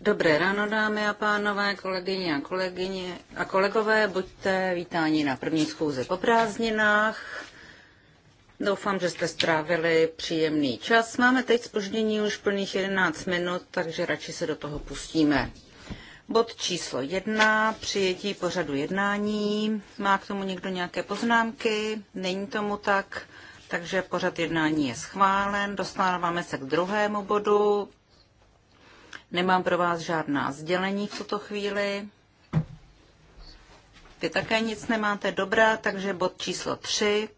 Dobré ráno, dámy a pánové, kolegyně a kolegyně a kolegové, buďte vítáni na první schůzi po prázdninách. Doufám, že jste strávili příjemný čas. Máme teď spoždění už plných 11 minut, takže radši se do toho pustíme. Bod číslo jedna, přijetí pořadu jednání. Má k tomu někdo nějaké poznámky? Není tomu tak. Takže pořad jednání je schválen. Dostáváme se k druhému bodu. Nemám pro vás žádná sdělení v tuto chvíli. Vy také nic nemáte dobrá, takže bod číslo 3.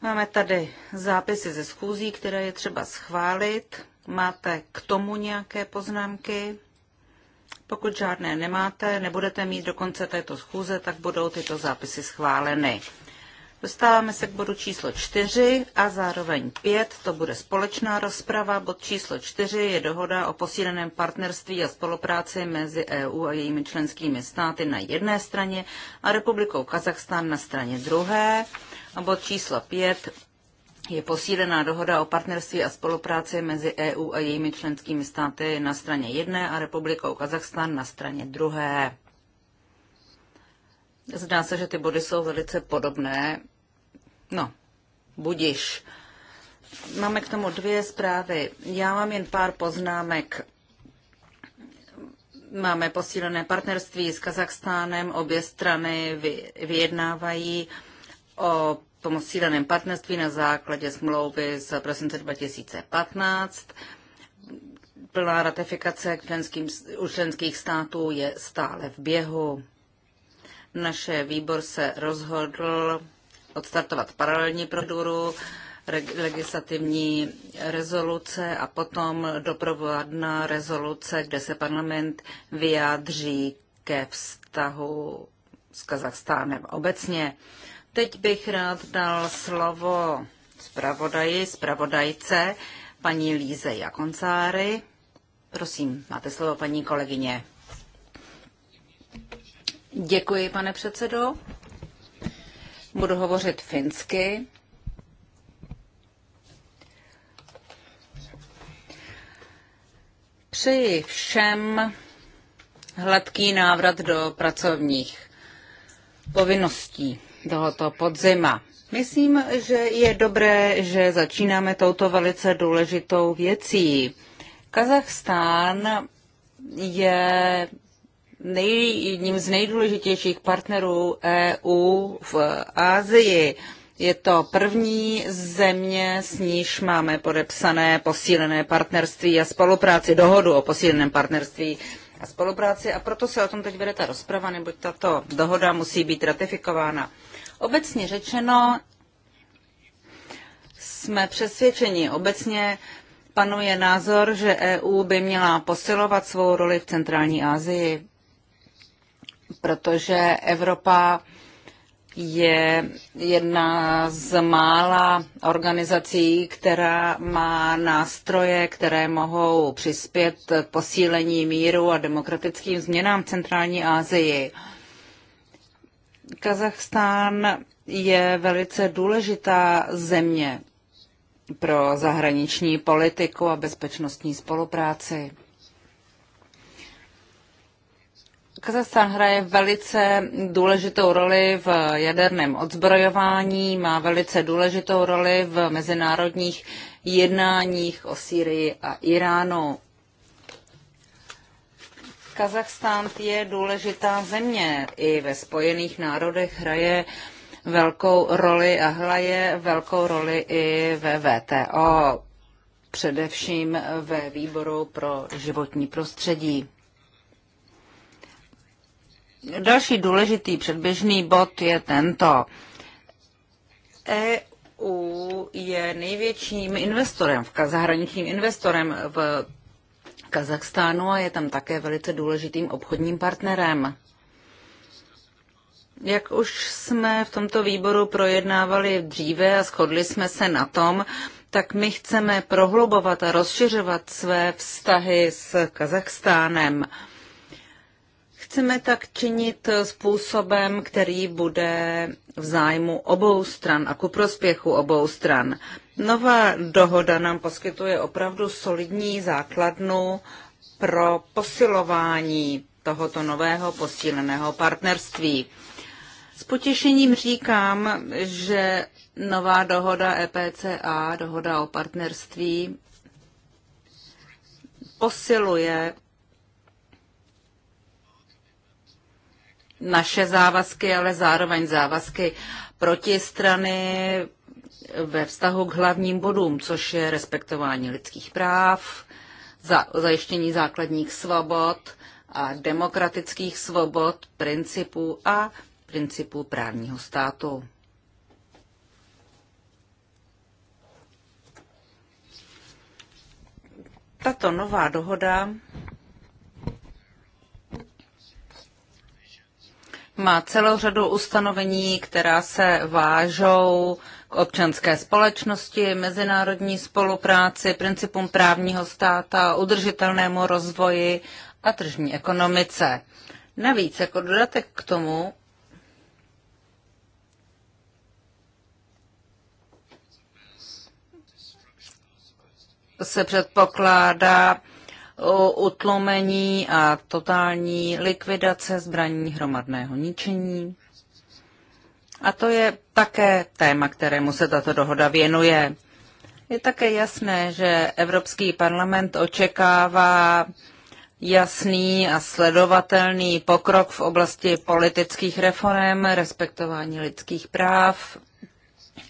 Máme tady zápisy ze schůzí, které je třeba schválit. Máte k tomu nějaké poznámky? Pokud žádné nemáte, nebudete mít do konce této schůze, tak budou tyto zápisy schváleny. Dostáváme se k bodu číslo 4 a zároveň 5, to bude společná rozprava. Bod číslo 4 je dohoda o posíleném partnerství a spolupráci mezi EU a jejími členskými státy na jedné straně a republikou Kazachstán na straně druhé. A bod číslo 5 je posílená dohoda o partnerství a spolupráci mezi EU a jejími členskými státy na straně jedné a republikou Kazachstán na straně druhé. Zdá se, že ty body jsou velice podobné. No, budiš. Máme k tomu dvě zprávy. Já mám jen pár poznámek. Máme posílené partnerství s Kazachstánem, obě strany vyjednávají o posíleném partnerství na základě smlouvy z prosince 2015. Plná ratifikace členským, u členských států je stále v běhu. Naše výbor se rozhodl odstartovat paralelní proceduru legislativní rezoluce a potom doprovodná rezoluce, kde se parlament vyjádří ke vztahu s Kazachstánem obecně. Teď bych rád dal slovo zpravodaji, zpravodajce, paní Líze Jakoncáry. Prosím, máte slovo, paní kolegyně. Děkuji, pane předsedo. Budu hovořit finsky. Přeji všem hladký návrat do pracovních povinností tohoto podzima. Myslím, že je dobré, že začínáme touto velice důležitou věcí. Kazachstán je nej, jedním z nejdůležitějších partnerů EU v Asii. Je to první země, s níž máme podepsané posílené partnerství a spolupráci, dohodu o posíleném partnerství a spolupráci a proto se o tom teď vede ta rozprava, neboť tato dohoda musí být ratifikována. Obecně řečeno, jsme přesvědčeni, obecně panuje názor, že EU by měla posilovat svou roli v centrální Asii protože Evropa je jedna z mála organizací, která má nástroje, které mohou přispět k posílení míru a demokratickým změnám v centrální Asii. Kazachstán je velice důležitá země pro zahraniční politiku a bezpečnostní spolupráci. Kazachstán hraje velice důležitou roli v jaderném odzbrojování, má velice důležitou roli v mezinárodních jednáních o Sýrii a Iránu. Kazachstán je důležitá země. I ve Spojených národech hraje velkou roli a hraje velkou roli i ve VTO, především ve výboru pro životní prostředí. Další důležitý předběžný bod je tento. EU je největším investorem, v zahraničním investorem v Kazachstánu a je tam také velice důležitým obchodním partnerem. Jak už jsme v tomto výboru projednávali dříve a shodli jsme se na tom, tak my chceme prohlubovat a rozšiřovat své vztahy s Kazachstánem. Chceme tak činit způsobem, který bude v zájmu obou stran a ku prospěchu obou stran. Nová dohoda nám poskytuje opravdu solidní základnu pro posilování tohoto nového posíleného partnerství. S potěšením říkám, že nová dohoda EPCA, dohoda o partnerství, posiluje naše závazky, ale zároveň závazky protistrany ve vztahu k hlavním bodům, což je respektování lidských práv, za, zajištění základních svobod a demokratických svobod, principů a principů právního státu. Tato nová dohoda má celou řadu ustanovení, která se vážou k občanské společnosti, mezinárodní spolupráci, principům právního státa, udržitelnému rozvoji a tržní ekonomice. Navíc jako dodatek k tomu se předpokládá utlomení a totální likvidace zbraní hromadného ničení. A to je také téma, kterému se tato dohoda věnuje. Je také jasné, že Evropský parlament očekává jasný a sledovatelný pokrok v oblasti politických reform, respektování lidských práv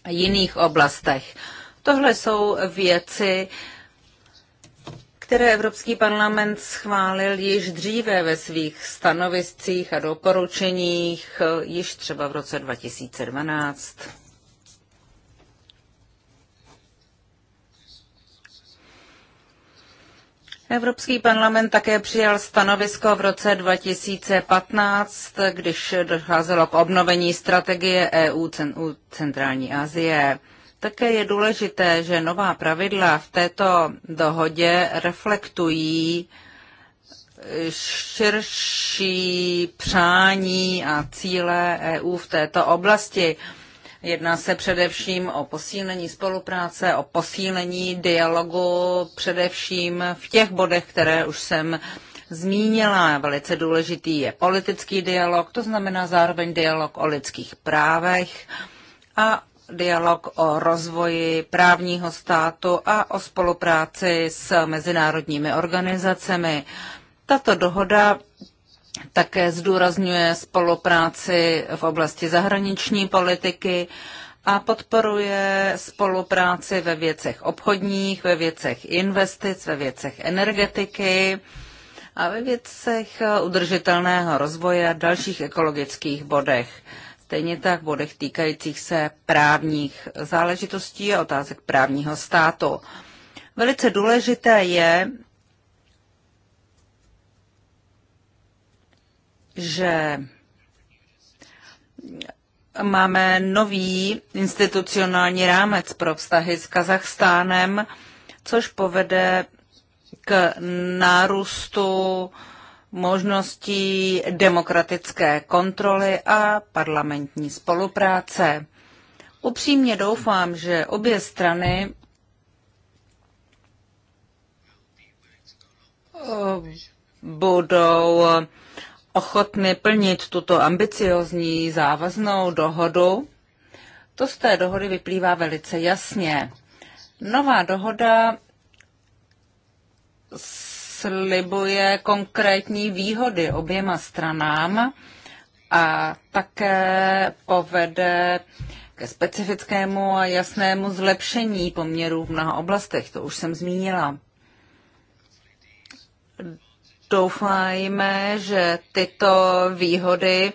a jiných oblastech. Tohle jsou věci, které Evropský parlament schválil již dříve ve svých stanoviscích a doporučeních, již třeba v roce 2012. Evropský parlament také přijal stanovisko v roce 2015, když docházelo k obnovení strategie EU centrální Asie. Také je důležité, že nová pravidla v této dohodě reflektují širší přání a cíle EU v této oblasti. Jedná se především o posílení spolupráce, o posílení dialogu, především v těch bodech, které už jsem zmínila. Velice důležitý je politický dialog, to znamená zároveň dialog o lidských právech a dialog o rozvoji právního státu a o spolupráci s mezinárodními organizacemi. Tato dohoda také zdůrazňuje spolupráci v oblasti zahraniční politiky a podporuje spolupráci ve věcech obchodních, ve věcech investic, ve věcech energetiky a ve věcech udržitelného rozvoje a dalších ekologických bodech stejně tak v bodech týkajících se právních záležitostí a otázek právního státu. Velice důležité je, že máme nový institucionální rámec pro vztahy s Kazachstánem, což povede k nárůstu možností demokratické kontroly a parlamentní spolupráce. Upřímně doufám, že obě strany eh, budou ochotny plnit tuto ambiciozní závaznou dohodu. To z té dohody vyplývá velice jasně. Nová dohoda slibuje konkrétní výhody oběma stranám a také povede ke specifickému a jasnému zlepšení poměrů v mnoha oblastech. To už jsem zmínila. Doufáme, že tyto výhody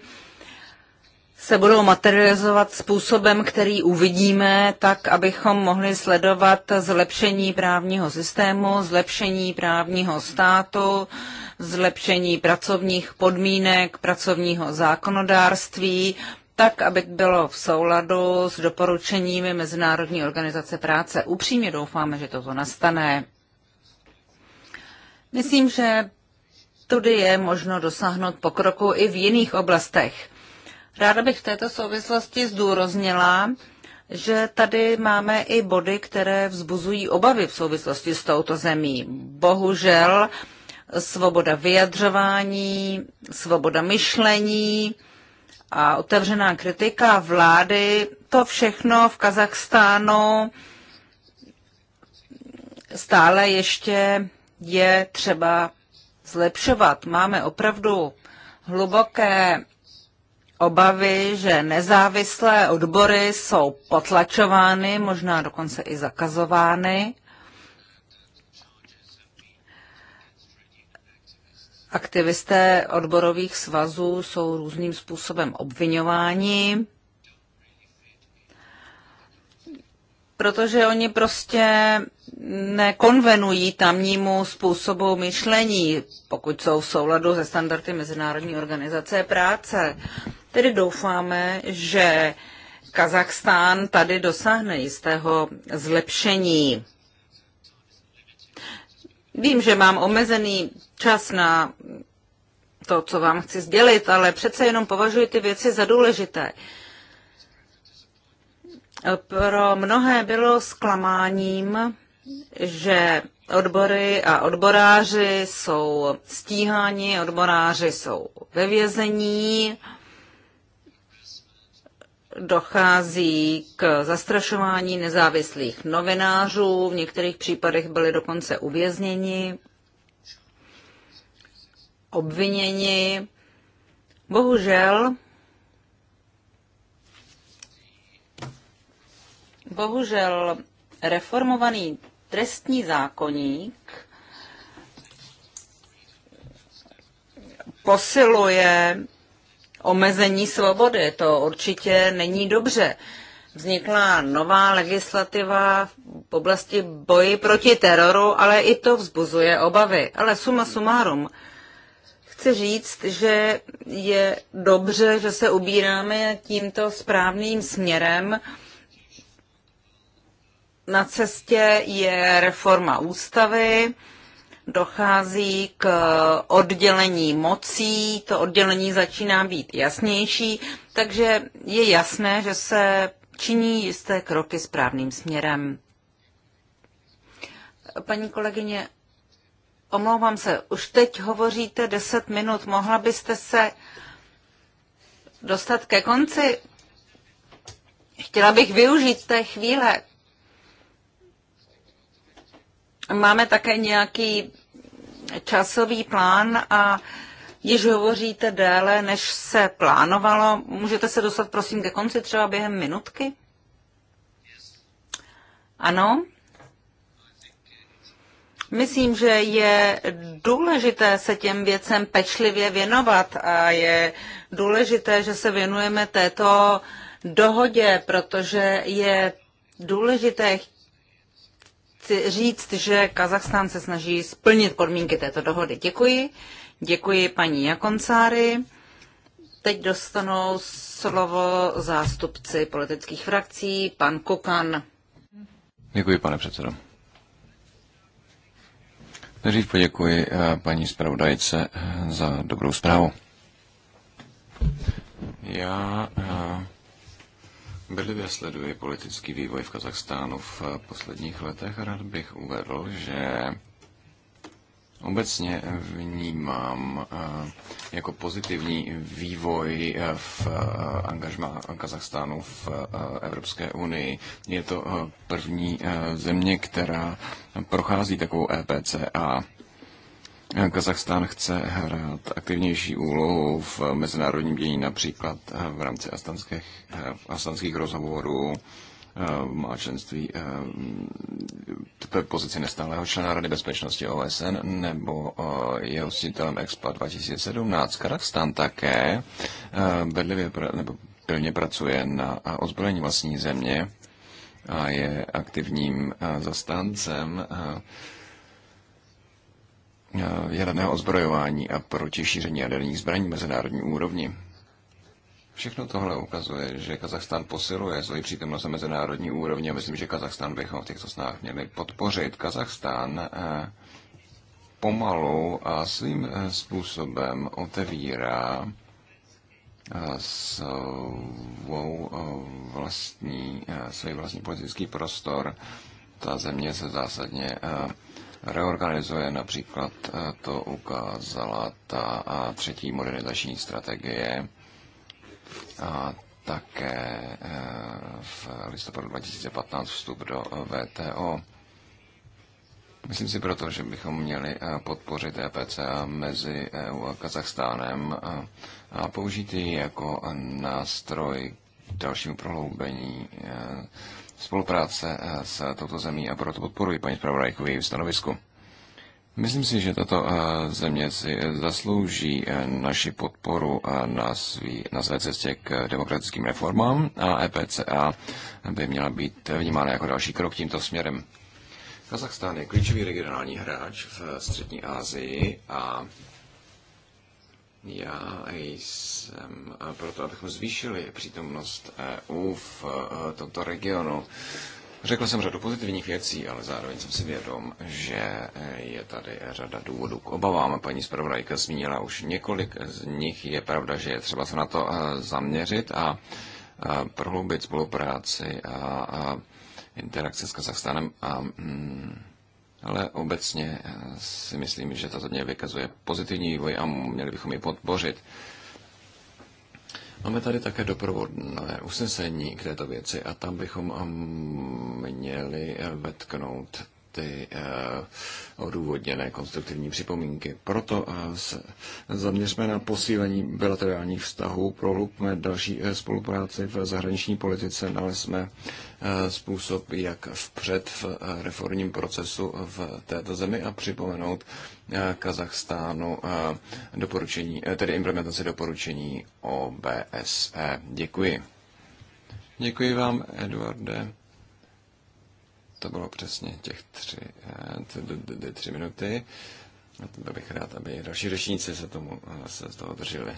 se budou materializovat způsobem, který uvidíme, tak abychom mohli sledovat zlepšení právního systému, zlepšení právního státu, zlepšení pracovních podmínek, pracovního zákonodárství, tak, aby bylo v souladu s doporučeními Mezinárodní organizace práce. Upřímně doufáme, že toto nastane. Myslím, že tudy je možno dosáhnout pokroku i v jiných oblastech. Ráda bych v této souvislosti zdůraznila, že tady máme i body, které vzbuzují obavy v souvislosti s touto zemí. Bohužel svoboda vyjadřování, svoboda myšlení a otevřená kritika vlády, to všechno v Kazachstánu stále ještě je třeba zlepšovat. Máme opravdu hluboké obavy, že nezávislé odbory jsou potlačovány, možná dokonce i zakazovány. Aktivisté odborových svazů jsou různým způsobem obvinováni, protože oni prostě nekonvenují tamnímu způsobu myšlení, pokud jsou v souladu se standardy Mezinárodní organizace práce. Tedy doufáme, že Kazachstán tady dosáhne jistého zlepšení. Vím, že mám omezený čas na to, co vám chci sdělit, ale přece jenom považuji ty věci za důležité. Pro mnohé bylo zklamáním, že odbory a odboráři jsou stíháni, odboráři jsou ve vězení dochází k zastrašování nezávislých novinářů, v některých případech byli dokonce uvězněni, obviněni. Bohužel, bohužel reformovaný trestní zákoník posiluje omezení svobody. To určitě není dobře. Vznikla nová legislativa v oblasti boji proti teroru, ale i to vzbuzuje obavy. Ale suma sumárum, chci říct, že je dobře, že se ubíráme tímto správným směrem. Na cestě je reforma ústavy, dochází k oddělení mocí, to oddělení začíná být jasnější, takže je jasné, že se činí jisté kroky správným směrem. Paní kolegyně, omlouvám se, už teď hovoříte 10 minut, mohla byste se dostat ke konci? Chtěla bych využít té chvíle. Máme také nějaký časový plán a již hovoříte déle, než se plánovalo. Můžete se dostat, prosím, ke konci třeba během minutky? Ano? Myslím, že je důležité se těm věcem pečlivě věnovat a je důležité, že se věnujeme této dohodě, protože je důležité chci říct, že Kazachstán se snaží splnit podmínky této dohody. Děkuji. Děkuji paní Jakoncáry. Teď dostanou slovo zástupci politických frakcí, pan Kukan. Děkuji, pane předsedo. Nejdřív poděkuji eh, paní zpravodajce eh, za dobrou zprávu. Já eh, Bedlivě sleduji politický vývoj v Kazachstánu v posledních letech a rád bych uvedl, že obecně vnímám eh, jako pozitivní vývoj eh, v eh, angažmá Kazachstánu v Evropské unii. Je to první země, která prochází takovou EPCA Kazachstán chce hrát aktivnější úlohu v mezinárodním dění, například eh, v rámci astanských, eh, astanských rozhovorů, eh, má členství pozici nestálého člena Rady bezpečnosti OSN nebo je hostitelem Expo 2017. Kazachstán také bedlivě nebo plně pracuje na ozbrojení vlastní země a je aktivním zastáncem Eh, jaderného ozbrojování a proti šíření jaderných zbraní mezinárodní úrovni. Všechno tohle ukazuje, že Kazachstán posiluje svoji přítomnost na mezinárodní úrovni a myslím, že Kazachstán bychom v těchto snách měli podpořit. Kazachstán eh, pomalu a svým eh, způsobem otevírá svou vlastní, svůj vlastní politický prostor. Ta země se zásadně reorganizuje. Například eh, to ukázala ta eh, třetí modernizační strategie a také eh, v listopadu 2015 vstup do VTO. Myslím si proto, že bychom měli podpořit EPC mezi EU a Kazachstánem a použít ji jako nástroj k dalšímu prohloubení spolupráce eh, s touto zemí a proto podporuji paní zpravodajku v jejím stanovisku. Myslím si, že tato eh, země si eh, zaslouží naši podporu na, svý, na své cestě k demokratickým reformám a EPCA by měla být vnímána jako další krok tímto směrem. Kazachstán je klíčový regionální hráč v střední Asii a já jsem eh, proto, abychom zvýšili přítomnost EU v eh, tomto regionu. Řekl jsem řadu pozitivních věcí, ale zároveň jsem si vědom, že eh, je tady řada důvodů k obavám. Paní zpravodajka zmínila už několik z nich. Je pravda, že je třeba se na to zaměřit a prohloubit spolupráci a interakce s Kazachstánem a mm, ale obecně eh, si myslím, že tato země vykazuje pozitivní vývoj a měli bychom ji podpořit. Máme tady také doprovodné usnesení k této věci a tam bychom eh, měli eh, vetknout ty eh, odůvodněné konstruktivní připomínky. Proto eh, se zaměřme na posílení bilaterálních vztahů, prohlubme další eh, spolupráci v zahraniční politice, nalezme způsob, jak vpřed v reformním procesu v této zemi a připomenout Kazachstánu doporučení, tedy implementaci doporučení OBSE. Děkuji. Děkuji vám, Eduarde. To bylo přesně těch tři, eh, ty, tři minuty. A to bych rád, aby další řečníci se, tomu, eh, se z toho drželi.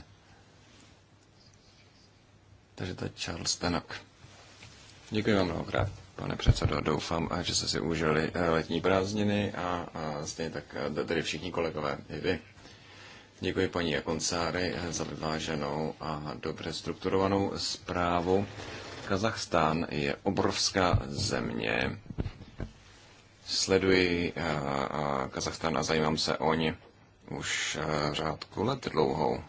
Takže to je Charles Tenok. Děkuji vám mnohokrát, pane předsedo. Doufám, eh, že jste si užili letní prázdniny a, a stejně tak tady všichni kolegové i vy. Děkuji paní Jakoncáry za vyváženou a dobře strukturovanou zprávu. Kazachstán je obrovská země Sleduji eh, eh, Kazachstan a zajímám se o ně už eh, řádku let dlouhou.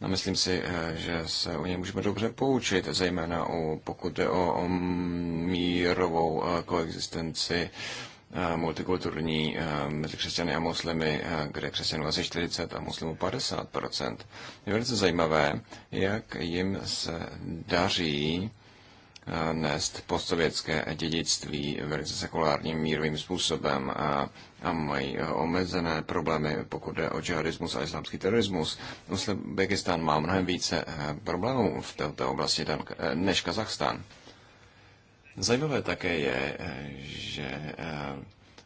A myslím si, že se o ně můžeme dobře poučit, zejména o, pokud jde o, o mírovou koexistenci multikulturní mezi křesťany a muslimy, kde křesťanů asi 40 a muslimů 50 Je velice zajímavé, jak jim se daří nést postsovětské dědictví velice sekulárním mírovým způsobem a, a mají omezené problémy, pokud jde o džihadismus a islamský terorismus. Uzbekistán má mnohem více eh, problémů v této oblasti eh, než Kazachstán. Zajímavé také je, eh, že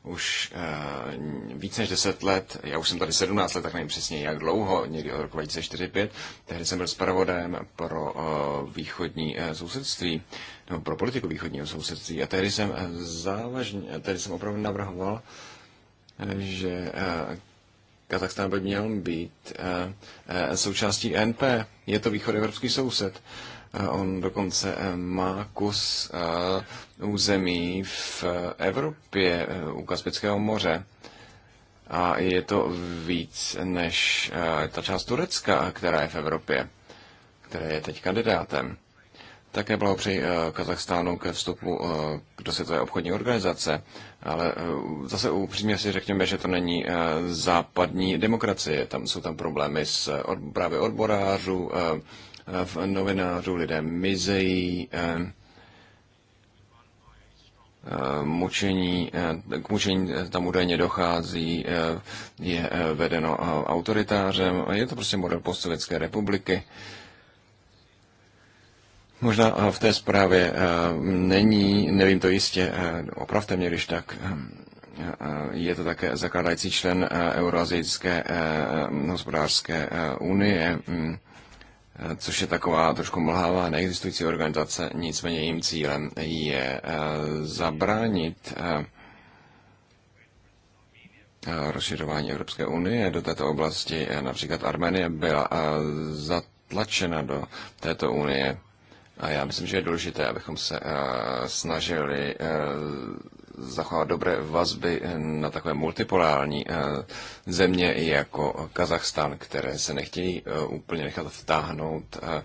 už uh, víc než 10 let, já už jsem tady 17 let, tak nevím přesně jak dlouho, někdy od roku 2004-2005, tehdy jsem byl zpravodajem pro uh, východní uh, sousedství, nebo pro politiku východního sousedství a tehdy jsem závažně, tehdy jsem opravdu navrhoval, uh, že uh, Kazachstán by měl být uh, uh, součástí NP, je to východ evropský soused. Uh, On dokonce eh, má kus eh, území v Evropě eh, u Kaspického moře. A je to víc než ta část Turecka, která je v Evropě, která je teď kandidátem. Také bylo při Kazachstánu ke vstupu do Světové obchodní organizace, ale zase upřímně si řekněme, že to není západní demokracie. Tam jsou tam problémy s právě odborářů, v novinářů, lidé mizejí, eh, eh, mučení, eh, k mučení tam údajně dochází, je vedeno autoritářem. Je to prostě model postsovětské republiky. Možná v té zprávě není, nevím to jistě, opravte mě, když tak, je to také zakládající člen Euroazijské hospodářské unie. Hmm. Eh, což je taková trošku mlhává neexistující organizace, nicméně jejím cílem je eh, zabránit eh, rozšiřování Evropské unie do této oblasti. Například Arménie byla zatlačena do této unie. A já myslím, že je důležité, abychom se snažili zachovat dobré vazby na takové multipolární eh, země jako Kazachstan, které se nechtějí eh, úplně nechat vtáhnout eh,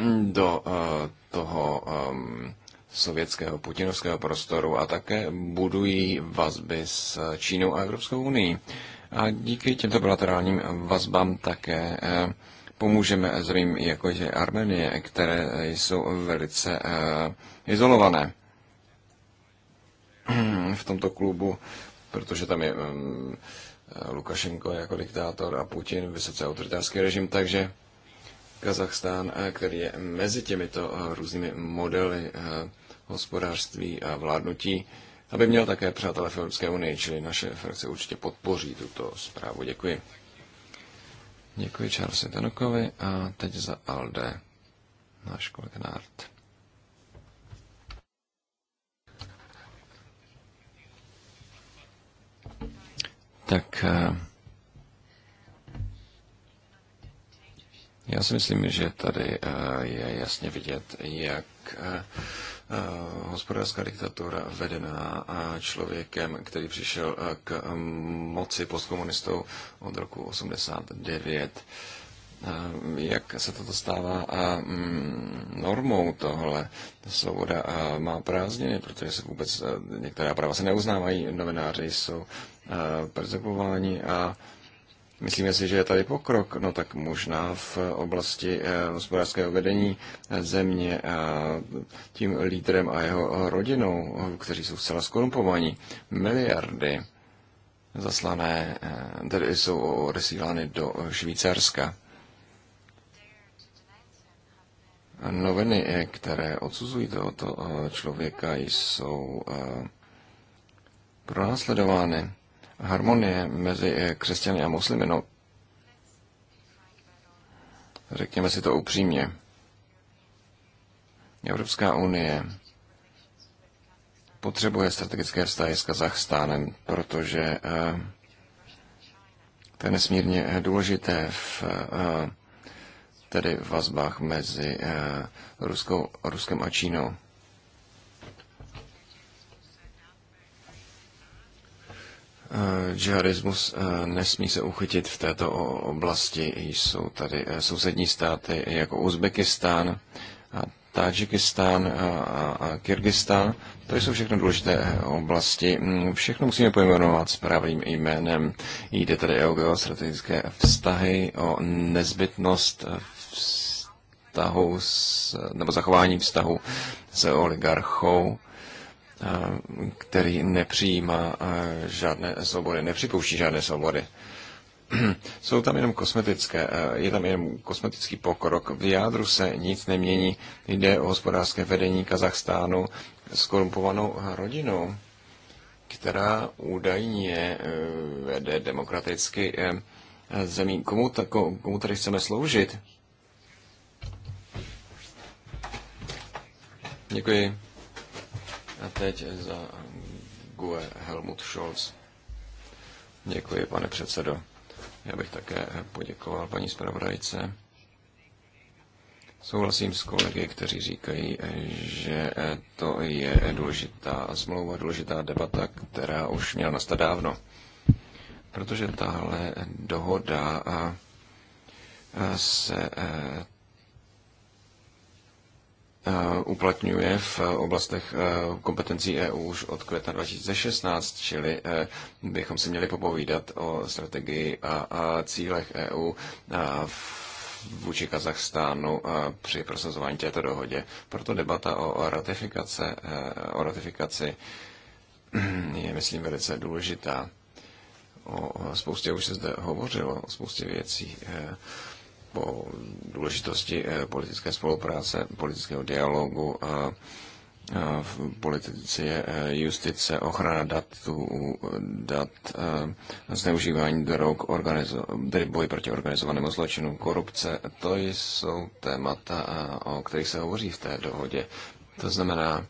do toho sovětského putinovského prostoru a také budují vazby s Čínou a Evropskou unii. A díky těmto bilaterálním vazbám také pomůžeme zřejmě jako je Armenie, které jsou velice izolované. v tomto klubu, protože tam je um, Lukašenko jako diktátor a Putin vysoce autoritářský režim, takže Kazachstán, eh, který je mezi těmito eh, různými modely eh, hospodářství a vládnutí, aby měl také přátelé v Evropské unii, čili naše frakce určitě podpoří tuto zprávu. Děkuji. Děkuji Charlesi Tenokovi a teď za Alde, náš kolega Nart. tak eh, já si myslím, že tady eh, je jasně vidět, jak eh, hospodářská diktatura vedená člověkem, který přišel k moci postkomunistou od roku 89, jak se toto stává a mm, normou tohle. Svoboda má prázdniny, protože se vůbec některá práva se neuznávají. Novináři jsou perzekování a Myslíme si, že je tady pokrok, no tak možná v oblasti eh, hospodářského vedení země tím lídrem a jeho rodinou, kteří jsou zcela skorumpovaní, miliardy zaslané, eh, tedy jsou odesílány do Švýcarska. Noviny, eh, které odsuzují tohoto člověka, jsou pronásledovány harmonie mezi eh, křesťany a muslimy. No, řekněme si to upřímně. Evropská unie potřebuje strategické vztahy s Kazachstánem, protože eh, to je nesmírně eh, důležité v tedy vazbách mezi Ruskou, Ruskem a Čínou. Eh, džihadismus eh, nesmí se uchytit v této oblasti. Jsou tady eh, sousední státy jako Uzbekistán, Tadžikistán a Kyrgyzstán. To jsou všechno důležité oblasti. Mm, všechno musíme pojmenovat správným jménem. Jde tady o geostrategické vztahy, o nezbytnost vztahu s, nebo zachování vztahu s oligarchou Eh, který nepřijímá eh, žádné svobody, nepřipouští žádné svobody. Jsou tam jenom kosmetické, eh, je tam jenom kosmetický pokrok. V jádru se nic nemění. Jde o hospodářské vedení Kazachstánu s korumpovanou rodinou, která údajně vede demokraticky zemí. Komu, ta, komu tady chceme sloužit? Děkuji. A teď za GUE Helmut Scholz. Děkuji, pane předsedo. Já bych také poděkoval paní zpravodajce. Souhlasím s kolegy, kteří říkají, že to je důležitá smlouva, důležitá debata, která už měla nastat dávno. Protože tahle dohoda se Eh, uplatňuje v oblastech eh, kompetencí EU už od května 2016, čili eh, bychom si měli popovídat o strategii a cílech EU vůči Kazachstánu při prosazování této dohodě. Proto debata o, ratifikace, o ratifikaci je, myslím, velice důležitá. O spoustě už se zde hovořilo, o spoustě věcí o důležitosti eh, politické spolupráce, politického dialogu, v politice, eh, justice, ochrana dat, dat eh, zneužívání drog, tedy boj proti organizovanému zločinu, korupce. To jsou témata, o kterých se hovoří v té dohodě. To znamená,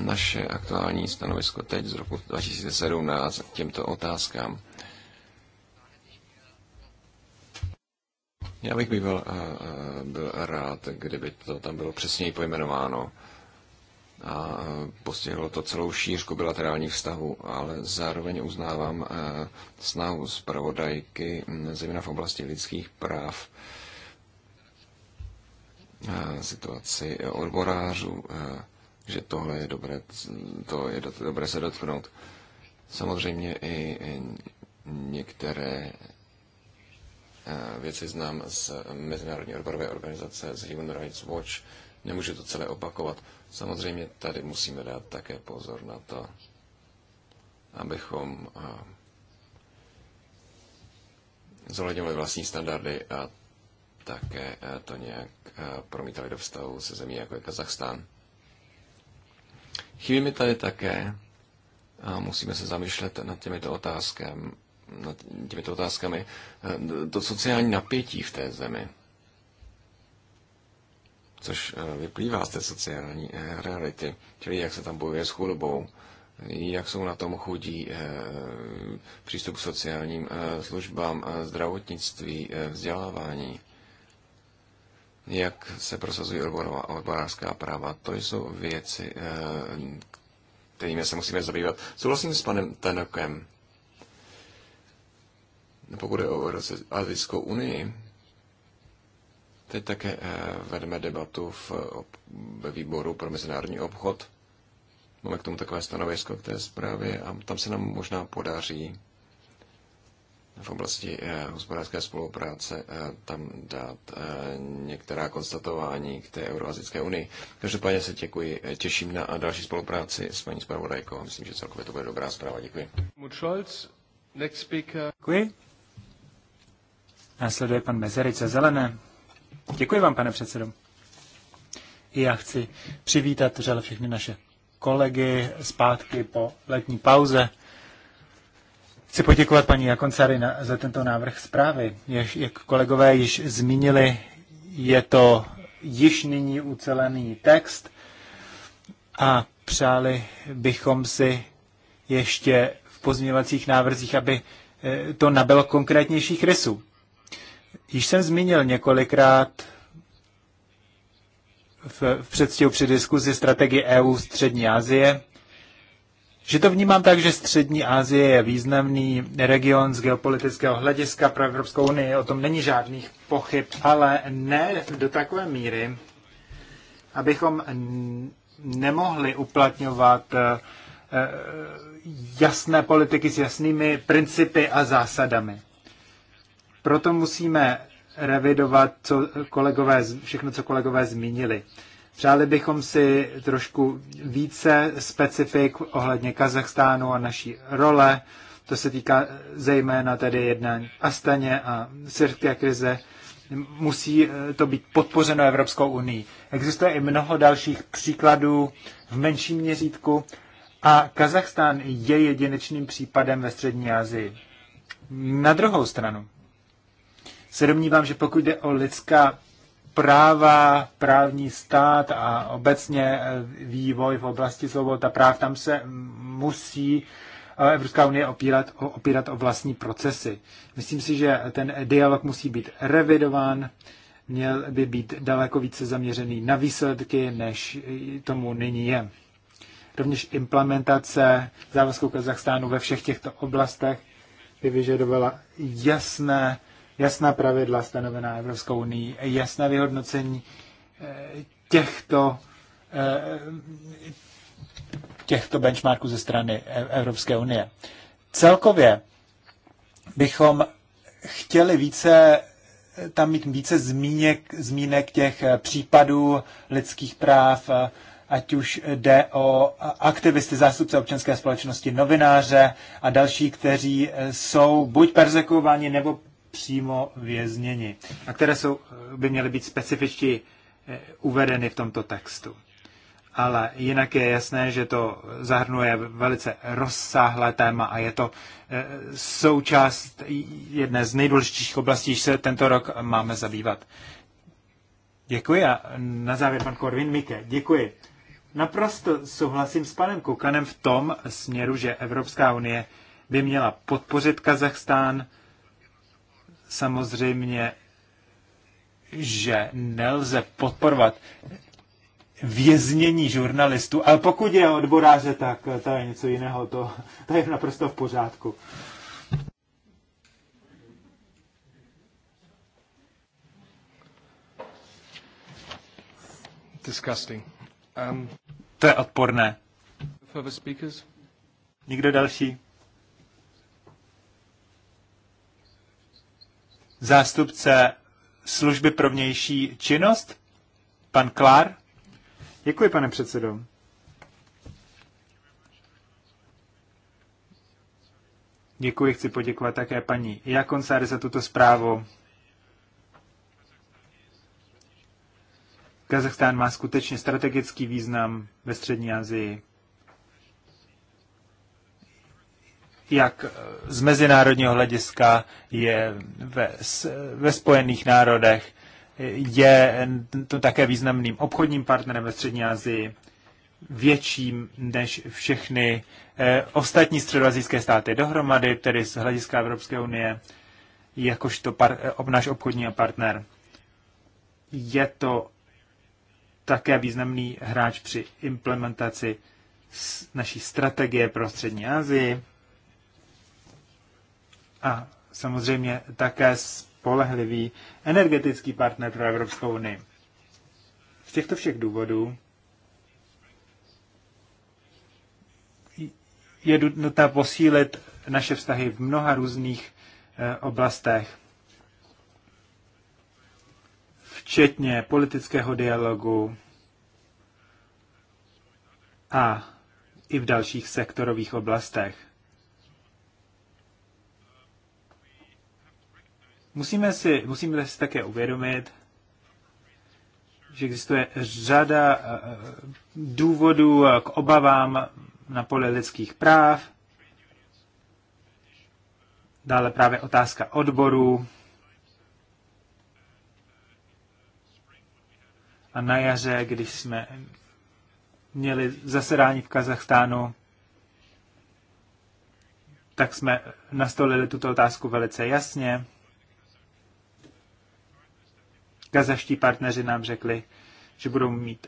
naše aktuální stanovisko teď z roku 2017 k těmto otázkám Já bych býval uh, byl rád, kdyby to tam bylo přesněji pojmenováno a eh, postihlo to celou šířku bilaterálních vztahů, ale zároveň uznávám snahu zpravodajky, mm, zejména v oblasti lidských práv, situaci odborářů, že tohle je dobré, to je dobré se dotknout. Samozřejmě i některé Eh, věci znám z Mezinárodní odborové organizace, z Human Rights Watch. Nemůžu to celé opakovat. Samozřejmě tady musíme dát také pozor na to, abychom eh, zohledňovali vlastní standardy a také eh, to nějak promítali do vztahu se zemí, jako je Kazachstán. Chybí mi tady také a musíme se zamýšlet nad těmito otázkem, nad těmito otázkami, eh, to sociální napětí v té zemi, což eh, vyplývá z té sociální eh, reality, čili jak se tam bojuje s chudobou, jak jsou na tom chudí přístup k sociálním službám, zdravotnictví, vzdělávání, jak se prosazují odborářská práva. To jsou věci, kterými se musíme zabývat. Souhlasím s panem Tenokem pokud je o Azijskou unii, teď také eh, vedeme debatu v, ve výboru pro mezinárodní obchod. Máme k tomu takové stanovisko k té zprávě a tam se nám možná podaří v oblasti eh, hospodářské spolupráce eh, tam dát některá konstatování k té Euroazijské unii. Každopádně se děkuji, těším na další spolupráci s paní zpravodajkou. Myslím, že celkově to bude dobrá zpráva. Děkuji. Děkuji. Následuje pan Mezerič za zelené. Děkuji vám, pane předsedo. I já chci přivítat řele všechny naše kolegy zpátky po letní pauze. Chci poděkovat paní Jakoncary za tento návrh zprávy. jak kolegové již zmínili, je to již nyní ucelený text a přáli bychom si ještě v pozměňovacích návrzích, aby eh, to nabylo konkrétnějších rysů. Již jsem zmínil několikrát v, v předstihu při diskuzi strategie EU Střední Asie, že to vnímám tak, že Střední Asie je významný region z geopolitického hlediska pro Evropskou unii, o tom není žádných pochyb, ale ne do takové míry, abychom nemohli uplatňovat eh, eh, jasné politiky s jasnými principy a zásadami. Proto musíme revidovat, co kolegové, všechno, co kolegové zmínili. Přáli bychom si trošku více specifik ohledně Kazachstánu a naší role. To se týká zejména tedy jednání Astaně a syrské krize. Musí eh, to být podpořeno Evropskou unii. Existuje i mnoho dalších příkladů v menším měřítku a Kazachstán je jedinečným případem ve Střední Asii. Na druhou stranu, se domnívám, že pokud jde o lidská práva, právní stát a obecně eh, vývoj v oblasti svobod a práv, tam se musí eh, Evropská unie opírat, opírat o vlastní procesy. Myslím si, že ten dialog musí být revidován, měl by být daleko více zaměřený na výsledky, než tomu nyní je. Rovněž implementace závazků Kazachstánu ve všech těchto oblastech by vyžadovala jasné jasná pravidla stanovená Evropskou unii, jasné vyhodnocení eh, těchto, eh, těchto benchmarků ze strany e- Evropské unie. Celkově bychom chtěli více eh, tam mít více zmínek, zmínek těch případů lidských práv, ať už jde o aktivisty, zástupce občanské společnosti, novináře a další, kteří jsou buď persekuováni nebo přímo vězněni a které jsou, by měly být specificky eh, uvedeny v tomto textu. Ale jinak je jasné, že to zahrnuje velice rozsáhlé téma a je to eh, součást jedné z nejdůležitějších oblastí, se tento rok máme zabývat. Děkuji a na závěr pan Korvin Mike. Děkuji. Naprosto souhlasím s panem Kukanem v tom směru, že Evropská unie by měla podpořit Kazachstán samozřejmě, že nelze podporovat věznění žurnalistů, ale pokud je odboráře, tak to je něco jiného, to, to je naprosto v pořádku. Disgusting. Um, to je odporné. Further speakers? Nikdo další? zástupce služby pro vnější činnost, pan Klár. Děkuji, pane předsedo. Děkuji, chci poděkovat také paní Jakonsáry za tuto zprávu. Kazachstán má skutečně strategický význam ve střední Asii. jak z mezinárodního hlediska je ve, ve Spojených národech, je to také významným obchodním partnerem ve Střední Asii, větším než všechny eh, ostatní středoazijské státy dohromady, tedy z hlediska Evropské unie, jakožto par, eh, náš obchodní partner. Je to také významný hráč při implementaci naší strategie pro Střední Asii a samozřejmě také spolehlivý energetický partner pro Evropskou unii. Z těchto všech důvodů je nutné posílit naše vztahy v mnoha různých eh, oblastech, včetně politického dialogu a i v dalších sektorových oblastech. Musíme si, musíme si také uvědomit, že existuje řada eh, důvodů k obavám na poli lidských práv, dále právě otázka odborů. A na jaře, když jsme měli zasedání v Kazachstánu, tak jsme nastolili tuto otázku velice jasně gazaští partneři nám řekli, že budou mít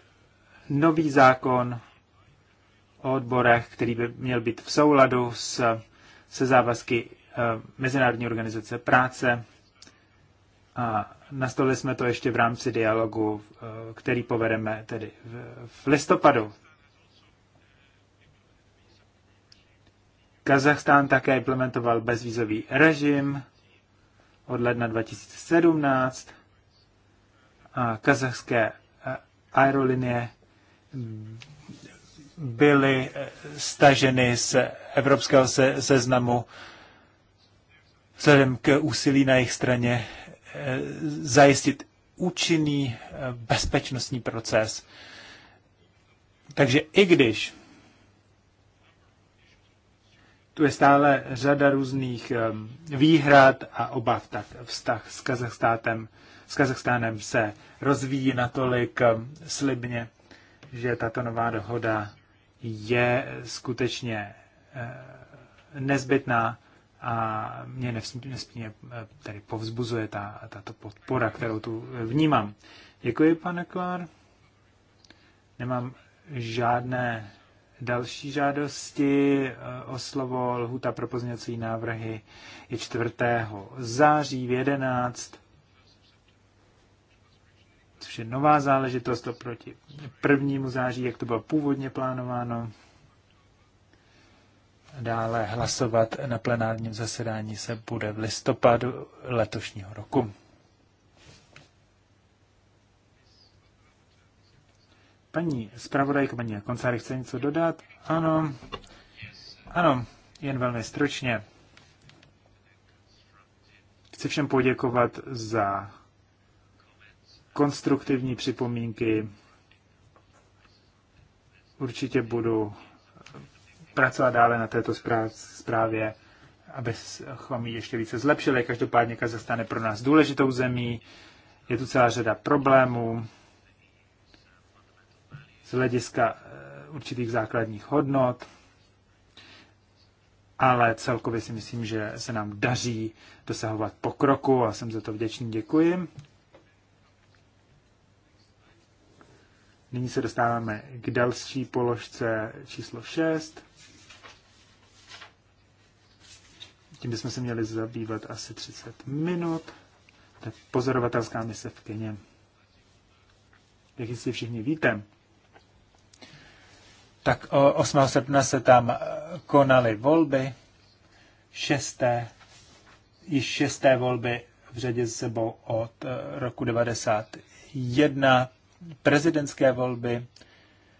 nový zákon o odborech, který by měl být v souladu s, se závazky eh, Mezinárodní organizace práce. A nastolili jsme to ještě v rámci dialogu, eh, který povedeme tedy v listopadu. Kazachstán také implementoval bezvízový režim od ledna 2017 kazachské eh, aerolinie byly eh, staženy z evropského se, seznamu vzhledem k úsilí na jejich straně eh, zajistit účinný bezpečnostní proces. Takže i když tu je stále řada různých výhrad a obav, tak vztah s Kazachstátem s Kazachstánem se rozvíjí natolik um, slibně, že tato nová dohoda je skutečně eh, nezbytná a mě nesmírně eh, tedy povzbuzuje ta, tato podpora, kterou tu eh, vnímám. Děkuji, pane Klár. Nemám žádné další žádosti o slovo. Lhuta pro pozměňovací návrhy je 4. září v 11 což je nová záležitost oproti prvnímu září, jak to bylo původně plánováno. Dále hlasovat na plenárním zasedání se bude v listopadu letošního roku. Paní zpravodajka, paní Koncáry, chce něco dodat? Ano. Ano, jen velmi stručně. Chci všem poděkovat za konstruktivní připomínky. Určitě budu pracovat dále na této zprávě, abychom ji ještě více zlepšili. Každopádně Kazachstán je pro nás důležitou zemí. Je tu celá řada problémů z hlediska eh, určitých základních hodnot, ale celkově si myslím, že se nám daří dosahovat pokroku a jsem za to vděčný. Děkuji. Nyní se dostáváme k další položce číslo 6. Tím bychom se měli zabývat asi 30 minut. To je pozorovatelská mise v Keně. Jak jistě všichni víte, tak 8. srpna se tam konaly volby, šesté, již šesté volby v řadě s sebou od eh, roku 1991 prezidentské volby,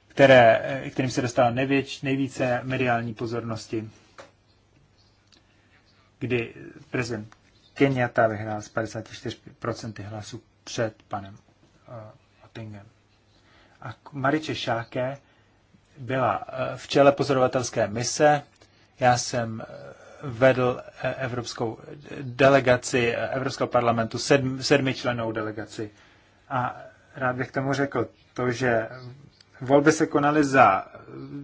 které, eh, kterým se dostala nevěč, nejvíce mediální pozornosti, kdy prezident Kenyatta vyhrál s 54% hlasů před panem uh, eh, Ottingem. A Mariče Šáke byla uh, v čele pozorovatelské mise. Já jsem vedl evropskou delegaci Evropského parlamentu, sedm, sedmičlenou delegaci. A rád bych tomu řekl to, že volby se konaly za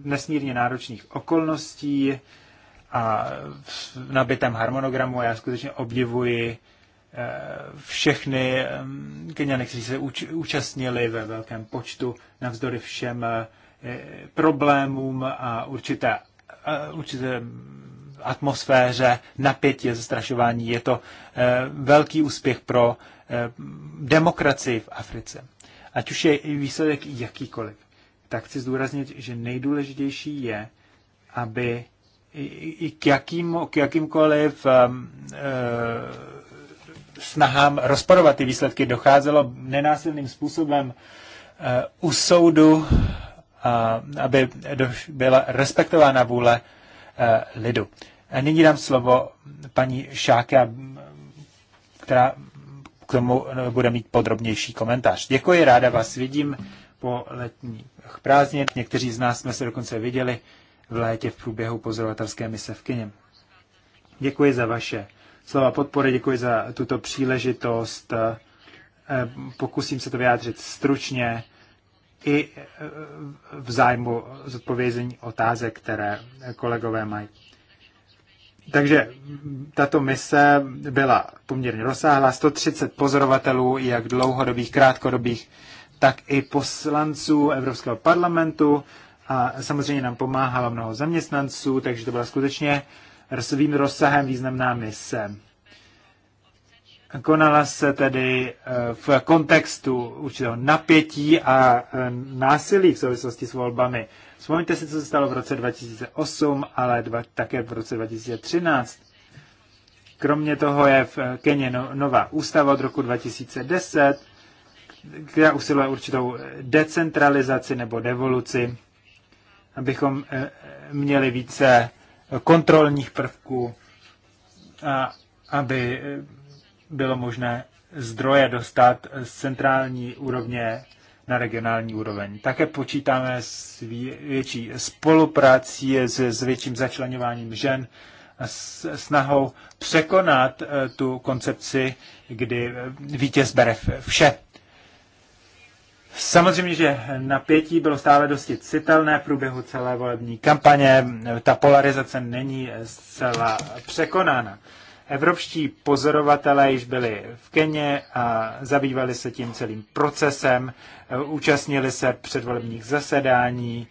nesmírně náročných okolností a v nabitém harmonogramu a já skutečně obdivuji eh, všechny eh, Keniany, kteří se úč účastnili ve velkém počtu navzdory všem eh, problémům a určité, určité atmosféře napětí a zastrašování. Je to velký úspěch pro demokracii v Africe ať už je výsledek jakýkoliv, tak chci zdůraznit, že nejdůležitější je, aby k, jakým, k jakýmkoliv um, uh, snahám rozporovat ty výsledky docházelo nenásilným způsobem uh, u soudu, uh, aby doš, byla respektována vůle uh, lidu. A nyní dám slovo paní Šáke, která tomu bude mít podrobnější komentář. Děkuji, ráda vás vidím po letních prázdnin. Někteří z nás jsme se dokonce viděli v létě v průběhu pozorovatelské mise v Kyně. Děkuji za vaše slova podpory, děkuji za tuto příležitost. Eh, pokusím se to vyjádřit stručně i eh, v zájmu zodpovězení otázek, které kolegové mají. Takže tato mise byla poměrně rozsáhlá, 130 pozorovatelů, jak dlouhodobých, krátkodobých, tak i poslanců Evropského parlamentu a samozřejmě nám pomáhalo mnoho zaměstnanců, takže to byla skutečně svým rozsahem významná mise. Konala se tedy eh, v kontextu určitého napětí a eh, násilí v souvislosti s volbami. Vzpomeňte si, co se stalo v roce 2008, ale dva, také v roce 2013. Kromě toho je v Keně no, nová ústava od roku 2010, která usiluje určitou decentralizaci nebo devoluci, abychom eh, měli více kontrolních prvků a aby bylo možné zdroje dostat z centrální úrovně na regionální úroveň. Také počítáme s větší spoluprací, s, s větším začlenováním žen, s snahou překonat eh, tu koncepci, kdy eh, vítěz bere vše. Samozřejmě, že napětí bylo stále dosti citelné v průběhu celé volební kampaně. Ta polarizace není zcela překonána. Evropští pozorovatelé již byli v Keně a zabývali se tím celým procesem, eh, účastnili se předvolebních zasedání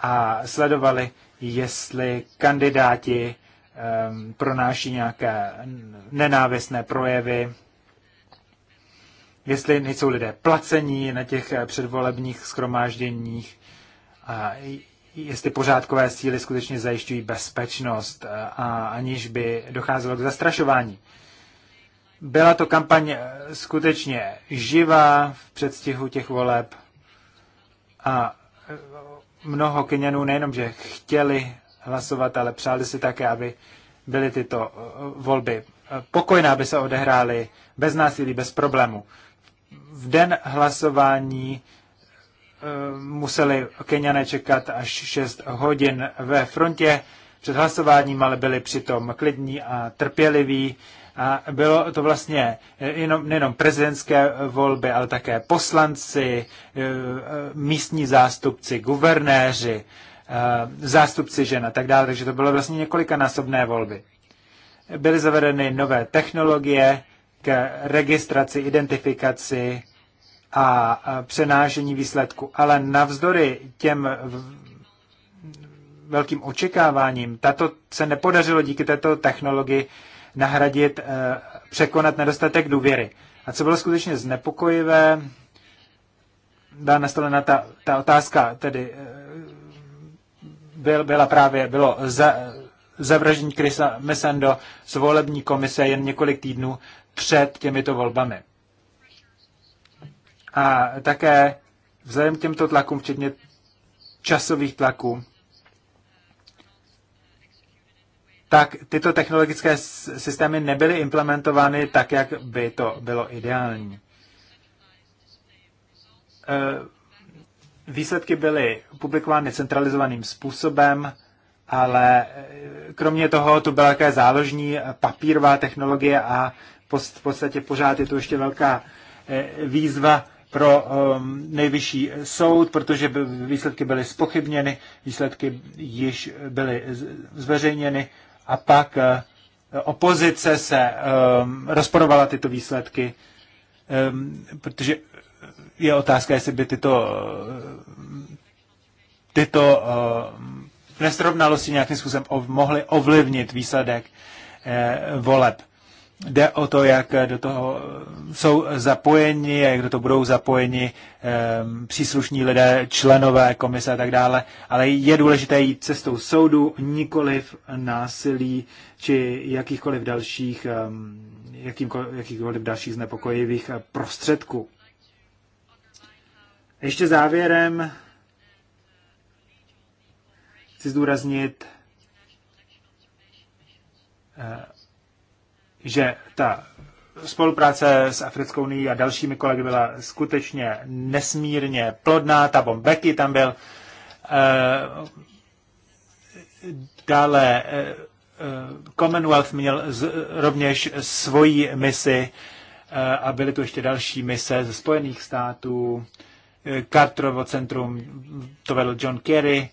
a sledovali, jestli kandidáti ehm, pronáší nějaké nenávistné projevy, jestli nejsou lidé placení na těch eh, předvolebních schromážděních a jestli pořádkové síly skutečně zajišťují bezpečnost eh, a aniž by docházelo k zastrašování. Byla to kampaň eh, skutečně živá v předstihu těch voleb a eh, mnoho Kenianů nejenom, že chtěli hlasovat, ale přáli si také, aby byly tyto volby pokojné, aby se odehrály bez násilí, bez problému. V den hlasování museli Keniané čekat až 6 hodin ve frontě před hlasováním, ale byli přitom klidní a trpěliví. A bylo to vlastně eh, jenom, nejenom prezidentské volby, ale také poslanci, eh, eh, místní zástupci, guvernéři, zástupci žen a tak dále. Takže to bylo vlastně několikanásobné volby. Byly zavedeny nové technologie k registraci, identifikaci a přenášení výsledku. Ale navzdory těm velkým očekáváním, tato se nepodařilo díky této technologii nahradit, eh, překonat nedostatek důvěry. A co bylo skutečně znepokojivé, byla nastavena ta, ta otázka, tedy eh, byl, byla právě, bylo za, zavraždění Krisa Mesando z volební komise jen několik týdnů před těmito volbami. A také vzhledem k těmto tlakům, včetně časových tlaků, tak tyto technologické systémy nebyly implementovány tak, jak by to bylo ideální. E, výsledky byly publikovány centralizovaným způsobem, ale e, kromě toho tu byla také záložní papírová technologie a v podstatě pořád je tu ještě velká e, výzva pro um, nejvyšší soud, protože výsledky byly spochybněny, výsledky již byly zveřejněny a pak uh, opozice se um, rozporovala tyto výsledky, um, protože je otázka, jestli by tyto, uh, tyto uh, nesrovnalosti nějakým způsobem ov, mohly ovlivnit výsledek uh, voleb jde o to, jak do toho eh, jsou zapojeni, jak do toho budou zapojeni um, příslušní lidé, členové komise a tak dále, ale je důležité jít cestou soudu, nikoliv násilí či jakýchkoliv dalších, um, jakýchkoliv dalších znepokojivých eh, prostředků. Ještě závěrem chci zdůraznit, eh, že ta spolupráce s Africkou unii a dalšími kolegy byla skutečně nesmírně plodná. Ta Bombeky tam byl. Eh, dále eh, Commonwealth měl rovněž svoji misi eh, a byly tu ještě další mise ze Spojených států. Carterovo centrum to vedl John Kerry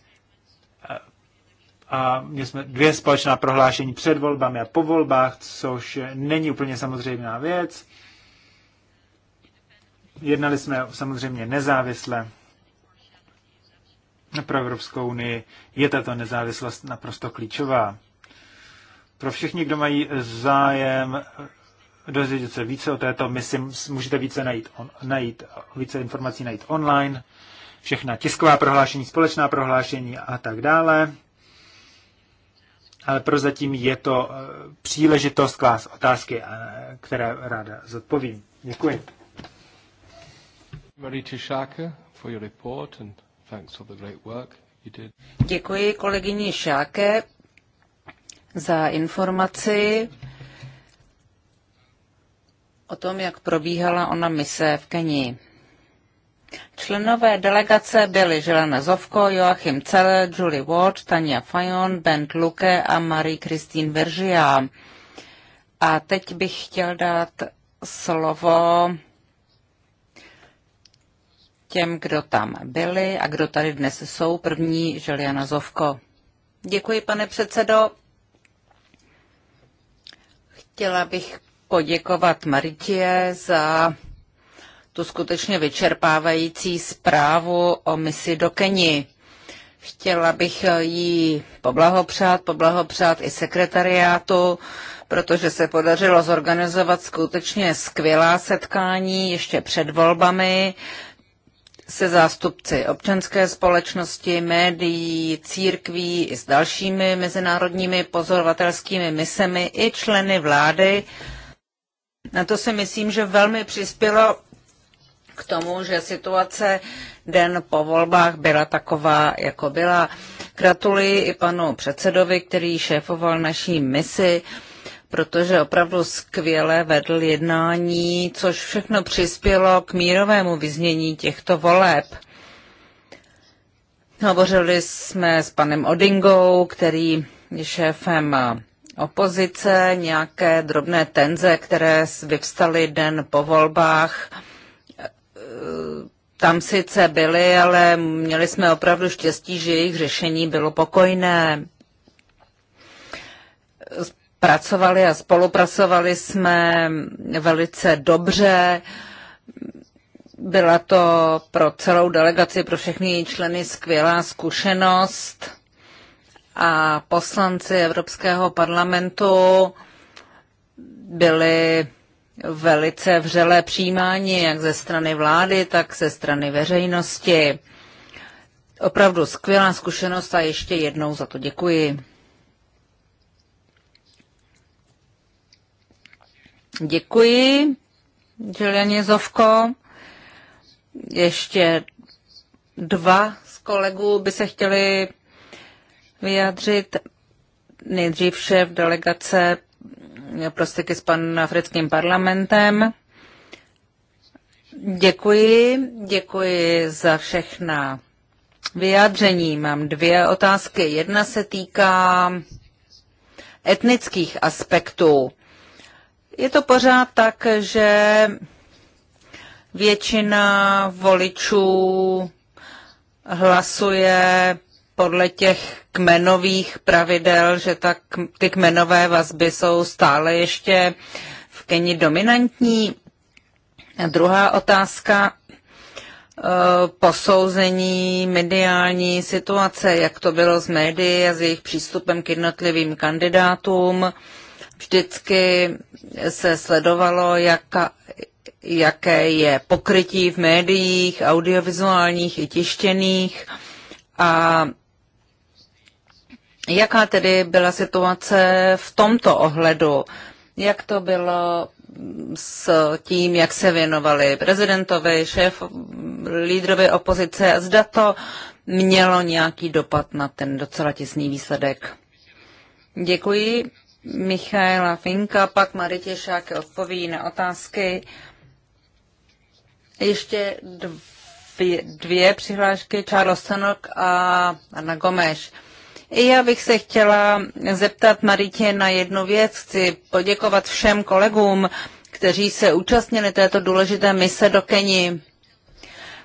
a měli jsme dvě společná prohlášení před volbami a po volbách, což není úplně samozřejmá věc. Jednali jsme samozřejmě nezávisle. Pro Evropskou unii je tato nezávislost naprosto klíčová. Pro všichni, kdo mají zájem dozvědět se více o této misi, můžete více najít, on, najít více informací najít online, všechna tisková prohlášení, společná prohlášení a tak dále ale prozatím je to eh, příležitost klás otázky, eh, které ráda zodpovím. Děkuji. Děkuji kolegyni Šáke za informaci o tom, jak probíhala ona mise v Kenii. Členové delegace byli želena Zovko, Joachim Celle, Julie Ward, Tania Fajon, Bent Luke a Marie-Christine Veržia. A teď bych chtěl dát slovo těm, kdo tam byli a kdo tady dnes jsou. První Želiana Zovko. Děkuji, pane předsedo. Chtěla bych poděkovat Maritě za tu skutečně vyčerpávající zprávu o misi do Keni. Chtěla bych jí poblahopřát, poblahopřát i sekretariátu, protože se podařilo zorganizovat skutečně skvělá setkání ještě před volbami se zástupci občanské společnosti, médií, církví i s dalšími mezinárodními pozorovatelskými misemi i členy vlády. Na to si myslím, že velmi přispělo k tomu, že situace den po volbách byla taková, jako byla. Gratuluji i panu předsedovi, který šéfoval naší misi, protože opravdu skvěle vedl jednání, což všechno přispělo k mírovému vyznění těchto voleb. Hovořili jsme s panem Odingou, který je šéfem opozice, nějaké drobné tenze, které vyvstaly den po volbách, tam sice byli, ale měli jsme opravdu štěstí, že jejich řešení bylo pokojné. Pracovali a spolupracovali jsme velice dobře. Byla to pro celou delegaci, pro všechny její členy skvělá zkušenost. A poslanci Evropského parlamentu byli velice vřelé přijímání jak ze strany vlády, tak ze strany veřejnosti. Opravdu skvělá zkušenost a ještě jednou za to děkuji. Děkuji, Julianě Zovko. Ještě dva z kolegů by se chtěli vyjádřit. Nejdřív šéf delegace prostyky s panafrickým parlamentem. Děkuji, děkuji za všechna vyjádření. Mám dvě otázky. Jedna se týká etnických aspektů. Je to pořád tak, že většina voličů hlasuje podle těch kmenových pravidel, že tak ty kmenové vazby jsou stále ještě v Keni dominantní. A druhá otázka, e, posouzení mediální situace, jak to bylo s médií a s jejich přístupem k jednotlivým kandidátům. Vždycky se sledovalo, jaka, jaké je pokrytí v médiích, audiovizuálních i tištěných a Jaká tedy byla situace v tomto ohledu? Jak to bylo s tím, jak se věnovali prezidentovi, šéf, lídrovi opozice? Zda to mělo nějaký dopad na ten docela těsný výsledek? Děkuji. Michaela Finka, pak Maritě Šáke odpoví na otázky. Ještě dvě, dvě přihlášky, Charles Tenok a Anna Gomeš. Já bych se chtěla zeptat Maritě na jednu věc. Chci poděkovat všem kolegům, kteří se účastnili této důležité mise do Keni.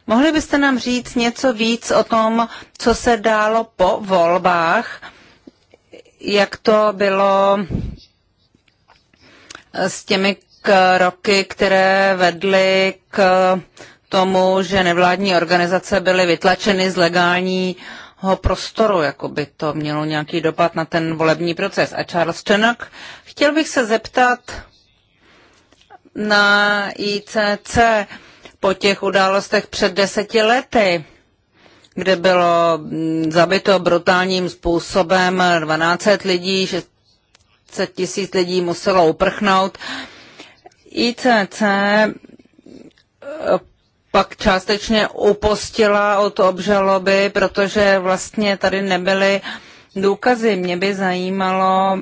Mohli byste nám říct něco víc o tom, co se dálo po volbách, jak to bylo s těmi kroky, které vedly k tomu, že nevládní organizace byly vytlačeny z legální uh, prostoru, jako by to mělo nějaký dopad na ten volební proces. A Charles Čenak, chtěl bych se zeptat na ICC po těch událostech před deseti lety, kde bylo mm, zabito brutálním způsobem 12 lidí, 600 tisíc lidí muselo uprchnout. ICC pak částečně upostila od obžaloby, protože vlastně tady nebyly důkazy. Mě by zajímalo,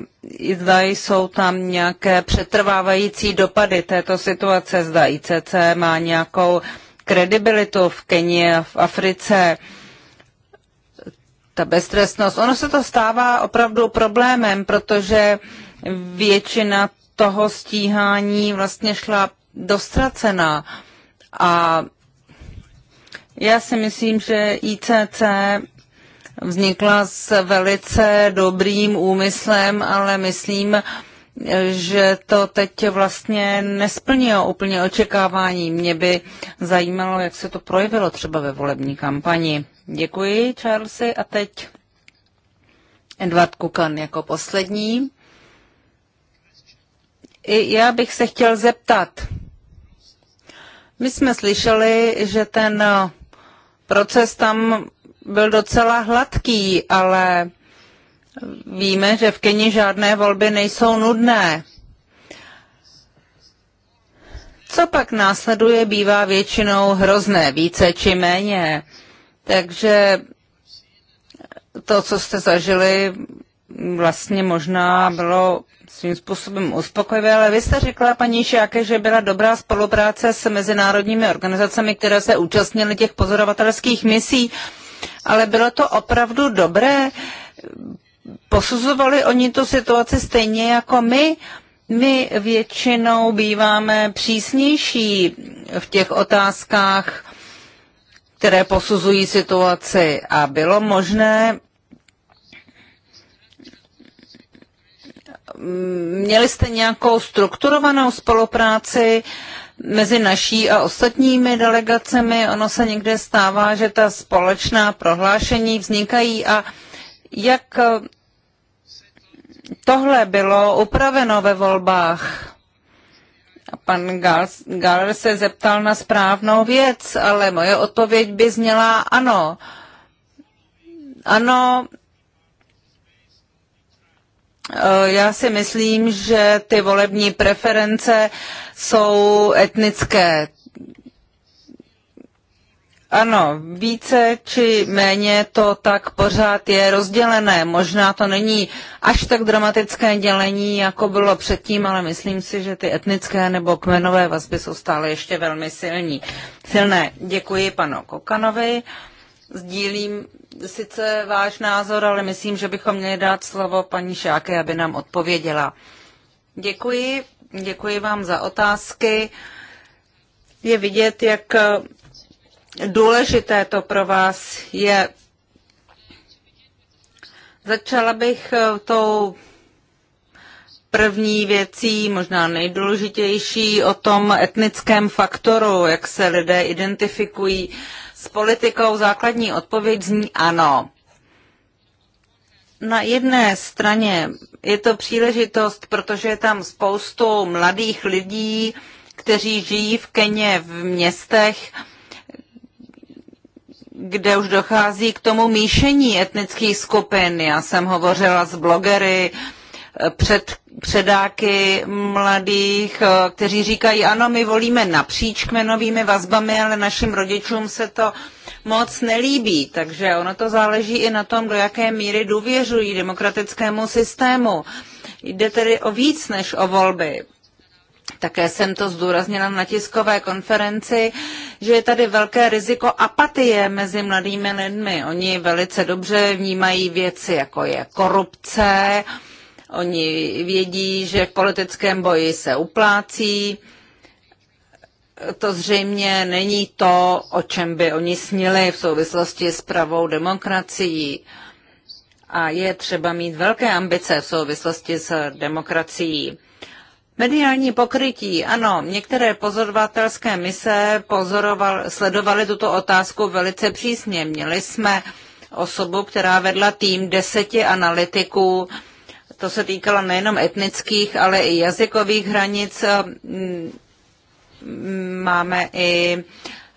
zda jsou tam nějaké přetrvávající dopady této situace, zda ICC má nějakou kredibilitu v Keni a v Africe. Ta beztrestnost, ono se to stává opravdu problémem, protože většina toho stíhání vlastně šla dostracená. A já si myslím, že ICC vznikla s velice dobrým úmyslem, ale myslím, že to teď vlastně nesplnilo úplně očekávání. Mě by zajímalo, jak se to projevilo třeba ve volební kampani. Děkuji, Charlesy, a teď Edward Kukan jako poslední. I já bych se chtěl zeptat. My jsme slyšeli, že ten proces tam byl docela hladký, ale víme, že v Keni žádné volby nejsou nudné. Co pak následuje, bývá většinou hrozné, více či méně. Takže to, co jste zažili, vlastně možná bylo svým způsobem uspokojivé, ale vy jste řekla, paní Šáke, že byla dobrá spolupráce s mezinárodními organizacemi, které se účastnily těch pozorovatelských misí, ale bylo to opravdu dobré. Posuzovali oni tu situaci stejně jako my. My většinou býváme přísnější v těch otázkách, které posuzují situaci a bylo možné Mm, měli jste nějakou strukturovanou spolupráci mezi naší a ostatními delegacemi? Ono se někde stává, že ta společná prohlášení vznikají a jak eh, tohle bylo upraveno ve volbách? Pan Galer se zeptal na správnou věc, ale moje odpověď by zněla ano. Ano, Eh, já si myslím, že ty volební preference jsou etnické. Ano, více či méně to tak pořád je rozdělené. Možná to není až tak dramatické dělení, jako bylo předtím, ale myslím si, že ty etnické nebo kmenové vazby jsou stále ještě velmi silní. Silné. Děkuji panu Kokanovi. Sdílím sice váš názor, ale myslím, že bychom měli dát slovo paní Šáke, aby nám odpověděla. Děkuji, děkuji vám za otázky. Je vidět, jak důležité to pro vás je. Začala bych tou první věcí, možná nejdůležitější, o tom etnickém faktoru, jak se lidé identifikují s politikou základní odpověď zní ano. Na jedné straně je to příležitost, protože je tam spoustu mladých lidí, kteří žijí v Keně v městech, kde už dochází k tomu míšení etnických skupin. Já jsem hovořila s blogery, před předáky mladých, eh, kteří říkají, ano, my volíme napříč kmenovými vazbami, ale našim rodičům se to moc nelíbí. Takže ono to záleží i na tom, do jaké míry důvěřují demokratickému systému. Jde tedy o víc než o volby. Také jsem to zdůraznila na tiskové konferenci, že je tady velké riziko apatie mezi mladými lidmi. Oni velice dobře vnímají věci, jako je korupce, uh, Oni vědí, že v politickém boji se uplácí. To zřejmě není to, o čem by oni snili v souvislosti s pravou demokracií. A je třeba mít velké ambice v souvislosti s demokracií. Mediální pokrytí, ano, některé pozorovatelské mise pozoroval, sledovaly tuto otázku velice přísně. Měli jsme osobu, která vedla tým deseti analytiků, to se týkalo nejenom etnických, ale i jazykových hranic. Máme i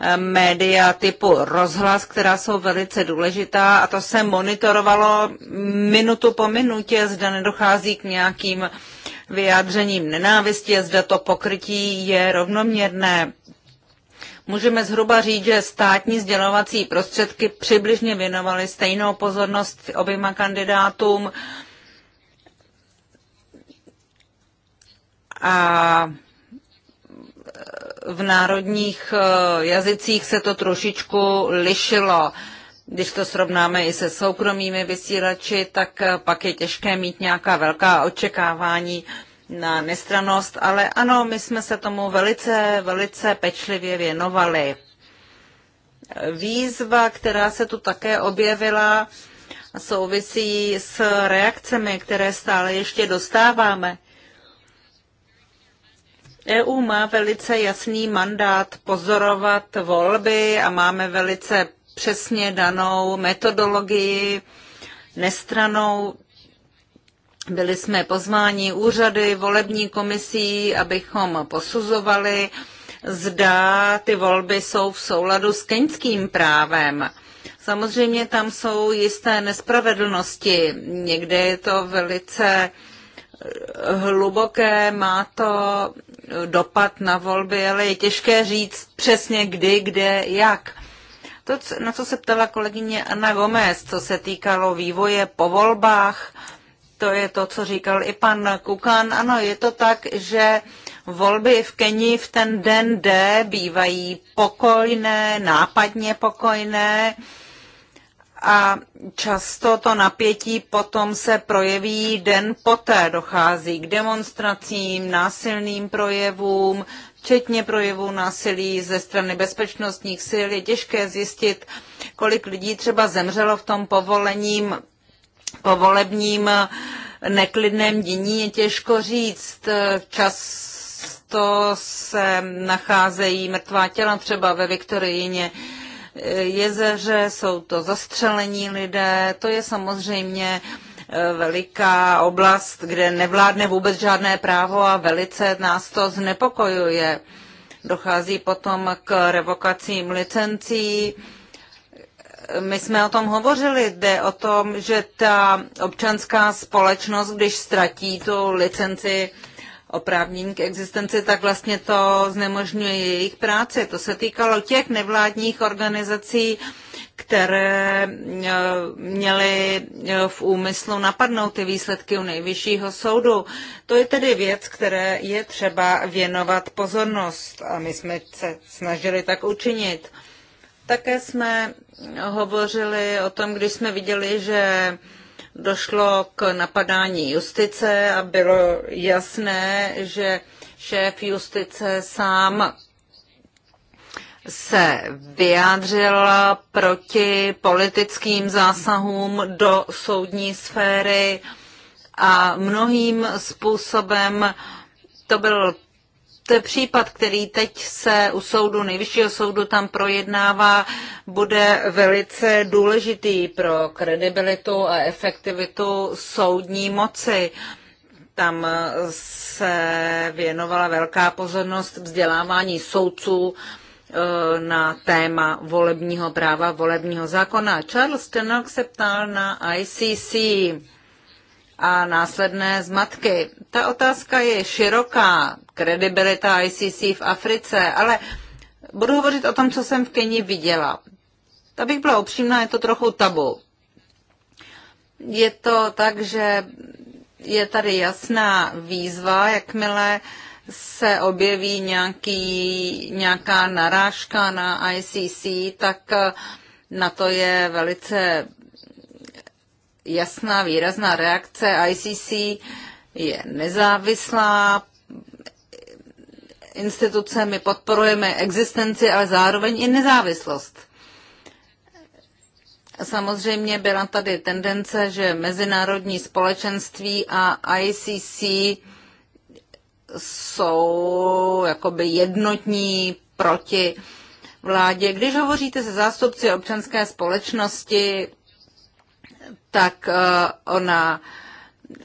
eh, média typu rozhlas, která jsou velice důležitá a to se monitorovalo minutu po minutě, zda nedochází k nějakým vyjádřením nenávisti, zda to pokrytí je rovnoměrné. Můžeme zhruba říct, že státní sdělovací prostředky přibližně věnovaly stejnou pozornost oběma kandidátům. a v národních e, jazycích se to trošičku lišilo. Když to srovnáme i se soukromými vysílači, tak e, pak je těžké mít nějaká velká očekávání na nestranost, ale ano, my jsme se tomu velice, velice pečlivě věnovali. Výzva, která se tu také objevila, souvisí s reakcemi, které stále ještě dostáváme. EU má velice jasný mandát pozorovat volby a máme velice přesně danou metodologii, nestranou. Byli jsme pozváni úřady, volební komisí, abychom posuzovali, zda ty volby jsou v souladu s keňským právem. Samozřejmě tam jsou jisté nespravedlnosti. Někde je to velice hluboké, má to dopad na volby, ale je těžké říct přesně kdy, kde, jak. To, na co se ptala kolegyně Anna Gomez, co se týkalo vývoje po volbách, to je to, co říkal i pan Kukan. Ano, je to tak, že volby v Keni v ten den D bývají pokojné, nápadně pokojné a často to napětí potom se projeví den poté. Dochází k demonstracím, násilným projevům, včetně projevů násilí ze strany bezpečnostních sil. Je těžké zjistit, kolik lidí třeba zemřelo v tom povolením, povolebním neklidném dění. Je těžko říct. Často se nacházejí mrtvá těla třeba ve Viktorijině jezeře, jsou to zastřelení lidé, to je samozřejmě eh, veliká oblast, kde nevládne vůbec žádné právo a velice nás to znepokojuje. Dochází potom k revokacím licencí. My jsme o tom hovořili, jde o tom, že ta občanská společnost, když ztratí tu licenci, oprávnění k existenci, tak vlastně to znemožňuje jejich práci. To se týkalo těch nevládních organizací, které e, měly e, v úmyslu napadnout ty výsledky u nejvyššího soudu. To je tedy věc, které je třeba věnovat pozornost a my jsme se snažili tak učinit. Také jsme hovořili o tom, když jsme viděli, že došlo k napadání justice a bylo jasné, že šéf justice sám se vyjádřil proti politickým zásahům do soudní sféry a mnohým způsobem to byl případ, který teď se u soudu, nejvyššího soudu tam projednává, bude velice důležitý pro kredibilitu a efektivitu soudní moci. Tam se věnovala velká pozornost vzdělávání soudců eh, na téma volebního práva, volebního zákona. Charles Tenok se ptal na ICC a následné zmatky. Ta otázka je široká, kredibilita ICC v Africe, ale budu hovořit o tom, co jsem v Keni viděla. Ta bych byla upřímná, je to trochu tabu. Je to tak, že je tady jasná výzva, jakmile se objeví nějaký, nějaká narážka na ICC, tak na to je velice jasná, výrazná reakce. ICC je nezávislá, instituce, my podporujeme existenci, ale zároveň i nezávislost. Samozřejmě byla tady tendence, že mezinárodní společenství a ICC jsou jakoby jednotní proti vládě. Když hovoříte se zástupci občanské společnosti, tak eh, ona eh,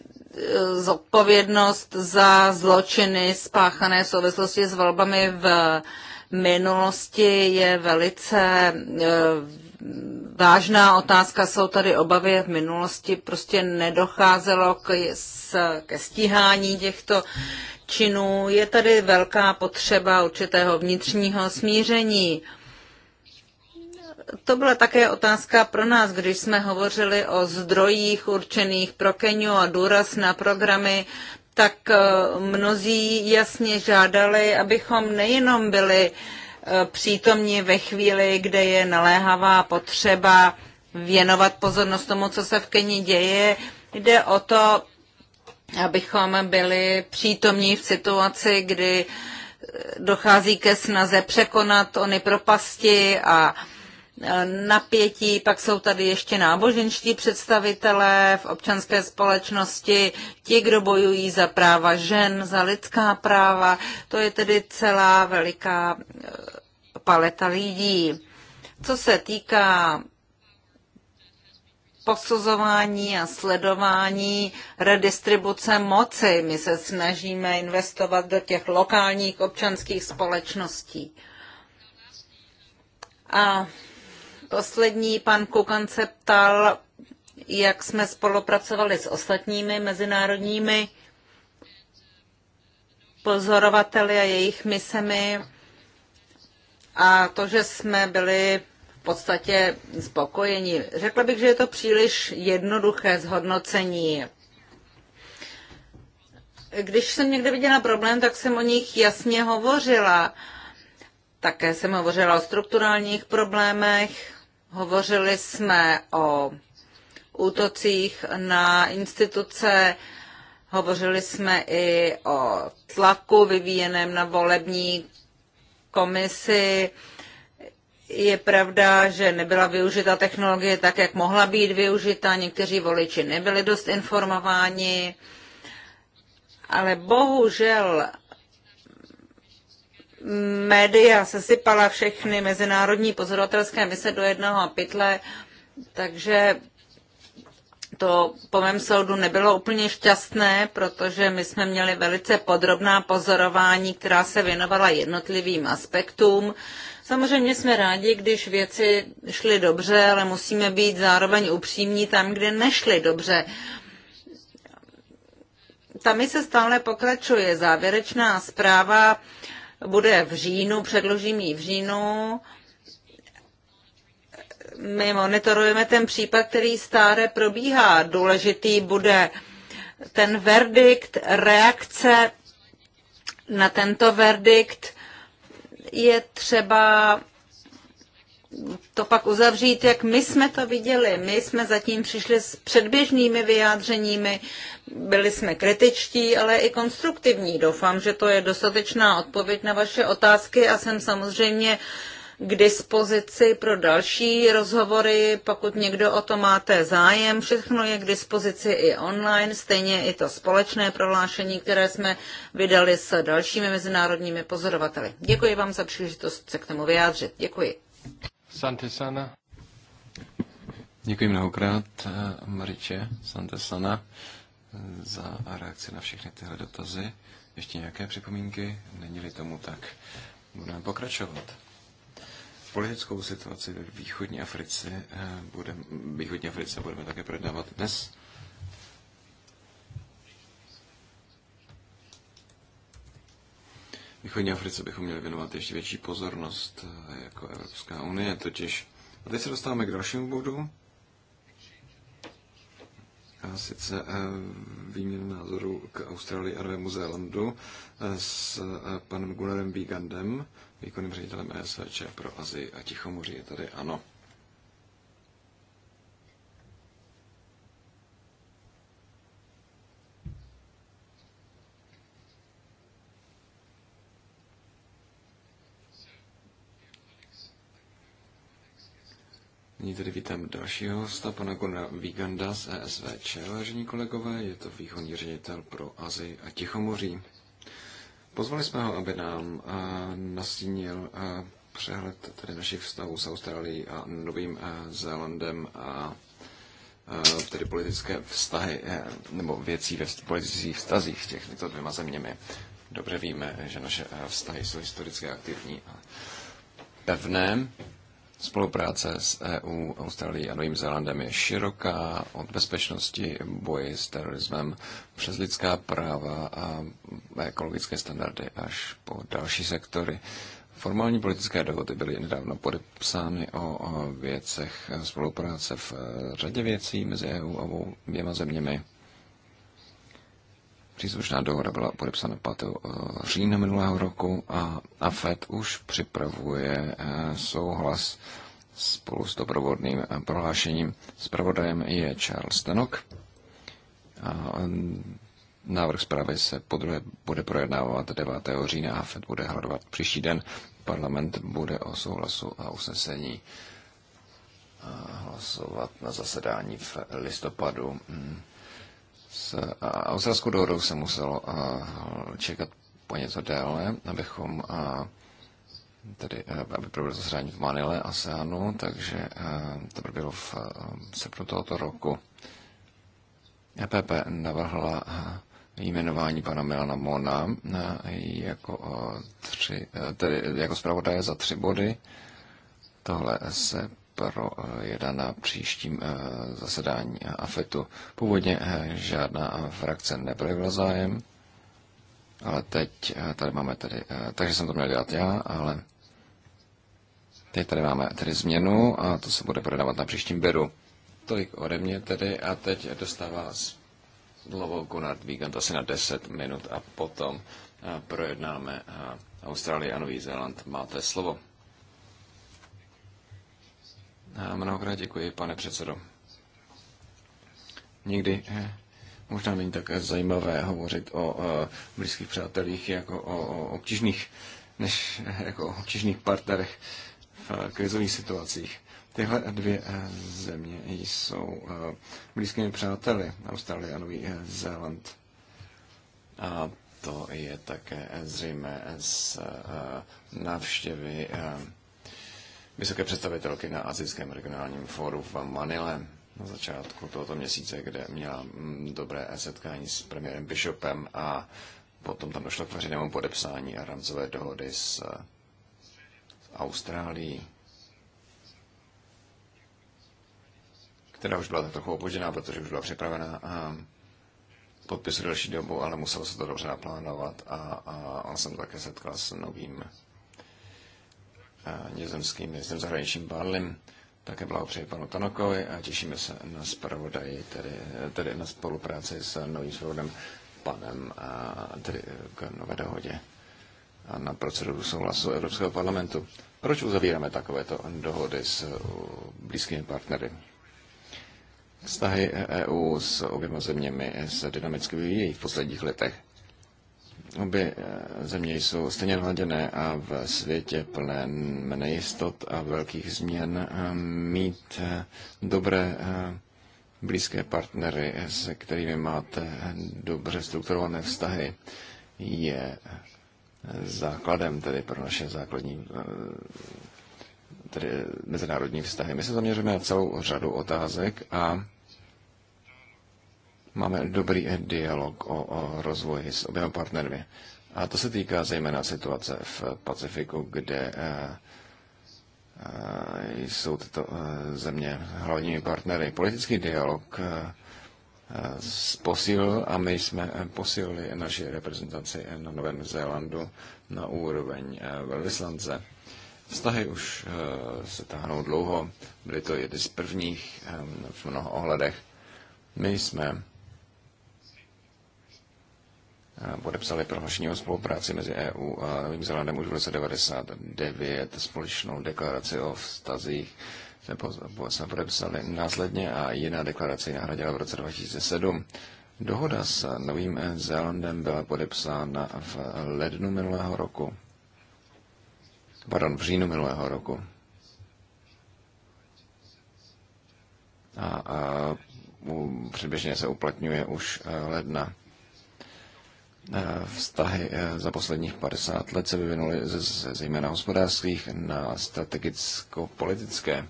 zodpovědnost za zločiny spáchané v souvislosti s volbami v minulosti je velice eh, vážná otázka. Jsou tady obavy v minulosti, prostě nedocházelo k, ke stíhání těchto činů. Je tady velká potřeba určitého vnitřního smíření. To byla také otázka pro nás, když jsme hovořili o zdrojích určených pro Keniu a důraz na programy, tak eh, mnozí jasně žádali, abychom nejenom byli eh, přítomní ve chvíli, kde je naléhavá potřeba věnovat pozornost tomu, co se v Keni děje. Jde o to, abychom byli přítomní v situaci, kdy eh, dochází ke snaze překonat ony propasti a uh, napětí, pak jsou tady ještě náboženští představitelé v občanské společnosti, ti, kdo bojují za práva žen, za lidská práva. To je tedy celá veliká eh, paleta lidí. Co se týká posuzování a sledování redistribuce moci. My se snažíme investovat do těch lokálních občanských společností. A Poslední pan Kukan se ptal, jak jsme spolupracovali s ostatními mezinárodními pozorovateli a jejich misemi a to, že jsme byli v podstatě spokojeni. Řekla bych, že je to příliš jednoduché zhodnocení. Když jsem někde viděla problém, tak jsem o nich jasně hovořila. Také jsem hovořila o strukturálních problémech, Hovořili jsme o útocích na instituce, hovořili jsme i o tlaku vyvíjeném na volební komisi. Je pravda, že nebyla využita technologie tak, jak mohla být využita. Někteří voliči nebyli dost informováni, ale bohužel média sesypala všechny mezinárodní pozorovatelské mise do jednoho pytle, takže to po mém soudu nebylo úplně šťastné, protože my jsme měli velice podrobná pozorování, která se věnovala jednotlivým aspektům. Samozřejmě jsme rádi, když věci šly dobře, ale musíme být zároveň upřímní tam, kde nešly dobře. Tam se stále pokračuje závěrečná zpráva bude v říjnu, předložím ji v říjnu. My monitorujeme ten případ, který stále probíhá. Důležitý bude ten verdikt, reakce na tento verdikt je třeba to pak uzavřít, jak my jsme to viděli. My jsme zatím přišli s předběžnými vyjádřeními, byli jsme kritičtí, ale i konstruktivní. Doufám, že to je dostatečná odpověď na vaše otázky a jsem samozřejmě k dispozici pro další rozhovory, pokud někdo o to máte zájem. Všechno je k dispozici i online, stejně i to společné prohlášení, které jsme vydali s dalšími mezinárodními pozorovateli. Děkuji vám za příležitost se k tomu vyjádřit. Děkuji. Santesana. Děkuji mnohokrát, Mariče Santesana, za reakci na všechny tyhle dotazy. Ještě nějaké připomínky? Není-li tomu tak, budeme pokračovat. Politickou situaci ve východní Africe eh, budeme, východní Africe budeme také projednávat dnes Východní Africe bychom měli věnovat ještě větší pozornost eh, jako Evropská unie, totiž. A teď se dostáváme k dalšímu bodu. A sice eh, výměnu názoru k Austrálii a Novému Zélandu eh, s panem Gunnarem Bigandem, výkonným ředitelem ESVČ pro Azii a Tichomoří je tady ano. Nyní tedy vítám dalšího hosta, pana Gona Viganda z ESVČ. Vážení kolegové, je to východní ředitel pro Azi a Tichomoří. Pozvali jsme ho, aby nám eh, nastínil eh, přehled tedy našich vztahů s Austrálií a Novým eh, Zélandem a tedy politické vztahy nebo věcí ve politických vztazích s těchto dvěma zeměmi. Dobře víme, že naše vztahy jsou historicky aktivní a pevné. Spolupráce s EU, Austrálií a Novým Zélandem je široká od bezpečnosti, boji s terorismem přes lidská práva a ekologické standardy až po další sektory. Formální politické dohody byly nedávno podepsány o věcech spolupráce v eh, řadě věcí mezi EU a oběma zeměmi. Příslušná dohoda byla podepsána 5. Eh, října minulého roku a a Fed už připravuje eh, souhlas spolu s doprovodným eh, prohlášením. Spravodajem je Charles Tenok mm, Návrh zprávy se podruhé bude projednávat 9. října a FED bude hledovat příští den. Parlament bude o souhlasu a usnesení hlasovat na zasedání v listopadu. Mm, s australskou dohodou se muselo čekat po něco déle, abychom tedy, aby proběhlo zasedání v Manile a Seanu, takže to proběhlo v srpnu tohoto roku. EPP navrhla jmenování pana Milana Mona jako, tři, e, tedy jako zpravodaje za tři body. Tohle se projeda eh, na příštím eh, zasedání AFETu. Původně eh, žádná frakce neprojevila zájem, ale teď tady máme tedy, takže jsem to měl dělat já, ale teď tady máme tedy změnu a to se bude prodávat na příštím beru. Tolik ode mě tedy a teď dostává slovo Gunnar Vigant asi na 10 minut a potom projednáme Austrálii a Nový Zéland. Máte slovo. Mnohokrát děkuji, pane předsedo. Nikdy eh, možná není tak zajímavé hovořit o eh, blízkých přátelích jako o obtížných, než eh, jako o obtížných partnerech v krizových situacích. Tyhle dvě země jsou blízkými přáteli Austrálie a Nový Zéland. A to je také zřejmé z návštěvy vysoké představitelky na Azijském regionálním fóru v Manile na začátku tohoto měsíce, kde měla mm, dobré setkání s premiérem Bishopem a potom tam došlo k veřejnému podepsání a rámcové dohody s, s Austrálií, která už byla tak trochu opožděná, protože už byla připravená a podpisu další dobu, ale muselo se to dobře naplánovat a, a a jsem také setkal s novým nizozemským ministrem zahraničím Barlim. Také blahopřeji panu Tanokovi a těšíme se na zpravodaji, tedy, tedy na spolupráci s novým zpravodem panem a, tedy k nové dohodě a na proceduru souhlasu Evropského parlamentu. Proč uzavíráme takovéto dohody s blízkými partnery? Vztahy EU e s oběma zeměmi se dynamicky vyvíjí v posledních letech. Obě eh, země jsou stejně hladěné a v světě plném nejistot a velkých změn eh, mít eh, dobré blízké partnery, se kterými máte dobře strukturované vztahy, je základem tedy pro naše základní tedy mezinárodní vztahy. My se zaměřujeme na celou řadu otázek a Máme dobrý dialog o, o rozvoji s oběma partnery. A to se týká zejména situace v Pacifiku, kde eh, eh, jsou tyto eh, země hlavními partnery. Politický dialog posílil a my jsme posílili naši reprezentaci na Novém Zélandu na úroveň velvyslance. Vztahy už se táhnou dlouho, byly to jedny z prvních v mnoha ohledech. My jsme podepsali prohlášení o spolupráci mezi EU a Novým Zélandem už v roce 1999 společnou deklaraci o vztazích jsme podepsali následně a jiná deklarace ji nahradila v roce 2007. Dohoda s Novým Zélandem byla podepsána v lednu minulého roku. Pardon, v říjnu minulého roku. A, a předběžně se uplatňuje už eh, ledna. Eh, vztahy eh, za posledních 50 let se vyvinuly ze, zejména hospodářských na strategicko-politické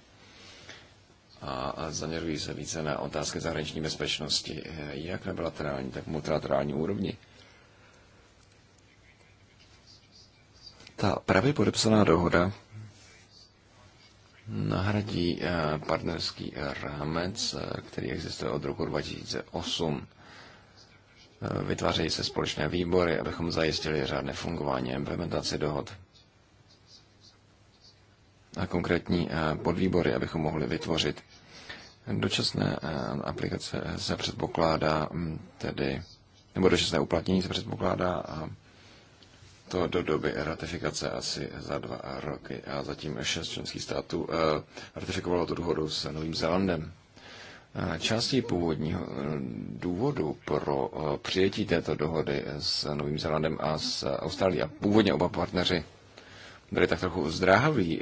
a zaměřují se více na otázky zahraniční bezpečnosti, eh, jak na bilaterální, tak multilaterální úrovni. Ta právě podepsaná dohoda nahradí partnerský rámec, který existuje od roku 2008 Vytvářejí se společné výbory, abychom zajistili řádné fungování a implementaci dohod. A konkrétní eh, podvýbory, abychom mohli vytvořit. Dočasné eh, aplikace se předpokládá mm, tedy, nebo dočasné uplatnění se předpokládá a to do doby ratifikace asi za dva roky. A zatím šest členských států eh, ratifikovalo tu dohodu s Novým Zélandem. Eh, částí původního eh, důvodu pro eh, přijetí této dohody s Novým Zelandem a s Austrálií, a původně oba partneři byli tak trochu zdráhaví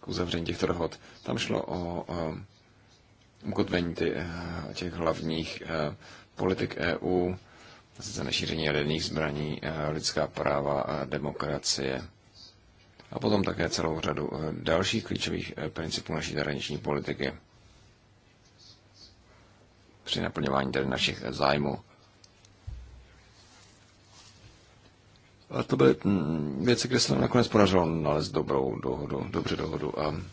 k uzavření těchto dohod, tam šlo o ukotvení těch hlavních politik EU, za nešíření jaderných zbraní, lidská práva a demokracie. A potom také celou řadu dalších klíčových principů naší zahraniční politiky při naplňování tedy našich zájmů. A to byly mm, věci, kde se nám nakonec podařilo nalézt dobrou dohodu, dobře dohodu a mm,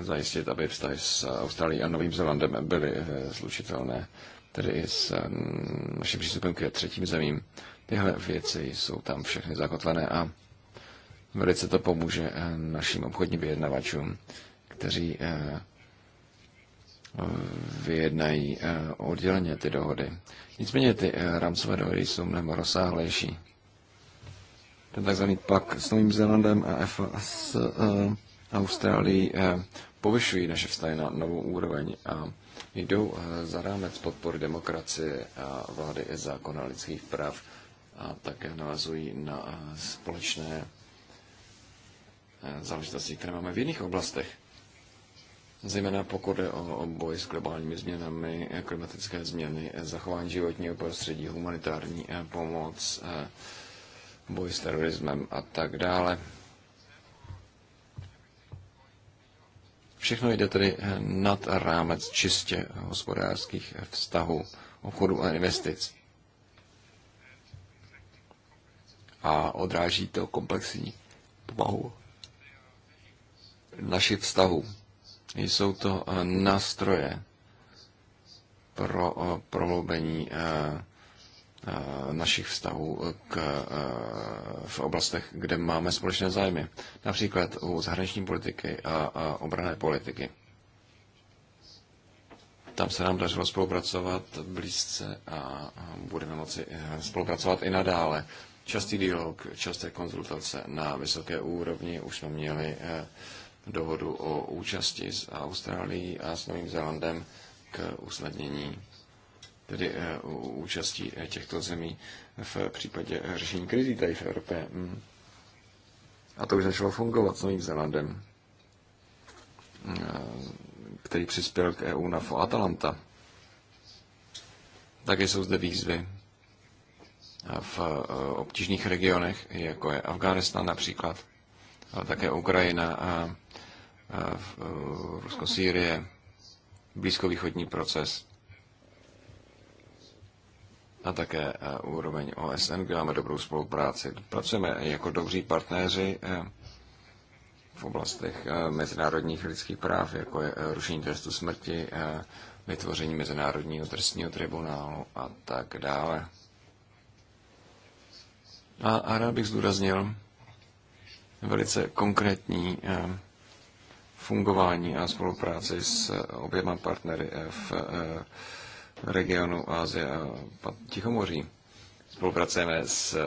zajistit, aby vztahy s Austrálií a Novým Zelandem byly eh, slučitelné, tedy i s mm, naším přístupem k třetím zemím. Tyhle věci jsou tam všechny zakotvené a velice to pomůže eh, našim obchodním vyjednavačům, kteří eh, vyjednají eh, odděleně ty dohody. Nicméně ty eh, rámcové dohody jsou mnohem rozsáhlejší. Ten takzvaný pak s Novým Zélandem a FAS s eh, Austrálií povyšují naše vztahy na novou úroveň a jdou za rámec podpory demokracie a vlády zákona lidských práv a také navazují na společné záležitosti, které máme v jiných oblastech zejména pokud je o boj s globálními změnami, eh, klimatické změny, eh, zachování životního prostředí, humanitární eh, pomoc, boj s terorismem a tak dále. Všechno jde tedy nad rámec čistě hospodářských vztahů, obchodu a investic. A odráží to komplexní povahu našich vztahů jsou to eh, nástroje pro eh, prohloubení eh, našich vztahů k, v oblastech, kde máme společné zájmy. Například u zahraniční politiky a, obrané politiky. Tam se nám dařilo spolupracovat blízce a budeme moci spolupracovat i nadále. Častý dialog, časté konzultace na vysoké úrovni už jsme měli dohodu o účasti s Austrálií a s Novým Zélandem k usnadnění tedy eh, účastí eh, těchto zemí v případě řešení krizí tady v Evropě. Mm. A to už začalo fungovat s Novým Zélandem, eh, který přispěl k EU na Atalanta. Také jsou zde výzvy v obtížných regionech, jako je Afghánistán například ale také Ukrajina a, a e, Rusko-Sýrie, blízkovýchodní proces a také e, úroveň OSN, kde máme dobrou spolupráci. Pracujeme jako dobří partnéři e, v oblastech mezinárodních lidských práv, jako je rušení trestu smrti, vytvoření mezinárodního trestního tribunálu a tak dále. A, a rád bych zdůraznil, velice konkrétní eh, fungování a spolupráci s oběma partnery eh, v eh, regionu Asie a Tichomoří. Spolupracujeme s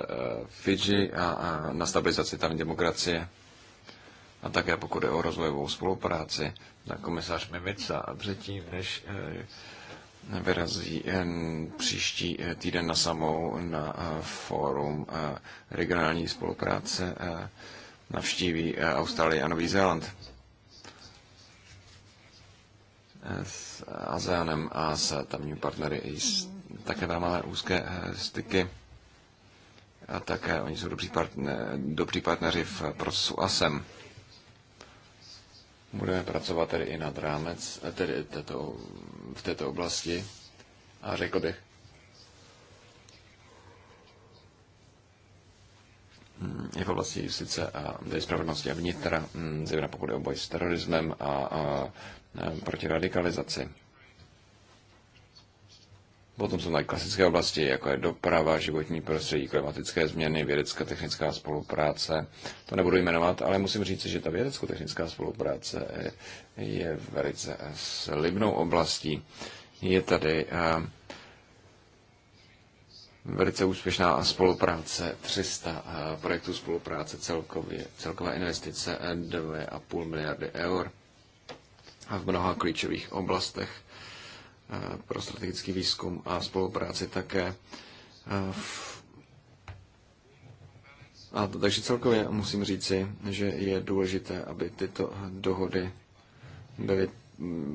Fidži a, na stabilizaci tam demokracie a také pokud je o rozvojovou spolupráci na komisař Mimica a předtím, než vyrazí příští týden na samou na fórum regionální spolupráce navštíví eh, Austrálii a Nový Zéland eh, s ASEANem a s tamními partnery. Také tam máme úzké eh, styky a také oni jsou dobří, partne, dobří partneři v procesu ASEM. Budeme pracovat tedy i nad rámec tedy této, v této oblasti a řekl bych, i v oblasti justice a spravedlnosti a vnitra, mm, zejména pokud je o boj s terorismem a, a proti radikalizaci. Potom jsou tady klasické oblasti, jako je doprava, životní prostředí, klimatické změny, vědecko-technická spolupráce. To nebudu jmenovat, ale musím říct, že ta vědecko-technická spolupráce je velice slibnou oblastí. Je tady velice úspěšná spolupráce, 300 eh, projektů spolupráce celkově, celková investice 2,5 eh, miliardy eur a v mnoha klíčových oblastech eh, pro strategický výzkum a spolupráci také. V... A to, takže celkově musím říci, že je důležité, aby tyto dohody byly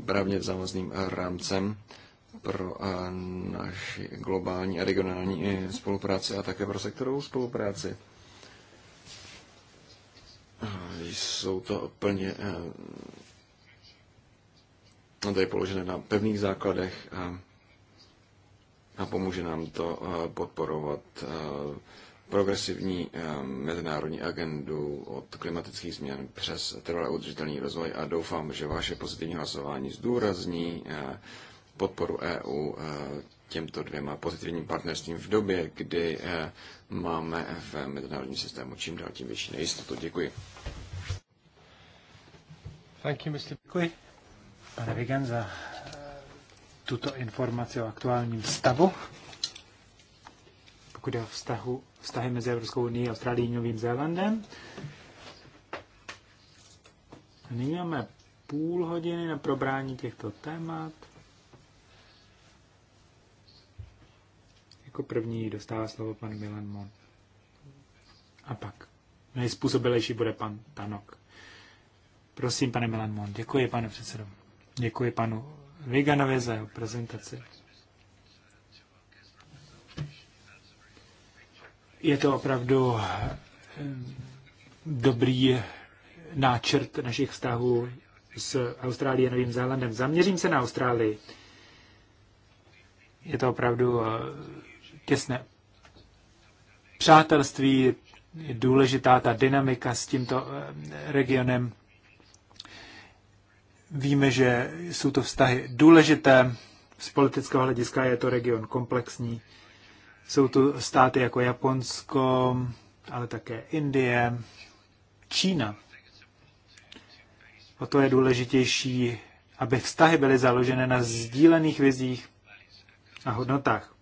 právně závazným rámcem pro eh, naši globální a regionální eh, spolupráci a také pro sektorovou spolupráci. Eh, jsou to plně tady položené na pevných základech a, a pomůže nám to podporovat progresivní mezinárodní agendu od klimatických změn přes trvalý udržitelný rozvoj a doufám, že vaše pozitivní hlasování zdůrazní podporu EU eh, těmto dvěma pozitivním partnerstvím v době, kdy eh, máme v mezinárodním systému čím dál tím větší nejistotu. Děkuji. Thank you, Mr. Děkuji, pane Vigan, za eh, tuto informaci o aktuálním stavu. Pokud je o vztahu, vztahy mezi Evropskou unii, Austrálií a Novým Zélandem. Nyní máme půl hodiny na probrání těchto témat. Jako první dostává slovo pan Milan Mon. A pak nejspůsobilejší bude pan Tanok. Prosím, pane Milan Mon. Děkuji, pane předsedo. Děkuji panu Viganovi za jeho prezentaci. Je to opravdu eh, dobrý náčrt našich vztahů s Austrálií a Novým Zélandem. Zaměřím se na Austrálii. Je to opravdu eh, těsné přátelství, je důležitá ta dynamika s tímto eh, regionem. Víme, že jsou to vztahy důležité, z politického hlediska je to region komplexní. Jsou tu státy jako Japonsko, ale také Indie, Čína. O to je důležitější, aby vztahy byly založeny na sdílených vizích a hodnotách.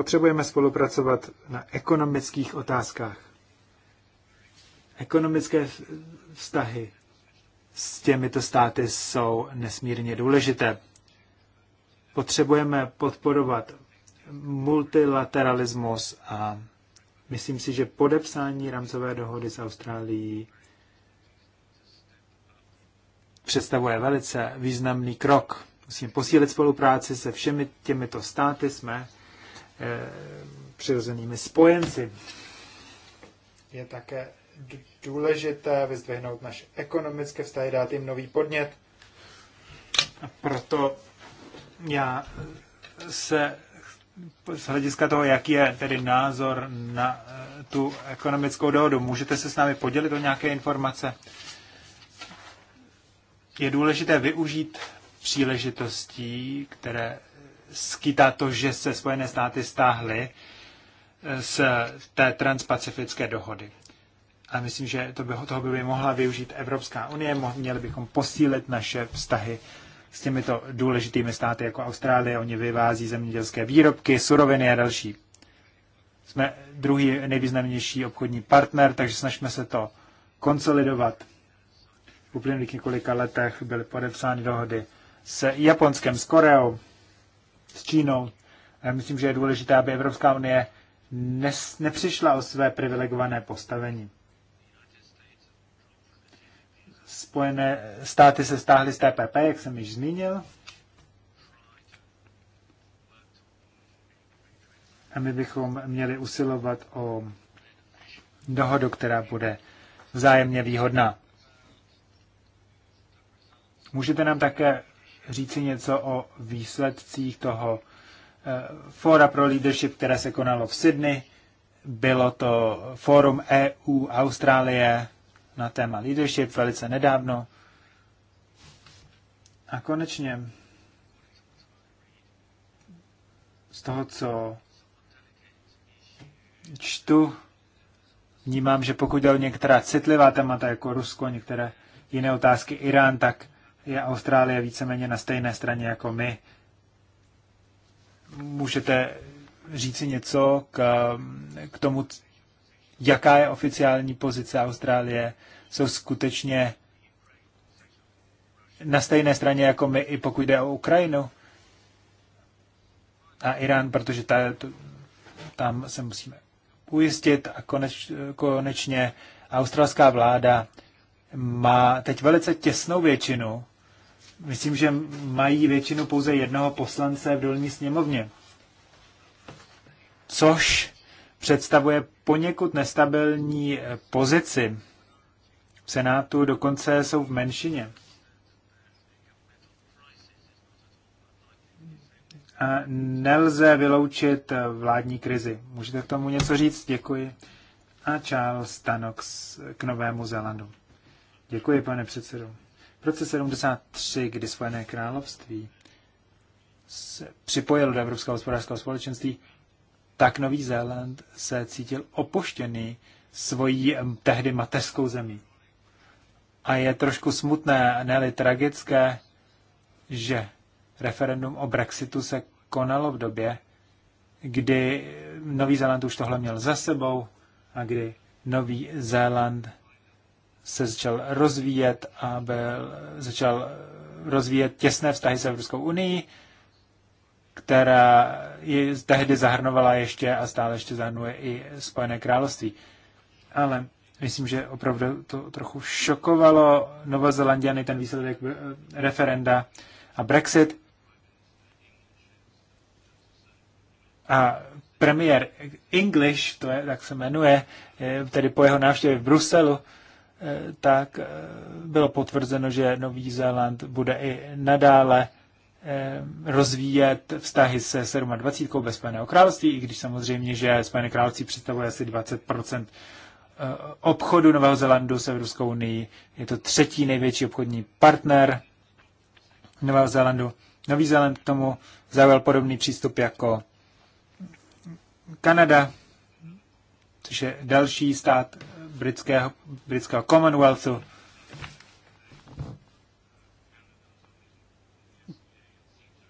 Potřebujeme spolupracovat na ekonomických otázkách. Ekonomické vztahy s těmito státy jsou nesmírně důležité. Potřebujeme podporovat multilateralismus a myslím si, že podepsání rámcové dohody s Austrálií představuje velice významný krok. Musíme posílit spolupráci se všemi těmito státy. Jsme Eh, přirozenými spojenci. Je také důležité vyzdvihnout naše ekonomické vztahy, dát jim nový podnět. A proto já eh, se z hlediska toho, jaký je tedy názor na eh, tu ekonomickou dohodu, můžete se s námi podělit o nějaké informace? Je důležité využít příležitostí, které skýtá to, že se Spojené státy stáhly eh, z té transpacifické dohody. A myslím, že to by, toho by mohla využít Evropská unie, měli bychom posílit naše vztahy s těmito důležitými státy jako Austrálie. Oni vyvází zemědělské výrobky, suroviny a další. Jsme druhý nejvýznamnější obchodní partner, takže snažíme se to konsolidovat. V uplynulých několika letech byly podepsány dohody s Japonskem, s Koreou, s Čínou. Já myslím, že je důležité, aby Evropská unie nes, nepřišla o své privilegované postavení. Spojené státy se stáhly z TPP, jak jsem již zmínil. A my bychom měli usilovat o dohodu, která bude vzájemně výhodná. Můžete nám také říci něco o výsledcích toho eh, Fóra pro leadership, které se konalo v Sydney. Bylo to Fórum EU Austrálie na téma leadership velice nedávno. A konečně z toho, co čtu, vnímám, že pokud jde o některá citlivá témata jako Rusko, některé jiné otázky Irán, tak je Austrálie víceméně na stejné straně jako my. Můžete říci něco k, k tomu, jaká je oficiální pozice Austrálie? Jsou skutečně na stejné straně jako my, i pokud jde o Ukrajinu a Irán, protože ta, tam se musíme ujistit a koneč, konečně australská vláda má teď velice těsnou většinu myslím, že mají většinu pouze jednoho poslance v dolní sněmovně. Což představuje poněkud nestabilní pozici. V Senátu dokonce jsou v menšině. A nelze vyloučit vládní krizi. Můžete k tomu něco říct? Děkuji. A Charles Stanox k Novému Zelandu. Děkuji, pane předsedo v roce 73, kdy Spojené království se připojilo do Evropského hospodářského společenství, tak Nový Zéland se cítil opoštěný svojí tehdy mateřskou zemí. A je trošku smutné, ne tragické, že referendum o Brexitu se konalo v době, kdy Nový Zéland už tohle měl za sebou a kdy Nový Zéland se začal rozvíjet a byl, začal rozvíjet těsné vztahy s Evropskou unii, která je, tehdy zahrnovala ještě a stále ještě zahrnuje i Spojené království. Ale myslím, že opravdu to trochu šokovalo Novozelandiany ten výsledek eh, referenda a Brexit. A premiér English, to je, tak se jmenuje, eh, tedy po jeho návštěvě v Bruselu, tak eh, bylo potvrzeno, že Nový Zéland bude i nadále eh, rozvíjet vztahy se 27. ve Spojeného království, i když samozřejmě, že Spojené království představuje asi 20 eh, obchodu Nového Zélandu s Evropskou unii. Je to třetí největší obchodní partner Nového Zélandu. Nový Zéland k tomu zaujal podobný přístup jako Kanada, což je další stát, britského, britského Commonwealthu.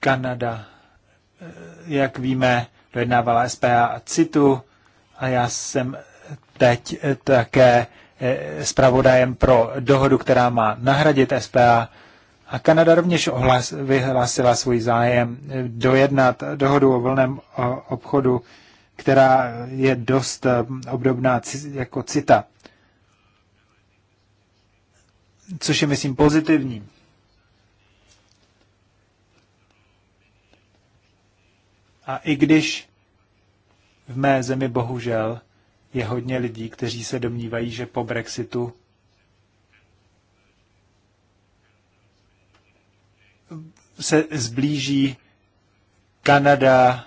Kanada, eh, jak víme, dojednávala SPA a CITu a já jsem teď eh, také eh, zpravodajem pro dohodu, která má nahradit SPA. A Kanada rovněž ohlas, vyhlásila svůj zájem dojednat dohodu o volném obchodu, která je dost obdobná jako CITA což je, myslím, pozitivní. A i když v mé zemi bohužel je hodně lidí, kteří se domnívají, že po Brexitu se zblíží Kanada,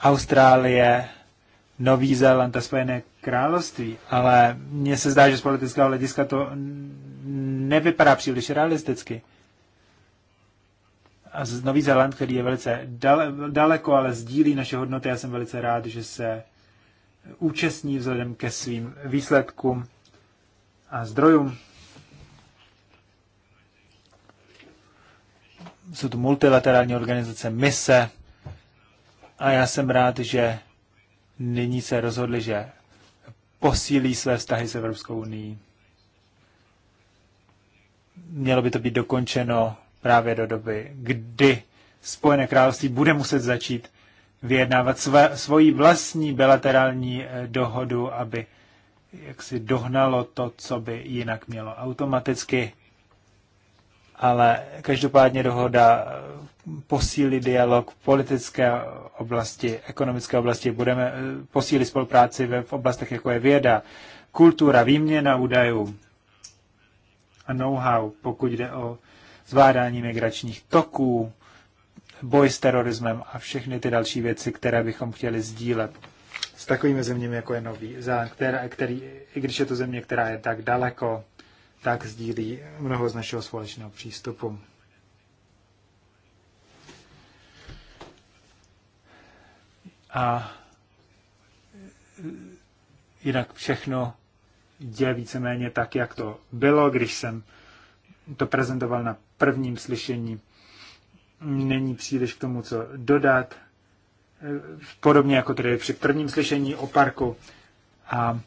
Austrálie, Nový Zéland a Spojené království, ale mně se zdá, že z politického hlediska to nevypadá příliš realisticky. A Nový Zéland, který je velice daleko, ale sdílí naše hodnoty, já jsem velice rád, že se účastní vzhledem ke svým výsledkům a zdrojům. Jsou to multilaterální organizace, mise a já jsem rád, že nyní se rozhodli, že posílí své vztahy s Evropskou unii. Mělo by to být dokončeno právě do doby, kdy Spojené království bude muset začít vyjednávat své, svoji vlastní bilaterální eh, dohodu, aby jak si dohnalo to, co by jinak mělo automaticky ale každopádně dohoda posílí dialog v politické oblasti, ekonomické oblasti, budeme eh, posílit spolupráci v oblastech, jako je věda, kultura, výměna údajů a know-how, pokud jde o zvládání migračních toků, boj s terorismem a všechny ty další věci, které bychom chtěli sdílet s takovými zeměmi, jako je Nový Zéland, který, který, i když je to země, která je tak daleko, tak sdílí mnoho z našeho společného přístupu. A jinak všechno je víceméně tak, jak to bylo, když jsem to prezentoval na prvním slyšení. Není příliš k tomu, co dodat. Podobně jako tedy při prvním slyšení o parku. A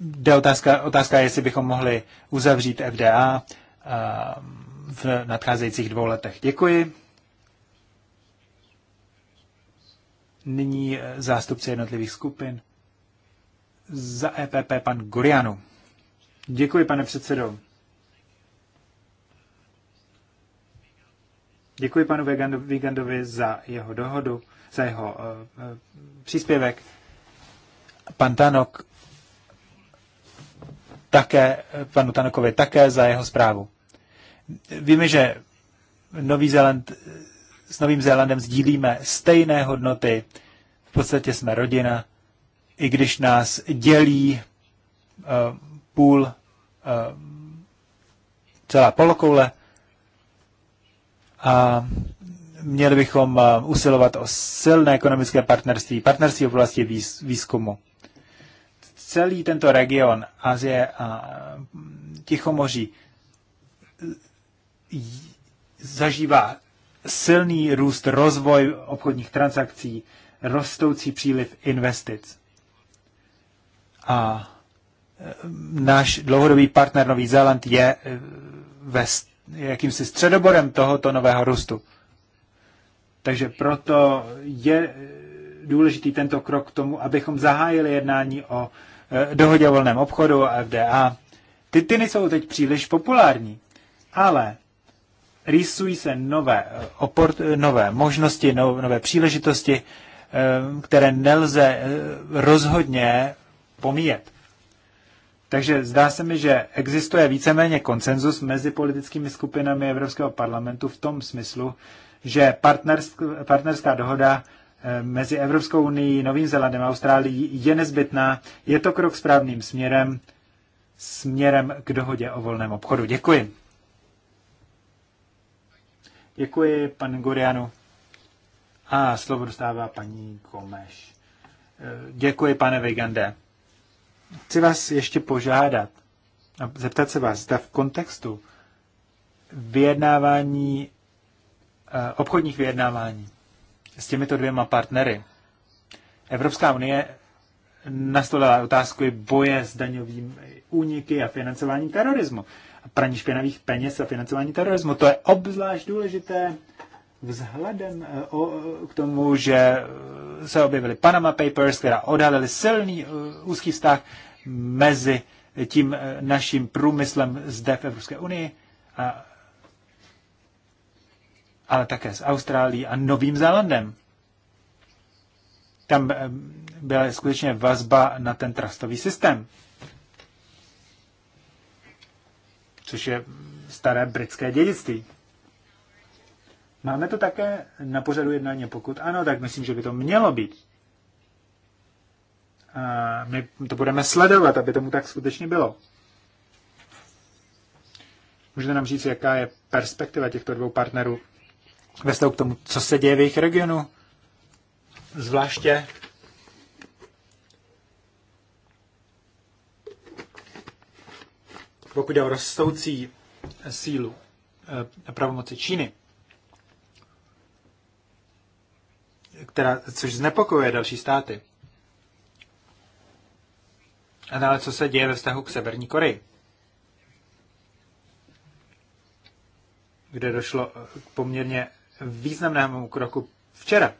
Jde otázka, otázka, jestli bychom mohli uzavřít FDA eh, v nadcházejících dvou letech. Děkuji. Nyní eh, zástupce jednotlivých skupin. Za EPP pan Gurianu. Děkuji, pane předsedo. Děkuji panu Vigandovi za jeho dohodu, za jeho uh, příspěvek. Pan Tanok také, panu Tanokovi také za jeho zprávu. Víme, že Nový Zéland, s Novým Zélandem sdílíme stejné hodnoty, v podstatě jsme rodina, i když nás dělí uh, půl uh, celá polokoule a měli bychom eh, usilovat o silné ekonomické partnerství, partnerství v oblasti výzkumu celý tento region Azie a Tichomoří zažívá silný růst, rozvoj obchodních transakcí, rostoucí příliv investic. A e, náš dlouhodobý partner Nový Zéland je e, ve jakýmsi středoborem tohoto nového růstu. Takže proto je e, důležitý tento krok k tomu, abychom zahájili jednání o Eh, dohodě o volném obchodu a FDA. Ty, ty nejsou teď příliš populární, ale rýsují se nové, eh, oport, nové možnosti, nové příležitosti, eh, které nelze rozhodně pomíjet. Takže zdá se mi, že existuje víceméně konsenzus mezi politickými skupinami Evropského parlamentu v tom smyslu, že partnerská dohoda Eh, mezi Evropskou unii, Novým Zelandem, a Austrálií je nezbytná. Je to krok správným směrem, směrem k dohodě o volném obchodu. Děkuji. Děkuji, pan Gurianu. A slovo dostává paní Komeš. Eh, děkuji, pane Vigande. Chci vás ještě požádat a zeptat se vás, zda v kontextu vyjednávání, eh, obchodních vyjednávání, s těmito dvěma partnery. Evropská unie nastolila otázku boje s daňovým úniky a financování terorismu. A praní špinavých peněz a financování terorismu. To je obzvlášť důležité vzhledem eh, k tomu, že eh, se objevily Panama Papers, která odhalily silný eh, úzký vztah mezi tím naším průmyslem zde v Evropské unii a ale také s Austrálií a Novým Zélandem. Tam eh, byla skutečně vazba na ten trustový systém, což je staré britské dědictví. Máme to také na pořadu jednání, pokud ano, tak myslím, že by to mělo být. A my to budeme sledovat, aby tomu tak skutečně bylo. Můžete nám říct, jaká je perspektiva těchto dvou partnerů ve k tomu, co se děje v jejich regionu. Zvláště pokud jde o rostoucí sílu a eh, pravomoci Číny, která, což znepokojuje další státy. A dále, co se děje ve vztahu k Severní Koreji, kde došlo k poměrně významnému kroku včera.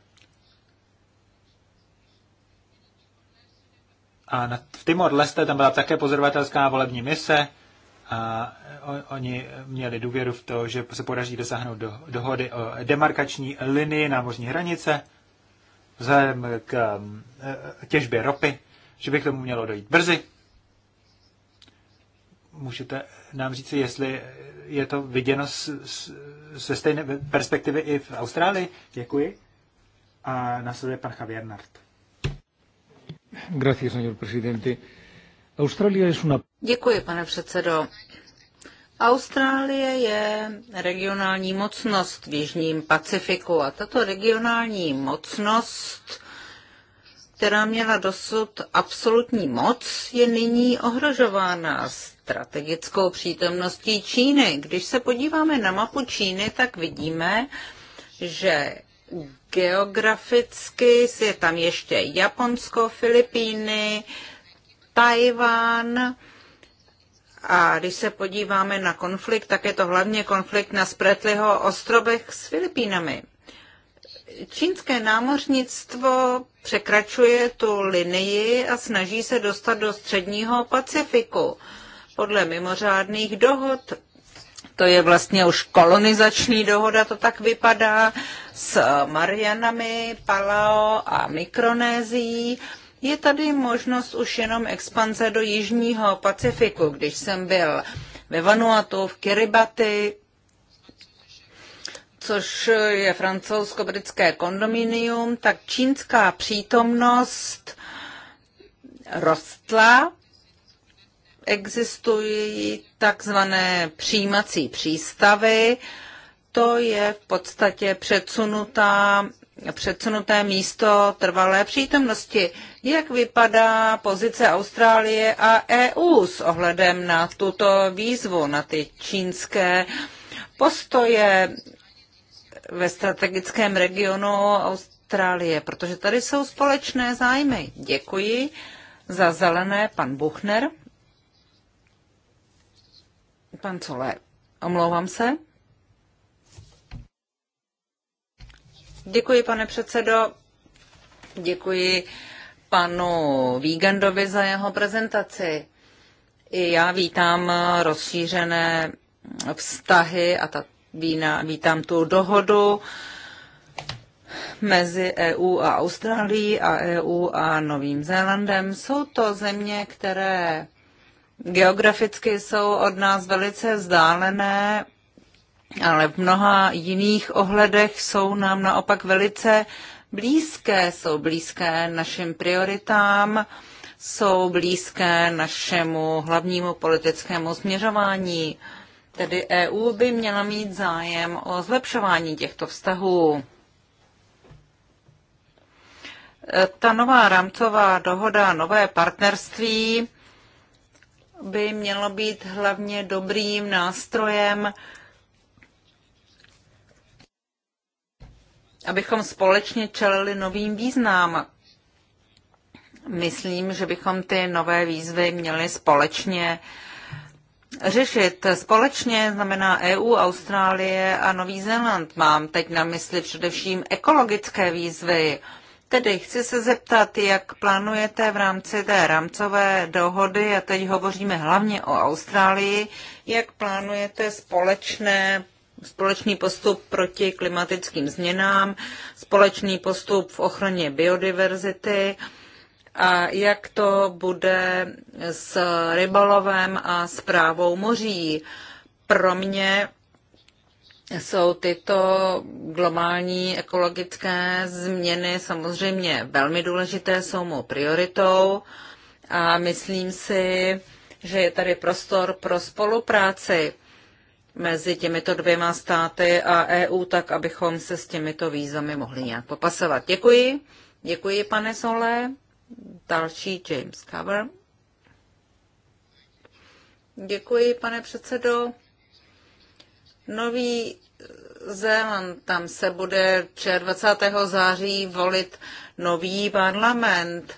A na, v Timor-Leste tam byla také pozorovatelská volební mise a oni měli důvěru v to, že se podaří dosáhnout do, dohody o demarkační linii námořní hranice vzhledem k um, e, e, těžbě ropy, že by k tomu mělo dojít brzy můžete nám říct, jestli je to viděno ze stejné perspektivy i v Austrálii? Děkuji. A následuje pan Javier Nart. Gracias, señor presidente. Australia es una... Děkuji, pane předsedo. Austrálie je regionální mocnost v Jižním Pacifiku a tato regionální mocnost, která měla dosud absolutní moc, je nyní ohrožována strategickou přítomností Číny. Když se podíváme na mapu Číny, tak vidíme, že geograficky je tam ještě Japonsko, Filipíny, Tajván. A když se podíváme na konflikt, tak je to hlavně konflikt na Spretliho ostrovech s Filipínami. Čínské námořnictvo překračuje tu linii a snaží se dostat do středního Pacifiku podle mimořádných dohod. To je vlastně už kolonizační dohoda, to tak vypadá, s eh, Marianami, Palao a Mikronézií. Je tady možnost už jenom expanze do Jižního Pacifiku. Když jsem byl ve Vanuatu, v Kiribati, což je francouzsko-britské kondominium, tak čínská přítomnost rostla Existují takzvané přijímací přístavy. To je v podstatě předsunutá, předsunuté místo trvalé přítomnosti. Jak vypadá pozice Austrálie a EU s ohledem na tuto výzvu, na ty čínské postoje ve strategickém regionu Austrálie, protože tady jsou společné zájmy. Děkuji za zelené, pan Buchner. Pan Cole, omlouvám se. Děkuji, pane předsedo. Děkuji panu Vígandovi za jeho prezentaci. I já vítám rozšířené vztahy a ta vína, vítám tu dohodu mezi EU a Austrálií a EU a Novým Zélandem. Jsou to země, které Geograficky jsou od nás velice vzdálené, ale v mnoha jiných ohledech jsou nám naopak velice blízké. Jsou blízké našim prioritám, jsou blízké našemu hlavnímu politickému směřování. Tedy EU by měla mít zájem o zlepšování těchto vztahů. Ta nová rámcová dohoda, nové partnerství by mělo být hlavně dobrým nástrojem, abychom společně čelili novým význám. Myslím, že bychom ty nové výzvy měli společně řešit. Společně znamená EU, Austrálie a Nový Zéland. Mám teď na mysli především ekologické výzvy. Tedy chci se zeptat, jak plánujete v rámci té rámcové dohody, a teď hovoříme hlavně o Austrálii, jak plánujete společné, společný postup proti klimatickým změnám, společný postup v ochraně biodiverzity a jak to bude s rybalovem a zprávou moří. Pro mě jsou tyto globální ekologické změny samozřejmě velmi důležité, jsou mou prioritou a myslím si, že je tady prostor pro spolupráci mezi těmito dvěma státy a EU, tak abychom se s těmito výzvami mohli nějak popasovat. Děkuji. Děkuji, pane Sole. Další James Cover. Děkuji, pane předsedo. Nový Zéland, tam se bude 23. září volit nový parlament.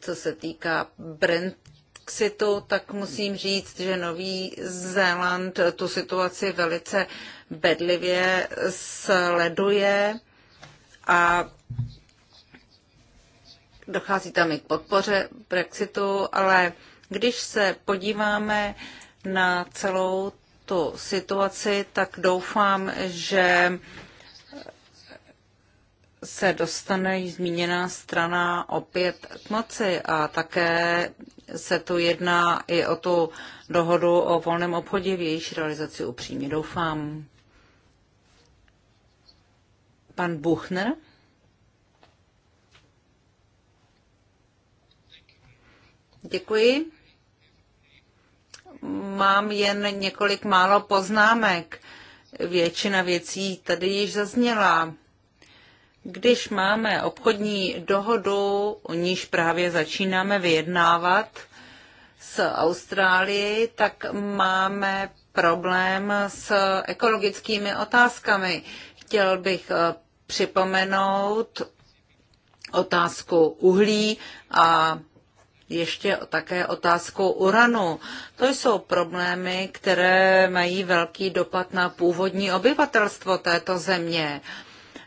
Co se týká Brexitu, tak musím říct, že Nový Zéland tu situaci velice bedlivě sleduje a dochází tam i k podpoře Brexitu, ale když se podíváme na celou tu situaci, tak doufám, že se dostane zmíněná strana opět k moci a také se tu jedná i o tu dohodu o volném obchodě, v jejíž realizaci upřímně doufám. Pan Buchner? Děkuji mám jen několik málo poznámek. Většina věcí tady již zazněla. Když máme obchodní dohodu, o níž právě začínáme vyjednávat s Austrálií, tak máme problém s ekologickými otázkami. Chtěl bych eh, připomenout otázku uhlí a ještě také otázkou uranu. To jsou problémy, které mají velký dopad na původní obyvatelstvo této země.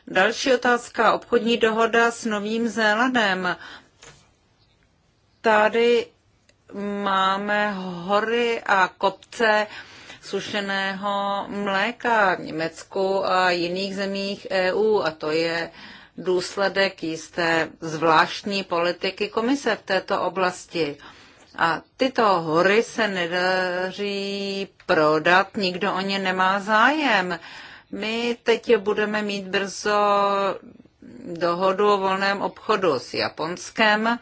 Další otázka, obchodní dohoda s Novým Zélandem. Tady máme hory a kopce sušeného mléka v Německu a jiných zemích EU a to je uh, důsledek jisté zvláštní politiky komise v této oblasti. A tyto hory se nedaří prodat, nikdo o ně nemá zájem. My teď budeme mít brzo dohodu o volném obchodu s Japonskem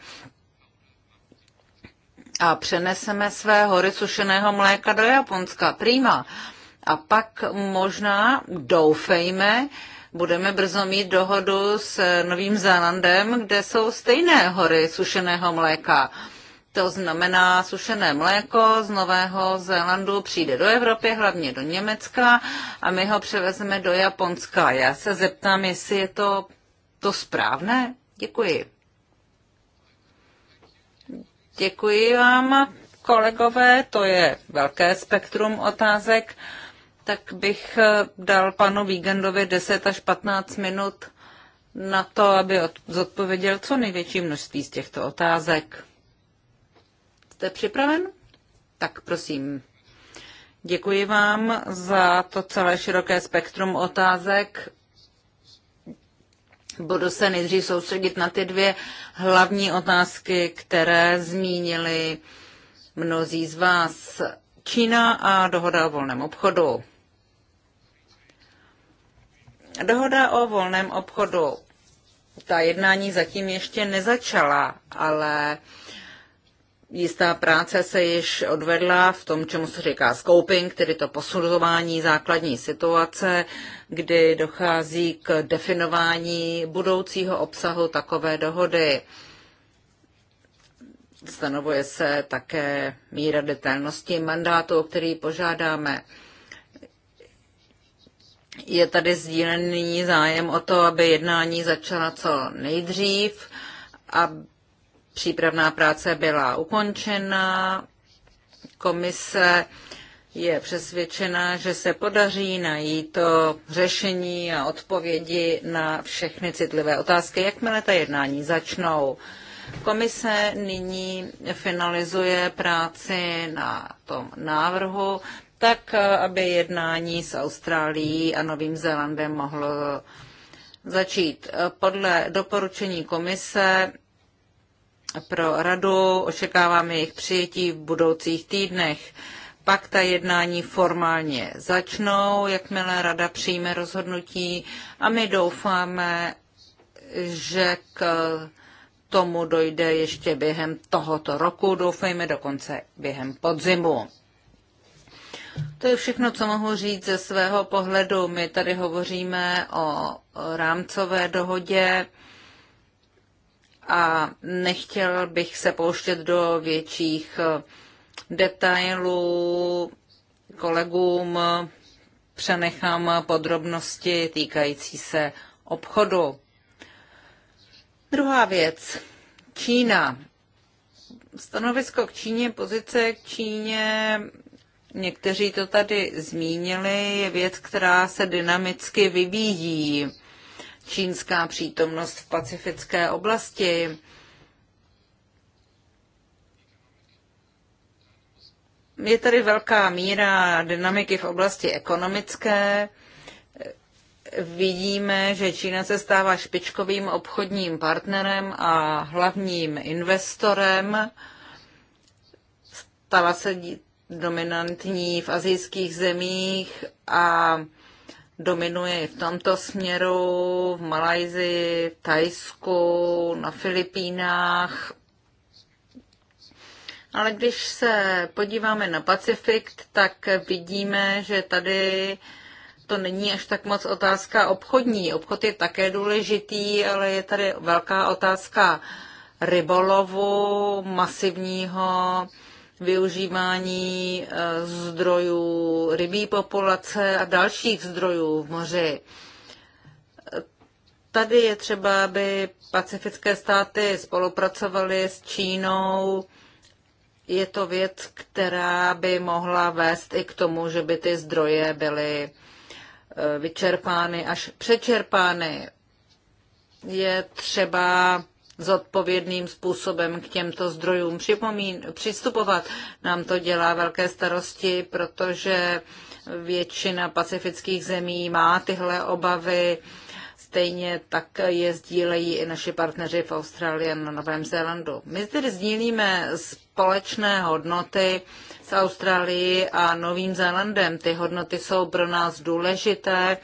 a přeneseme své hory sušeného mléka do Japonska. Prýma. A pak možná, doufejme, Budeme brzo mít dohodu s Novým Zélandem, kde jsou stejné hory sušeného mléka. To znamená, sušené mléko z Nového Zélandu přijde do Evropy, hlavně do Německa, a my ho převezeme do Japonska. Já se zeptám, jestli je to, to správné? Děkuji. Děkuji vám, kolegové, to je velké spektrum otázek tak bych eh, dal panu Vígendovi 10 až 15 minut na to, aby zodpověděl co největší množství z těchto otázek. Jste připraven? Tak prosím. Děkuji vám za to celé široké spektrum otázek. Budu se nejdřív soustředit na ty dvě hlavní otázky, které zmínili mnozí z vás. Čína a dohoda o volném obchodu. Dohoda o volném obchodu. Ta jednání zatím ještě nezačala, ale jistá práce se již odvedla v tom, čemu se říká scoping, tedy to posuzování základní situace, kdy dochází k definování budoucího obsahu takové dohody. Stanovuje se také míra detailnosti mandátu, o který požádáme je tady sdílený zájem o to, aby jednání začala co nejdřív a přípravná práce byla ukončena. Komise je přesvědčena, že se podaří najít to řešení a odpovědi na všechny citlivé otázky, jakmile ta jednání začnou. Komise nyní finalizuje práci na tom návrhu tak, eh, aby jednání s Austrálií a Novým Zélandem mohlo začít. Eh, podle doporučení komise pro radu očekáváme jejich přijetí v budoucích týdnech. Pak ta jednání formálně začnou, jakmile rada přijme rozhodnutí a my doufáme, že k tomu dojde ještě během tohoto roku, doufejme dokonce během podzimu. To je všechno, co mohu říct ze svého pohledu. My tady hovoříme o rámcové dohodě a nechtěl bych se pouštět do větších eh, detailů. Kolegům přenechám podrobnosti týkající se obchodu. Druhá věc. Čína. Stanovisko k Číně, pozice k Číně Někteří to tady zmínili, je věc, která se dynamicky vyvíjí. Čínská přítomnost v pacifické oblasti, je tady velká míra dynamiky v oblasti ekonomické. Vidíme, že Čína se stává špičkovým obchodním partnerem a hlavním investorem. Stala se dominantní v azijských zemích a dominuje v tomto směru, v Malajzii, v Tajsku, na Filipínách. Ale když se podíváme na Pacifik, tak vidíme, že tady to není až tak moc otázka obchodní. Obchod je také důležitý, ale je tady velká otázka rybolovu, masivního využívání eh, zdrojů rybí populace a dalších zdrojů v moři. Tady je třeba, aby pacifické státy spolupracovaly s Čínou. Je to věc, která by mohla vést i k tomu, že by ty zdroje byly eh, vyčerpány až přečerpány. Je třeba zodpovědným způsobem k těmto zdrojům připomín, přistupovat. Nám to dělá velké starosti, protože většina pacifických zemí má tyhle obavy stejně tak je sdílejí i naši partneři v Austrálii a na Novém Zélandu. My zde sdílíme společné hodnoty s Austrálií a Novým Zélandem. Ty hodnoty jsou pro nás důležité,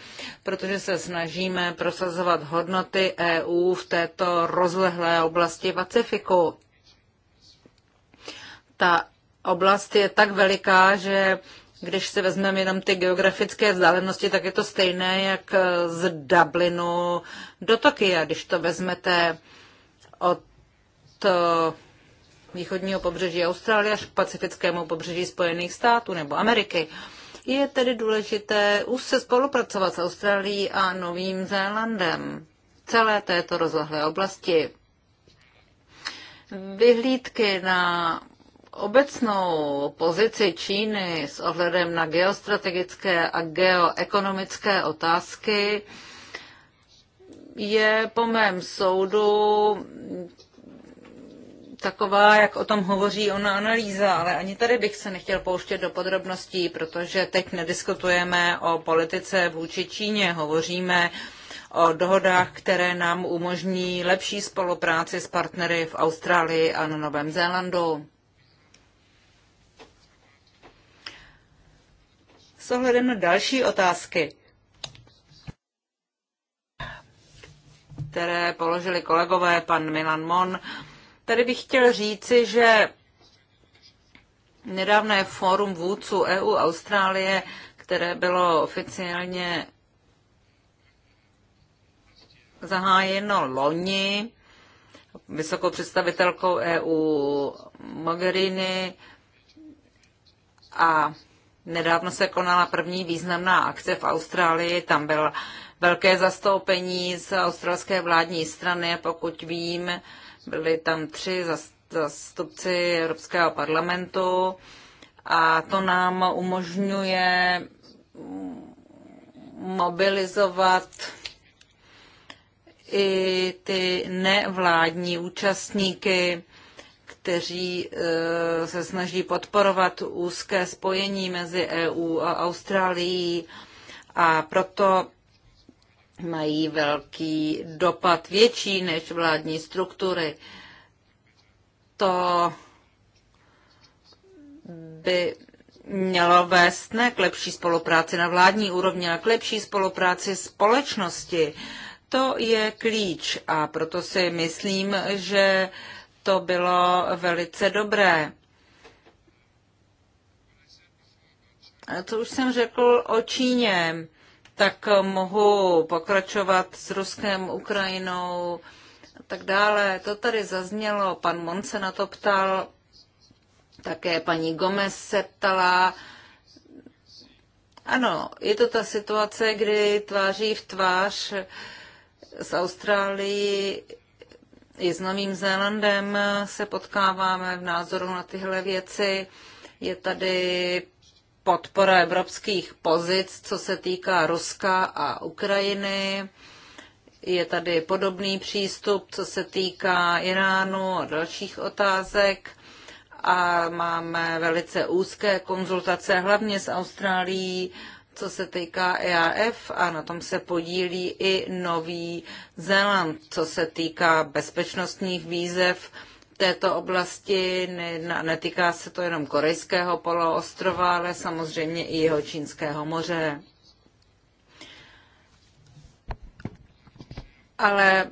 protože se snažíme prosazovat hodnoty EU v této rozlehlé oblasti Pacifiku. Ta oblast je tak veliká, že když se vezmeme jenom ty geografické vzdálenosti, tak je to stejné jak z Dublinu do Tokia. Když to vezmete od eh, východního pobřeží Austrálie až k pacifickému pobřeží Spojených států nebo Ameriky. Je tedy důležité už se spolupracovat s Austrálií a Novým Zélandem celé této rozlehlé oblasti. Vyhlídky na Obecnou pozici Číny s ohledem na geostrategické a geoekonomické otázky je po mém soudu taková, jak o tom hovoří ona analýza, ale ani tady bych se nechtěl pouštět do podrobností, protože teď nediskutujeme o politice vůči Číně, hovoříme o dohodách, které nám umožní lepší spolupráci s partnery v Austrálii a na Novém Zélandu. ohledem na další otázky, které položili kolegové, pan Milan Mon. Tady bych chtěl říci, že nedávné fórum vůdců EU Austrálie, které bylo oficiálně zahájeno loni, vysokou představitelkou EU Mogherini a Nedávno se konala první významná akce v Austrálii, tam byl velké zastoupení z australské vládní strany, pokud vím, byli tam tři zastupci Evropského parlamentu a to nám umožňuje mobilizovat i ty nevládní účastníky kteří eh, se snaží podporovat úzké spojení mezi EU a Austrálií a proto mají velký dopad, větší než vládní struktury. To by mělo vést ne k lepší spolupráci na vládní úrovni, ale k lepší spolupráci společnosti. To je klíč a proto si myslím, že to bylo velice dobré. A co už jsem řekl o Číně, tak mohu pokračovat s Ruskem, Ukrajinou a tak dále. To tady zaznělo, pan Mon se na to ptal, také paní Gomez se ptala. Ano, je to ta situace, kdy tváří v tvář s Austrálií i s Novým Zélandem eh, se potkáváme v názoru na tyhle věci. Je tady podpora evropských pozic, co se týká Ruska a Ukrajiny. Je tady podobný přístup, co se týká Iránu a dalších otázek. A máme velice úzké konzultace, hlavně s Austrálií, co se týká EAF a na tom se podílí i Nový Zéland, co se týká bezpečnostních výzev v této oblasti. Ne, netýká se to jenom korejského poloostrova, ale samozřejmě i jeho čínského moře. Ale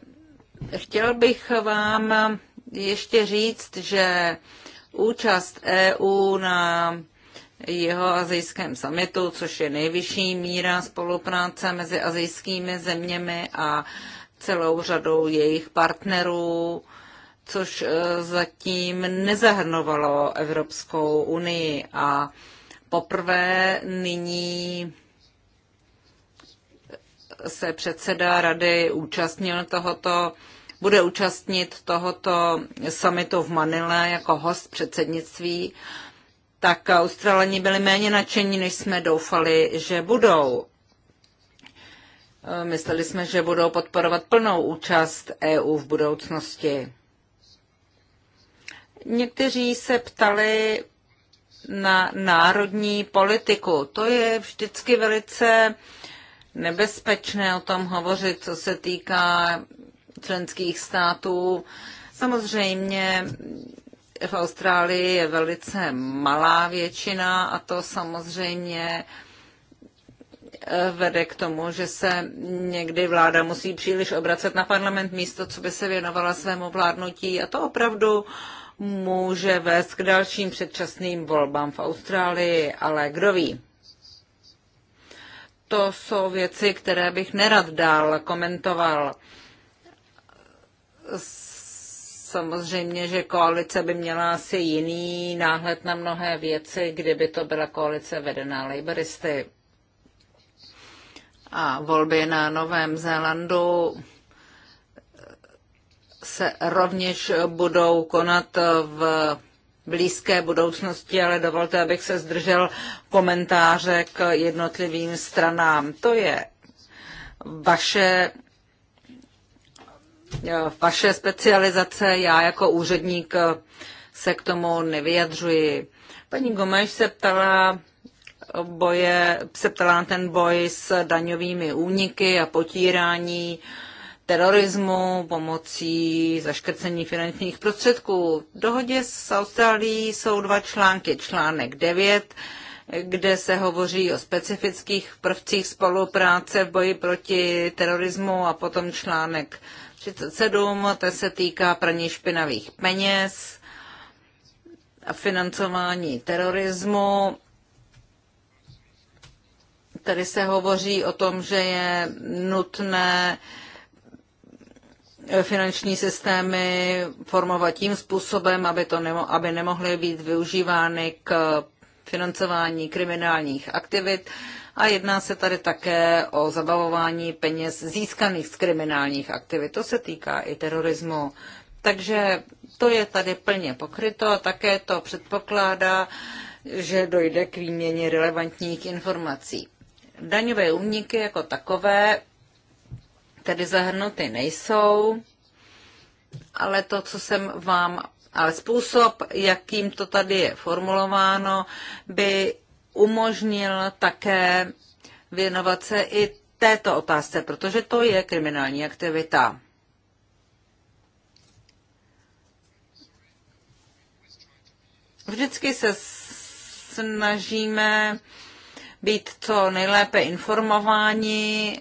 chtěl bych vám ještě říct, že účast EU na jeho azijském summitu, což je nejvyšší míra spolupráce mezi azijskými zeměmi a celou řadou jejich partnerů, což e, zatím nezahrnovalo Evropskou unii a poprvé nyní se předseda rady účastnil tohoto, bude účastnit tohoto samitu v Manile jako host předsednictví tak Australani byli méně nadšení, než jsme doufali, že budou. Eh, mysleli jsme, že budou podporovat plnou účast EU v budoucnosti. Někteří se ptali na národní politiku. To je vždycky velice nebezpečné o tom hovořit, co se týká členských států. Samozřejmě v Austrálii je velice malá většina a to samozřejmě eh, vede k tomu, že se někdy vláda musí příliš obracet na parlament místo, co by se věnovala svému vládnutí a to opravdu může vést k dalším předčasným volbám v Austrálii, ale kdo ví. To jsou věci, které bych nerad dál komentoval. S Samozřejmě, že koalice by měla asi jiný náhled na mnohé věci, kdyby to byla koalice vedená laboristy. A volby na Novém Zélandu se rovněž budou konat v blízké budoucnosti, ale dovolte, abych se zdržel komentáře k jednotlivým stranám. To je vaše Eh, vaše specializace, já jako úředník eh, se k tomu nevyjadřuji. Paní Gomeš se ptala, eh, boje, se ptala na ten boj s daňovými úniky a potírání terorismu pomocí zaškrcení finančních prostředků. V dohodě s Austrálií jsou dva články. Článek 9, kde se hovoří o specifických prvcích spolupráce v boji proti terorismu a potom článek 37, to se týká praní špinavých peněz a financování terorismu. Tady se hovoří o tom, že je nutné finanční systémy formovat tím způsobem, aby, to nemo, aby nemohly být využívány k financování kriminálních aktivit a jedná se tady také o zabavování peněz získaných z kriminálních aktivit. To se týká i terorismu. Takže to je tady plně pokryto a také to předpokládá, že dojde k výměně relevantních informací. Daňové úniky jako takové tedy zahrnuty nejsou, ale to, co jsem vám, ale způsob, jakým to tady je formulováno, by umožnil také věnovat se i této otázce, protože to je kriminální aktivita. Vždycky se snažíme být co nejlépe informováni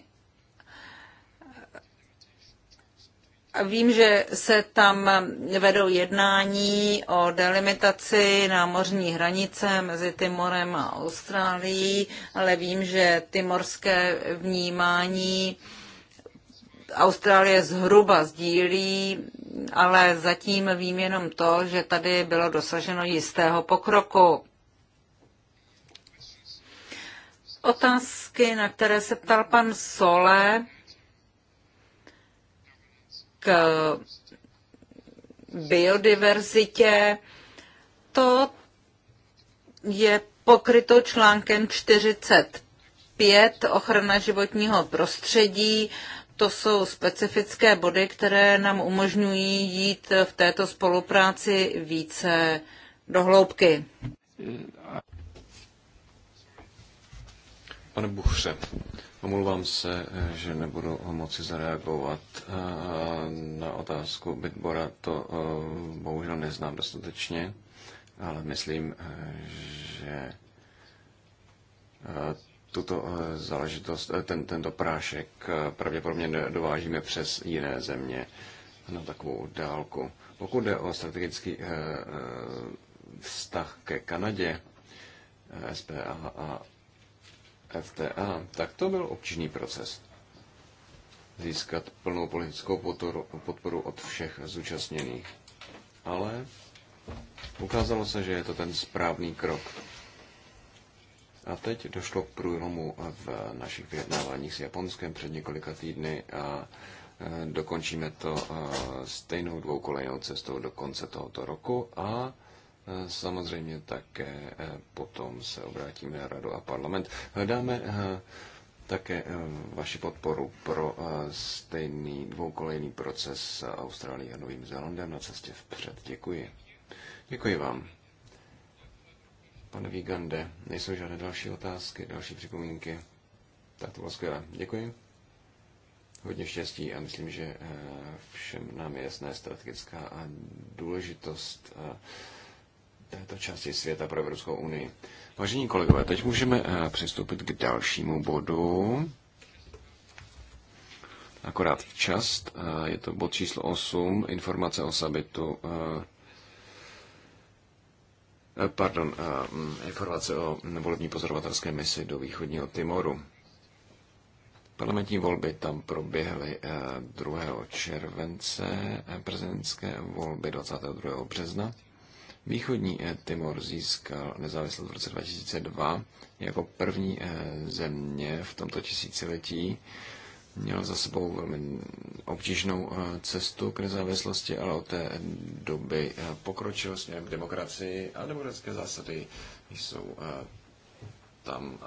Vím, že se tam vedou jednání o delimitaci námořní hranice mezi Timorem a Austrálií, ale vím, že timorské vnímání Austrálie zhruba sdílí, ale zatím vím jenom to, že tady bylo dosaženo jistého pokroku. Otázky, na které se ptal pan Sole, k biodiverzitě. To je pokryto článkem 45 ochrana životního prostředí. To jsou specifické body, které nám umožňují jít v této spolupráci více do hloubky. Pane Buchře, Omlouvám se, že nebudu moci zareagovat eh, na otázku Bitbora. To eh, bohužel neznám dostatečně, ale myslím, že eh, tuto záležitost, ten, tento prášek pravděpodobně dovážíme přes jiné země na takovou dálku. Pokud jde o strategický vztah ke Kanadě, SPA a FTA, tak to byl obtížný proces. Získat plnou politickou podporu, podporu od všech zúčastněných. Ale ukázalo se, že je to ten správný krok. A teď došlo k průlomu v našich vyjednáváních s Japonskem před několika týdny a e, dokončíme to e, stejnou dvoukolejnou cestou do konce tohoto roku a Samozřejmě také eh, potom se obrátíme na radu a parlament. Hledáme eh, také eh, vaši podporu pro stejný dvoukolejný proces s Austrálií a Novým Zélandem na cestě vpřed. Děkuji. Děkuji vám. Pane Vigande, nejsou žádné další otázky, další připomínky. Tak to bylo skvělé. Děkuji. Hodně štěstí a myslím, že všem nám je jasná strategická důležitost této části světa pro Evropskou unii. Vážení kolegové, teď můžeme eh, přistoupit k dalšímu bodu. Akorát včas, eh, je to bod číslo 8, informace o sabitu, eh, pardon, mm, informace o volební pozorovatelské misi do východního Timoru. Parlamentní volby tam proběhly 2. července, prezidentské volby 22. března Východní eh, Timor získal nezávislost v roce 2002 jako první eh, země v tomto tisíciletí. Měl za sebou velmi obtížnou eh, cestu k nezávislosti, ale od té doby pokročil směrem k demokracii a demokratické zásady jsou tam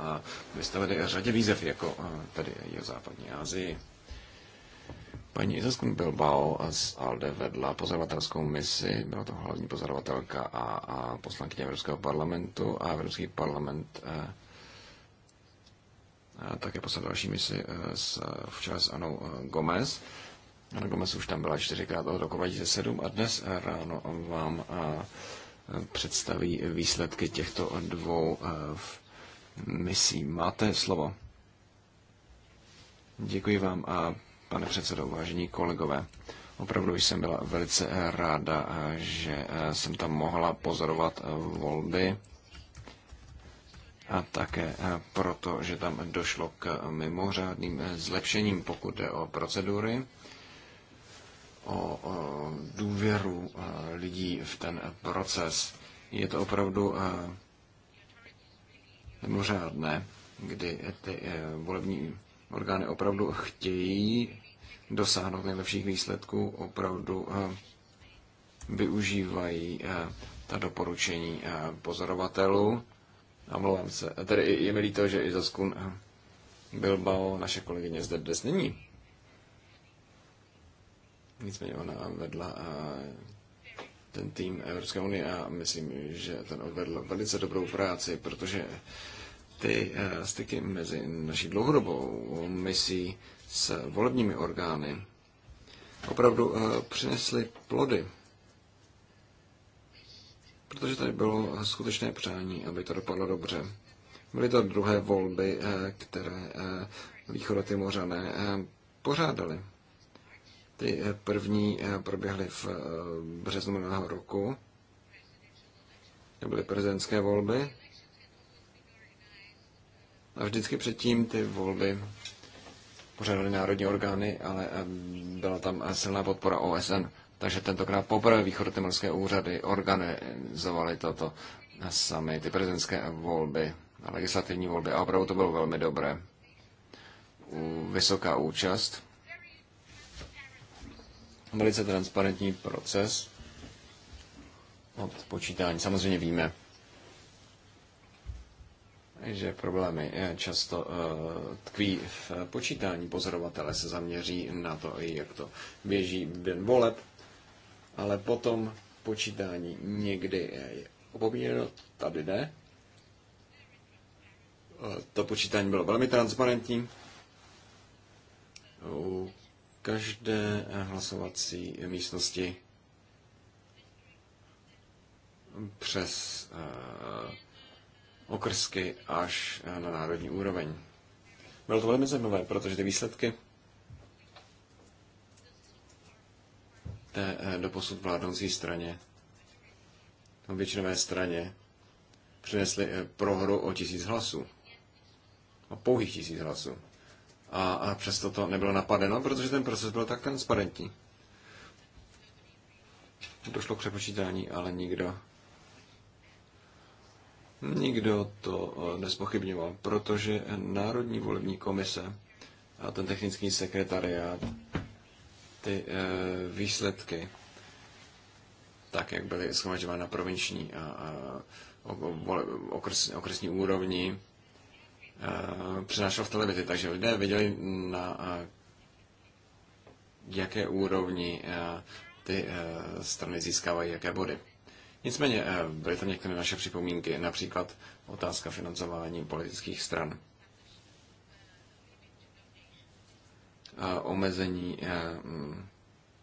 vystaveny řadě výzev, jako tady je západní Asii. Paní Izaskun Bilbao z ALDE vedla pozorovatelskou misi, byla to hlavní pozorovatelka a, a poslankyně Evropského parlamentu a Evropský parlament eh, eh také poslal další misi eh, s, včera s Anou eh, Gomez. Ana Gomez už tam byla čtyřikrát od roku 2007 a dnes ráno vám představí výsledky těchto dvou misí. Máte slovo. Děkuji vám a pane předsedo, vážení kolegové. Opravdu jsem byla velice ráda, že eh, jsem tam mohla pozorovat eh, volby a také eh, proto, že tam došlo k mimořádným zlepšením, pokud jde o procedury, o důvěru lidí v ten proces. Je to opravdu mimořádné, kdy ty volební orgány opravdu chtějí dosáhnout nejlepších výsledků, opravdu eh, využívají eh, ta doporučení eh, pozorovatelů. Omlouvám se. Tedy je mi líto, že i Zaskun Bilbao, naše kolegyně zde dnes není. Nicméně ona vedla ten tým Evropské unie a myslím, že ten odvedl velice dobrou práci, protože ty eh, styky mezi naší dlouhodobou misí s volebními orgány opravdu eh, přinesly plody. Protože tady bylo skutečné přání, aby to dopadlo dobře. Byly to druhé volby, eh, které mořané pořádali. Ty první proběhly v březnu minulého roku. To byly prezidentské volby. A vždycky předtím ty volby pořádaly národní orgány, ale eh, byla tam eh, silná podpora OSN. Takže tentokrát poprvé východotemorské úřady organizovaly toto eh, sami, ty prezidentské volby, legislativní volby. A opravdu to bylo velmi dobré. Vysoká účast, velice transparentní proces od počítání. Samozřejmě víme, že problémy eh, často eh, tkví v počítání. Pozorovatele se zaměří na to, jak to běží v den voleb, ale potom počítání někdy eh, je opomíněno. Tady ne. To počítání bylo velmi transparentní. U každé hlasovací místnosti přes okrsky až eh, na národní úroveň. Bylo to velmi zajímavé, protože ty výsledky té eh, eh, doposud vládnoucí straně, většinové straně, přinesly prohru o tisíc hlasů. O pouhých tisíc hlasů. A, a přesto to nebylo napadeno, protože ten proces byl tak transparentní. Došlo k přepočítání, ale nikdo Nikdo to eh, nespochybňoval, protože Národní volební komise a ten technický sekretariát ty eh, výsledky, tak jak byly schromažďovány na provinční a okres, okresní úrovni, eh, přenášel v televizi, takže lidé viděli na jaké úrovni ty strany získávají jaké body. Nicméně eh, byly tam některé naše připomínky, například otázka financování politických stran. A omezení eh,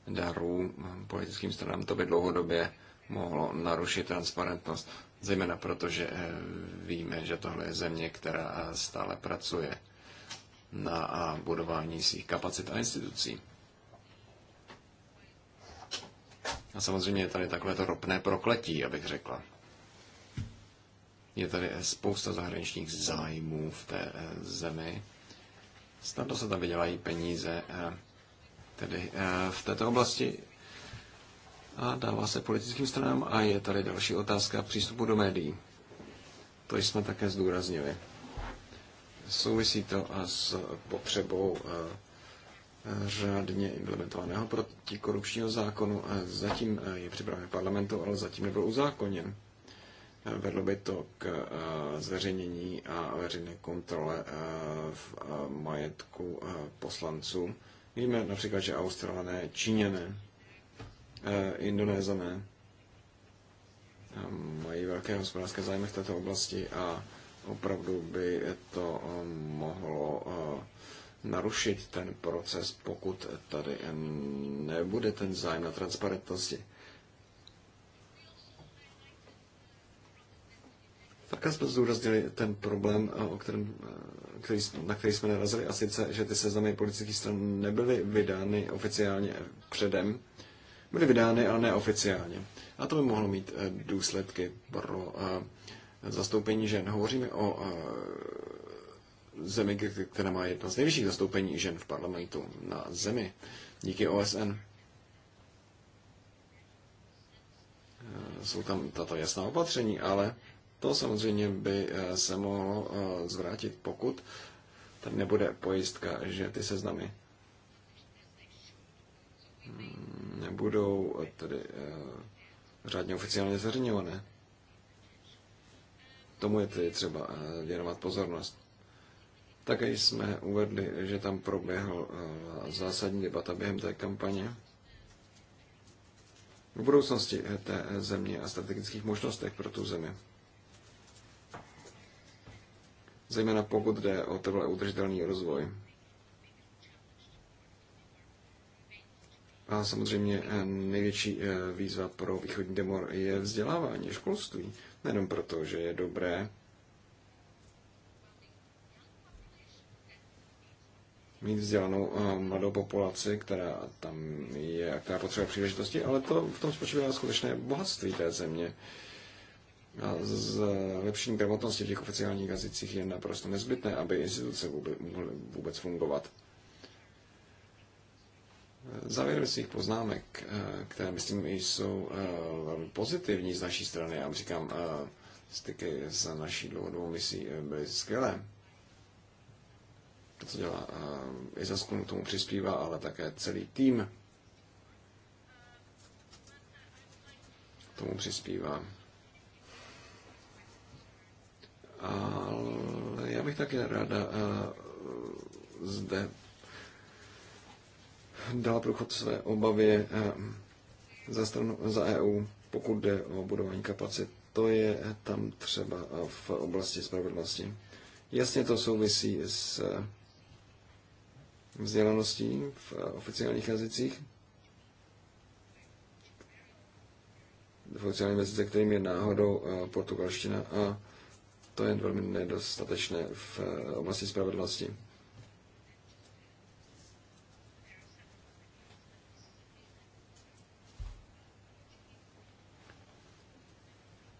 darů politickým stranám, to by dlouhodobě mohlo narušit transparentnost, zejména protože eh, víme, že tohle je země, která stále pracuje na budování svých kapacit a institucí. A samozřejmě je tady takové to ropné prokletí, abych řekla. Je tady eh, spousta zahraničních zájmů v té eh, zemi. Snadno se tam vydělají peníze eh, tedy v této oblasti a dává se politickým stranám. A je tady další otázka přístupu do médií. To jsme také zdůraznili. Souvisí to a s potřebou řádně implementovaného protikorupčního zákonu. Zatím eh, je připraven parlamentu, ale zatím nebyl uzákoněn. Eh, vedlo by to k eh, zveřejnění a veřejné kontrole v majetku poslanců. Víme například, že Australané, Číňané, Indonézané mají velké hospodářské zájmy v této oblasti a opravdu by to mohlo narušit ten proces, pokud tady nebude ten zájem na transparentnosti. Také jsme zúraznili ten problém, eh, o kterém, eh, který, na který jsme narazili, a sice, že ty seznamy politických stran nebyly vydány oficiálně předem. Byly vydány, ale neoficiálně. A to by mohlo mít eh, důsledky pro zastoupení žen. Hovoříme o zemi, která má jedno z nejvyšších zastoupení žen v parlamentu na zemi, díky OSN. Eh, jsou tam tato jasná opatření, ale to samozřejmě by eh, se mohlo eh, zvrátit, pokud tam nebude pojistka, že ty seznamy mm, nebudou tedy řádně oficiálně zveřejňované. Tomu je tedy třeba věnovat pozornost. Také jsme uvedli, že tam proběhl eh, zásadní debata během té kampaně v budoucnosti eh, té eh, země a strategických možnostech pro tu zemi. Zejména pokud jde o trvalé udržitelný rozvoj. A samozřejmě největší výzva pro východní demor je vzdělávání, školství. Nejenom proto, že je dobré mít vzdělanou eh, mladou populaci, která tam je a která potřebuje příležitosti, ale to v tom spočívá skutečné bohatství té země. A zlepšení gramotnosti v těch oficiálních jazycích je naprosto nezbytné, aby instituce mohly vůbec fungovat. Závěr svých poznámek, eh, které myslím jsou eh, velmi pozitivní z naší strany, já říkám, styky s naší dlouhodobou misí byly skvělé to, co dělá eh, Izaskun, k tomu přispívá, ale také celý tým tomu přispívá. Ale já bych také ráda eh, zde dala průchod své obavě eh, za, stranu, za EU, pokud jde o budování kapacit. To je tam třeba v oblasti spravedlnosti. Jasně to souvisí s vzdělaností v eh, oficiálních jazycích, v oficiálním jazyce, kterým je náhodou eh, portugalština a to je velmi nedostatečné v eh, oblasti spravedlnosti.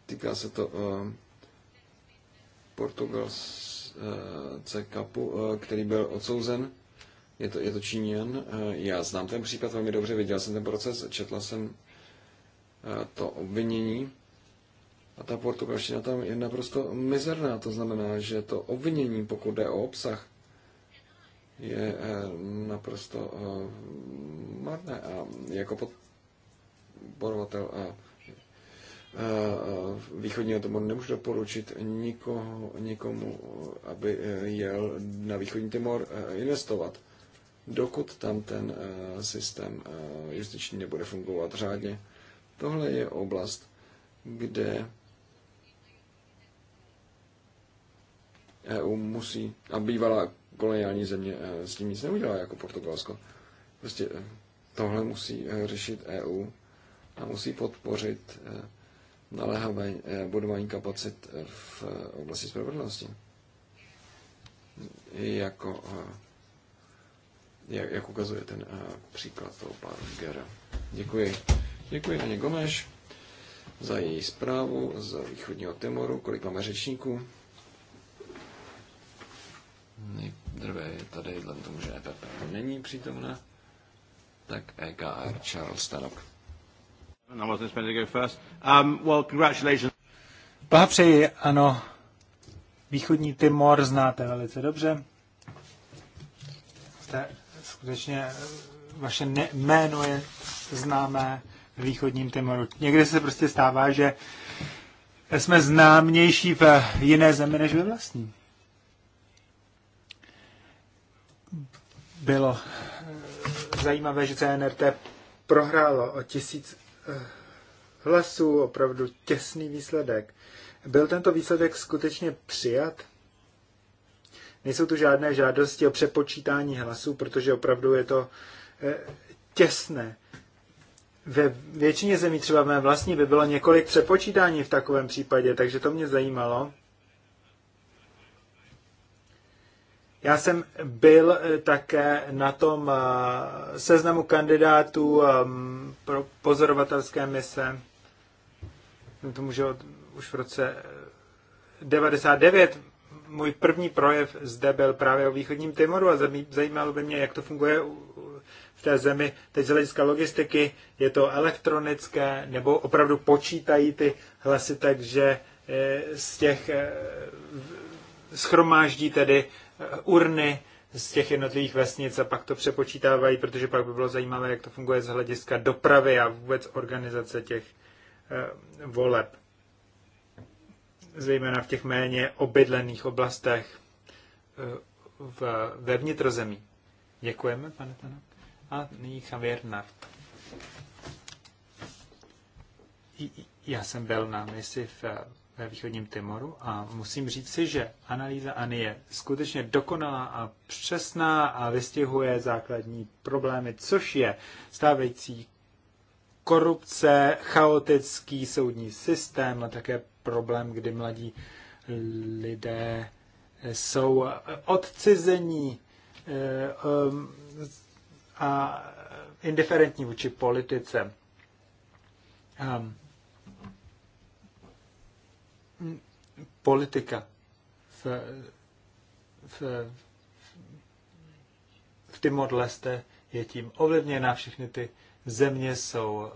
Týká se to Portugalce Kapu, který byl odsouzen je to, je to Číňan. Eh, já znám ten případ velmi dobře, viděl jsem ten proces, četla jsem eh, to obvinění. A ta portugalština tam je naprosto mizerná. To znamená, že to obvinění, pokud jde o obsah, je eh, naprosto marné. A jako podporovatel a východního Timor nemůžu doporučit nikoho, nikomu, aby jel na východní Timor investovat dokud tam ten eh, systém eh, justiční nebude fungovat řádně. Tohle je oblast, kde EU musí, a bývalá koloniální země eh, s tím nic neudělá, jako Portugalsko. Prostě tohle musí řešit EU a musí podpořit naléhavé budování kapacit v oblasti spravedlnosti. Jako jak, jak ukazuje ten eh, příklad toho pána Gera. Děkuji. Děkuji Aně Gomeš za její zprávu, za východního Timoru. Kolik máme řečníků? Nejprve je tady, vzhledem tomu, že EPP není přítomna, tak EKR Charles Stanok. Um, Blahopřeji, ano. Východní Timor znáte velice dobře. Jste skutečně eh, vaše ne, jméno je známé v východním Timoru. Někdy se prostě stává, že jsme známější v jiné zemi než ve vlastní. Bylo eh, zajímavé, že CNRT prohrálo o tisíc eh, hlasů, opravdu těsný výsledek. Byl tento výsledek skutečně přijat? Nejsou tu žádné žádosti o přepočítání hlasů, protože opravdu je to eh, těsné. Ve většině zemí, třeba v mé vlastní, by bylo několik přepočítání v takovém případě, takže to mě zajímalo. Já jsem byl eh, také na tom eh, seznamu kandidátů ehm, pro pozorovatelské mise. To může už v roce 99 můj první projev zde byl právě o východním Timoru a zajímalo by mě, jak to funguje v té zemi. Teď z hlediska logistiky je to elektronické, nebo opravdu počítají ty hlasy, takže eh, z těch eh, schromáždí tedy eh, urny z těch jednotlivých vesnic a pak to přepočítávají, protože pak by bylo zajímavé, jak to funguje z hlediska dopravy a vůbec organizace těch voleb zejména v těch méně obydlených oblastech eh, v, ve vnitrozemí. Děkujeme, pane Tanak. A nyní Javier Nart. Já jsem byl na misi v, eh, ve východním Timoru a musím říct si, že analýza Ani je skutečně dokonalá a přesná a vystihuje základní problémy, což je stávající korupce, chaotický soudní systém a také problém, kdy mladí lidé jsou odcizení eh, um, a indiferentní vůči politice. Um, politika v, v, v Timor-Leste je tím ovlivněná. Všechny ty země jsou eh,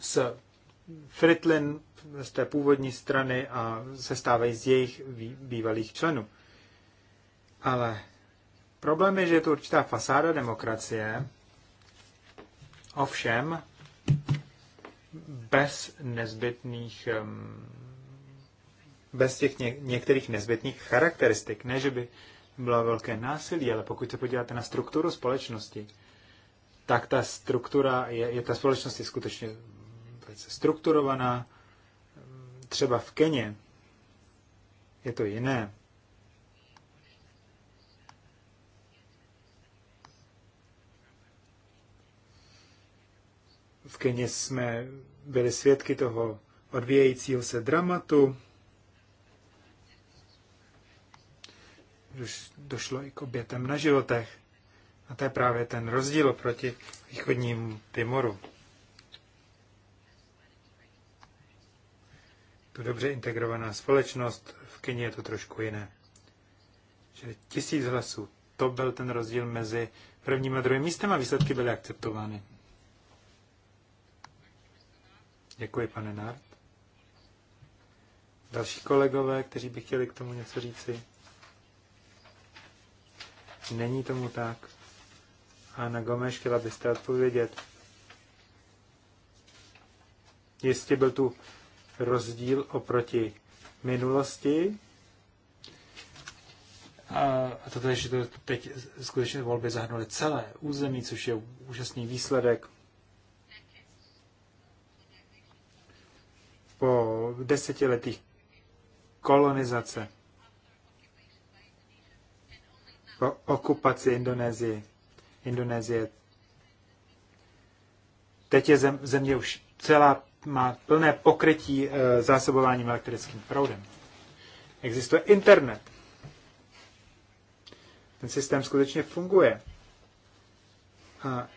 s Fritlin z té původní strany a se stávají z jejich bývalých členů. Ale problém je, že je to určitá fasáda demokracie, ovšem bez nezbytných, bez těch některých nezbytných charakteristik. Ne, že by bylo velké násilí, ale pokud se podíváte na strukturu společnosti, tak ta struktura, je, je ta společnost je skutečně velice strukturovaná. Třeba v Keně je to jiné. V Keně jsme byli svědky toho odvíjejícího se dramatu. Už došlo i k obětem na životech. A to je právě ten rozdíl proti východnímu Timoru. tu dobře integrovaná společnost, v Kyně je to trošku jiné. Že tisíc hlasů, to byl ten rozdíl mezi prvním a druhým místem a výsledky byly akceptovány. Děkuji, pane Nart. Další kolegové, kteří by chtěli k tomu něco říci? Není tomu tak. Ana Gomeš, chtěla byste odpovědět? Jistě byl tu rozdíl oproti minulosti. A to je, že to teď skutečně volby zahrnuly celé území, což je úžasný výsledek. Po desetiletých kolonizace, po okupaci Indonésie, Indonésie. Teď je zem, země už celá má plné pokrytí eh, zásobováním elektrickým proudem. Existuje internet. Ten systém skutečně funguje. A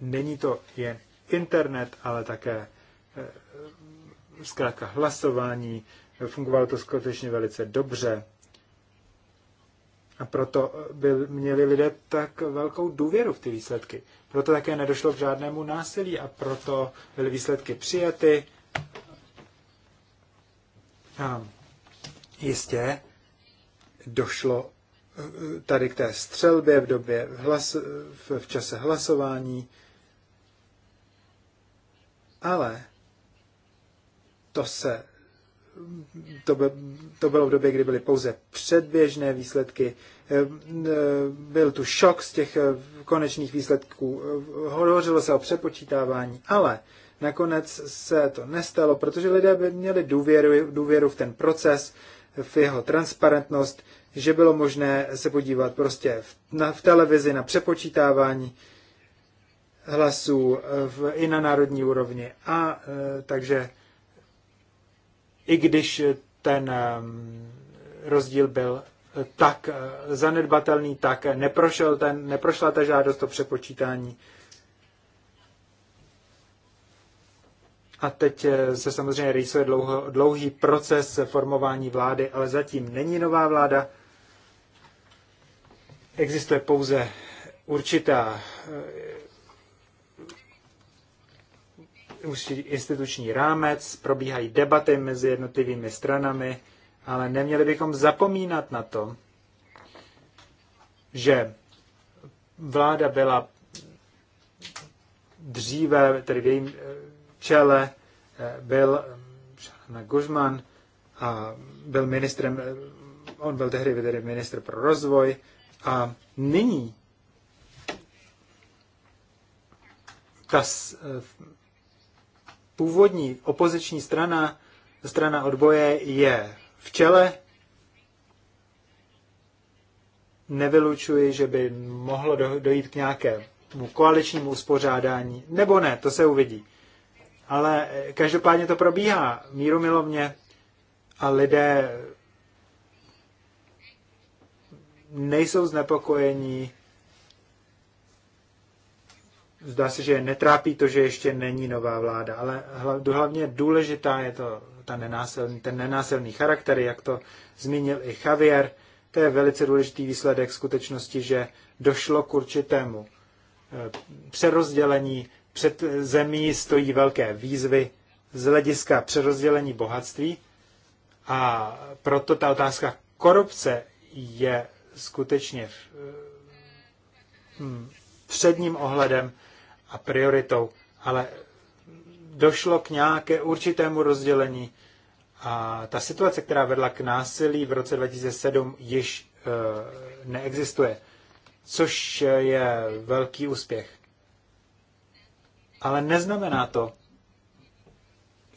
není to jen internet, ale také eh, zkrátka hlasování. Fungovalo to skutečně velice dobře. A proto byl, měli lidé tak velkou důvěru v ty výsledky. Proto také nedošlo k žádnému násilí a proto byly výsledky přijaty. A jistě došlo eh, tady k té střelbě v době v, hlas, v, v čase hlasování, ale to se to, by, to bylo v době, kdy byly pouze předběžné výsledky. Ehm, e, byl tu šok z těch e, konečných výsledků. E, hovořilo se o přepočítávání, ale nakonec se to nestalo, protože lidé by měli důvěru, důvěru v ten proces, v jeho transparentnost, že bylo možné se podívat prostě v, na, v televizi na přepočítávání hlasů v, i na národní úrovni. A e, takže i když ten rozdíl byl tak eh, zanedbatelný, tak neprošel ten, neprošla ta žádost o přepočítání. A teď eh, se samozřejmě rýsuje dlouho, dlouhý proces formování vlády, ale zatím není nová vláda. Existuje pouze určitá eh, instituční rámec, probíhají debaty mezi jednotlivými stranami, ale neměli bychom zapomínat na to, že vláda byla dříve, tedy v jejím eh, čele, eh, byl eh, na Guzman a byl ministrem, on byl tehdy tedy ministr pro rozvoj a nyní ta původní opoziční strana, strana odboje je v čele. Nevylučuji, že by mohlo dojít k nějakému koaličnímu uspořádání, nebo ne, to se uvidí. Ale eh, každopádně to probíhá míru milovně a lidé nejsou znepokojení zdá se, že netrápí to, že ještě není nová vláda, ale hlavně důležitá je to ta nenásilný, ten nenásilný charakter, jak to zmínil i Javier. To je velice důležitý výsledek skutečnosti, že došlo k určitému eh, přerozdělení. Před zemí stojí velké výzvy z hlediska přerozdělení bohatství a proto ta otázka korupce je skutečně v, eh, hmm, předním ohledem a prioritou, ale došlo k nějaké určitému rozdělení a ta situace, která vedla k násilí v roce 2007, již e, neexistuje, což je velký úspěch. Ale neznamená to,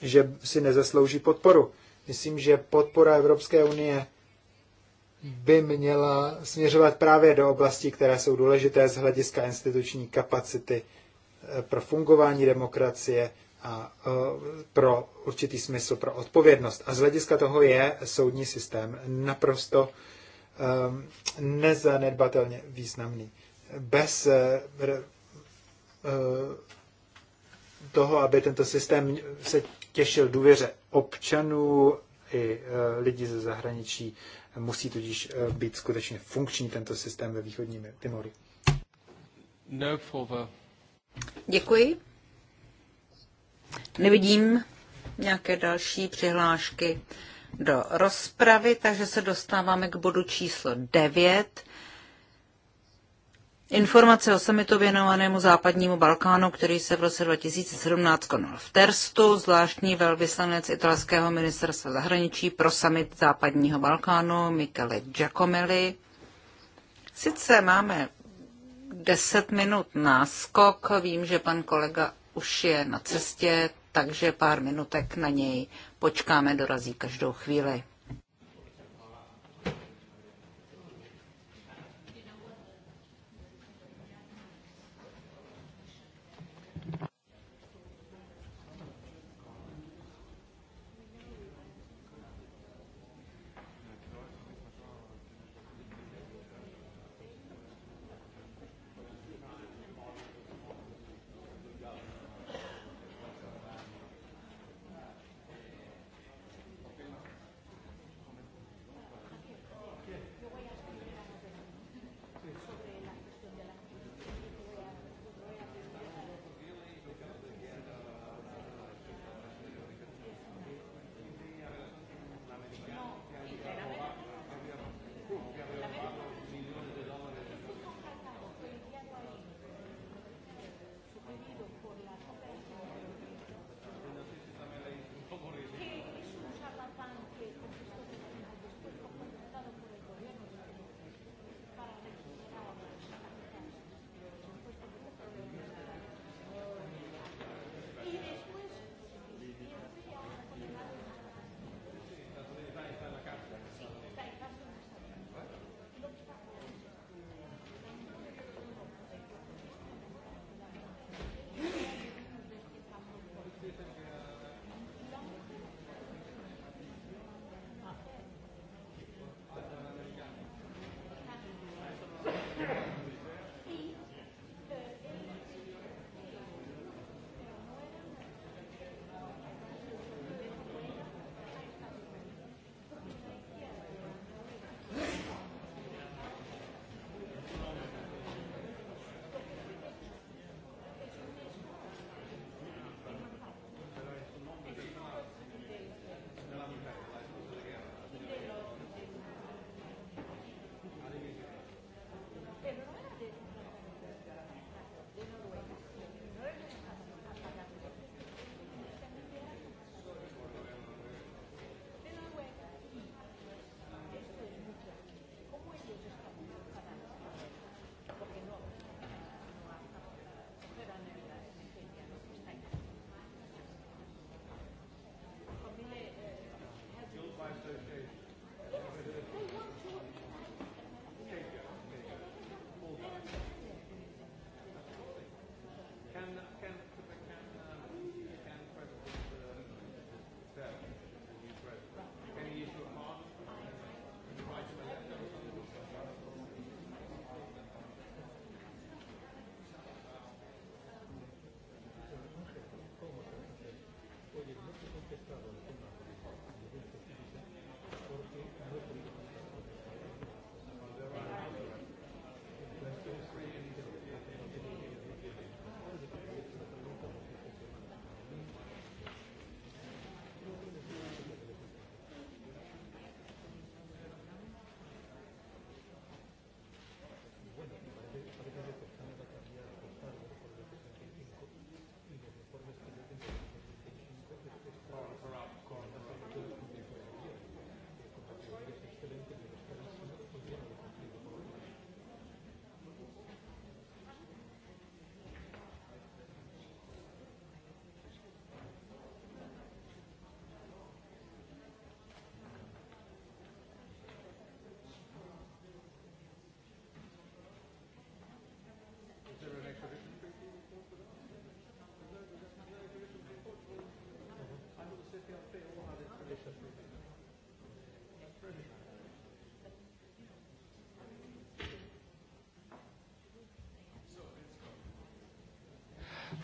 že si nezaslouží podporu. Myslím, že podpora Evropské unie by měla směřovat právě do oblastí, které jsou důležité z hlediska instituční kapacity Eh, pro fungování demokracie a eh, pro určitý smysl, pro odpovědnost. A z hlediska toho je soudní systém naprosto eh, nezanedbatelně významný. Bez toho, aby tento systém se těšil důvěře občanů i lidí ze zahraničí, musí tudíž být skutečně funkční tento systém ve východním Timoru. No Děkuji. Nevidím nějaké další přihlášky do rozpravy, takže se dostáváme k bodu číslo 9. Informace o samitu věnovanému západnímu Balkánu, který se v roce 2017 konal v Terstu, zvláštní velvyslanec italského ministerstva zahraničí pro samit západního Balkánu Michele Giacomelli. Sice máme Deset minut náskok. Vím, že pan kolega už je na cestě, takže pár minutek na něj počkáme, dorazí každou chvíli.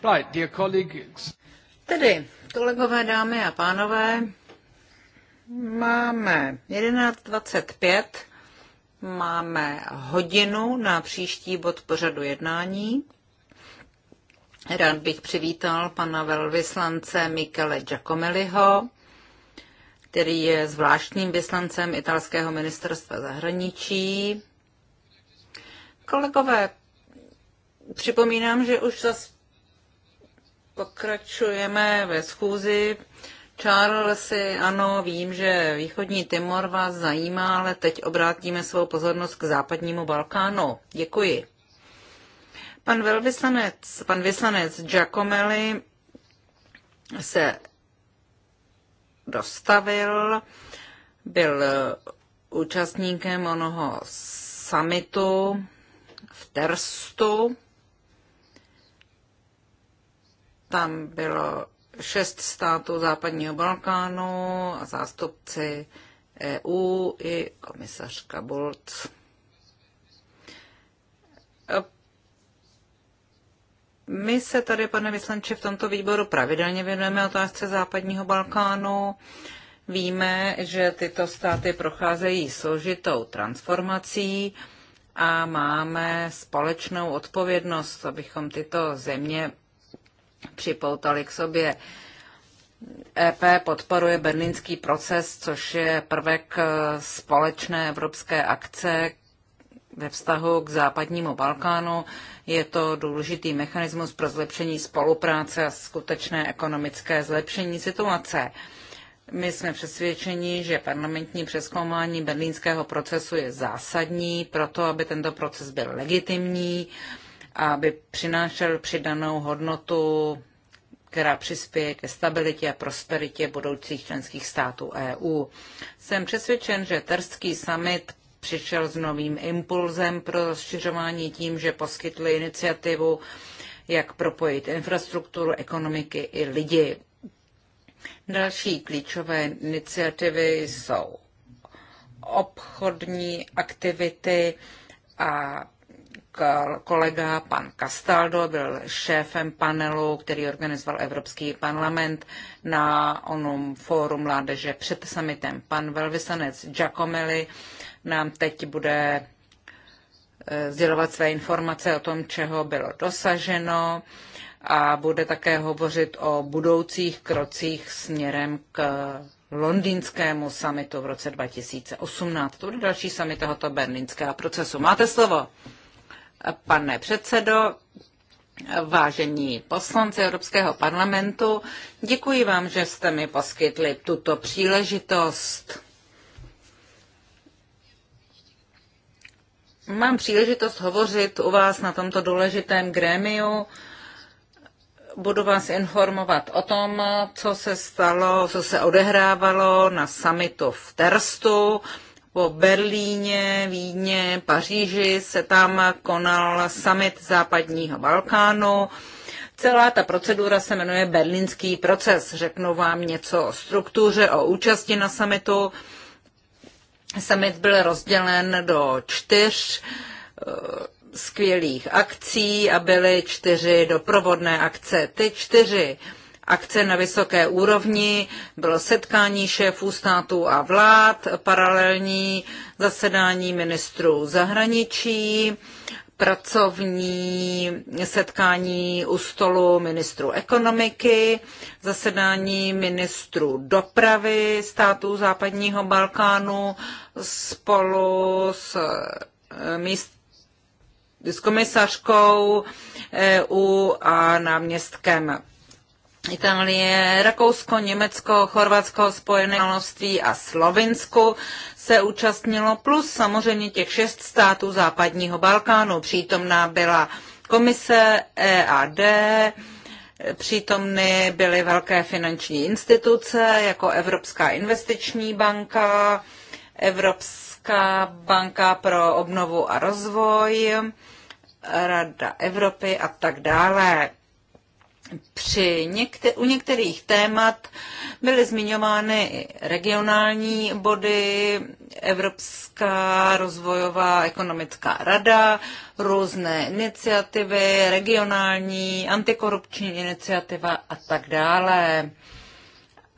Right, dear colleagues. Tedy, kolegové, dámy a pánové, máme 11.25, máme hodinu na příští bod pořadu jednání. Rád bych přivítal pana velvyslance Michele Giacomelliho, který je zvláštním vyslancem italského ministerstva zahraničí. Kolegové, připomínám, že už za. Pokračujeme ve schůzi. Charles, ano, vím, že východní Timor vás zajímá, ale teď obrátíme svou pozornost k západnímu Balkánu. Děkuji. Pan velvyslanec, pan vyslanec Giacomelli se dostavil, byl účastníkem onoho summitu v Terstu Tam bylo šest států západního Balkánu a zástupci EU i komisařka Bolt. My se tady, pane Vyslanče, v tomto výboru pravidelně věnujeme otázce západního Balkánu. Víme, že tyto státy procházejí složitou transformací a máme společnou odpovědnost, abychom tyto země připoutali k sobě. EP podporuje berlínský proces, což je prvek e, společné evropské akce ve vztahu k západnímu Balkánu. Je to důležitý mechanismus pro zlepšení spolupráce a skutečné ekonomické zlepšení situace. My jsme přesvědčeni, že parlamentní přeskoumání berlínského procesu je zásadní pro to, aby tento proces byl legitimní aby přinášel přidanou hodnotu, která přispěje ke stabilitě a prosperitě budoucích členských států EU. Jsem přesvědčen, že Terský summit přišel s novým impulzem pro rozšiřování tím, že poskytli iniciativu, jak propojit infrastrukturu, ekonomiky i lidi. Další klíčové iniciativy jsou obchodní aktivity a kolega, pan Castaldo, byl šéfem panelu, který organizoval Evropský parlament na onom fóru mládeže před summitem. Pan velvyslanec Giacomelli nám teď bude eh, sdělovat své informace o tom, čeho bylo dosaženo a bude také hovořit o budoucích krocích směrem k londýnskému summitu v roce 2018. To bude další summit tohoto berlínského procesu. Máte slovo pane předsedo, vážení poslanci Evropského parlamentu. Děkuji vám, že jste mi poskytli tuto příležitost. Mám příležitost hovořit u vás na tomto důležitém grémiu. Budu vás informovat o tom, co se stalo, co se odehrávalo na summitu v Terstu po Berlíně, Vídně, Paříži se tam konal summit západního Balkánu. Celá ta procedura se jmenuje Berlínský proces. Řeknu vám něco o struktuře, o účasti na summitu. Summit byl rozdělen do čtyř eh, skvělých akcí a byly čtyři doprovodné akce. Ty čtyři uh, akce na vysoké úrovni, bylo setkání šéfů států a vlád, paralelní zasedání ministrů zahraničí, pracovní setkání u stolu ministrů ekonomiky, zasedání ministrů dopravy států západního Balkánu spolu s, eh, míst, s komisařkou EU eh, a náměstkem Itálie, Rakousko, Německo, Chorvatsko, Spojené království a Slovinsku se účastnilo, plus samozřejmě těch šest států západního Balkánu. Přítomná byla komise EAD, přítomny byly velké finanční instituce jako Evropská investiční banka, Evropská banka pro obnovu a rozvoj, Rada Evropy a tak dále při u některých témat byly zmiňovány regionální body, Evropská rozvojová ekonomická rada, různé iniciativy, regionální, antikorupční iniciativa a tak dále.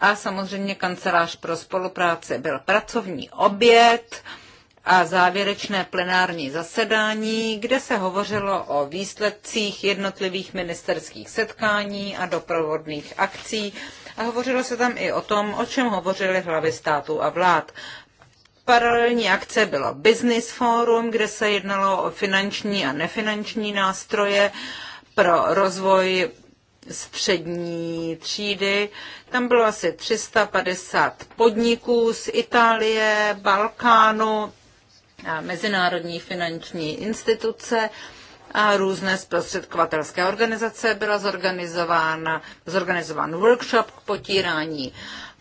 A samozřejmě kancelář pro spolupráci byl pracovní oběd a závěrečné plenární zasedání, kde se hovořilo o výsledcích jednotlivých ministerských setkání a doprovodných akcí a hovořilo se tam i o tom, o čem hovořili hlavy států a vlád. Paralelní akce bylo Business Forum, kde se jednalo o finanční a nefinanční nástroje pro rozvoj střední třídy. Tam bylo asi 350 podniků z Itálie, Balkánu, a mezinárodní finanční instituce a různé zprostředkovatelské organizace byla zorganizována, zorganizován workshop k potírání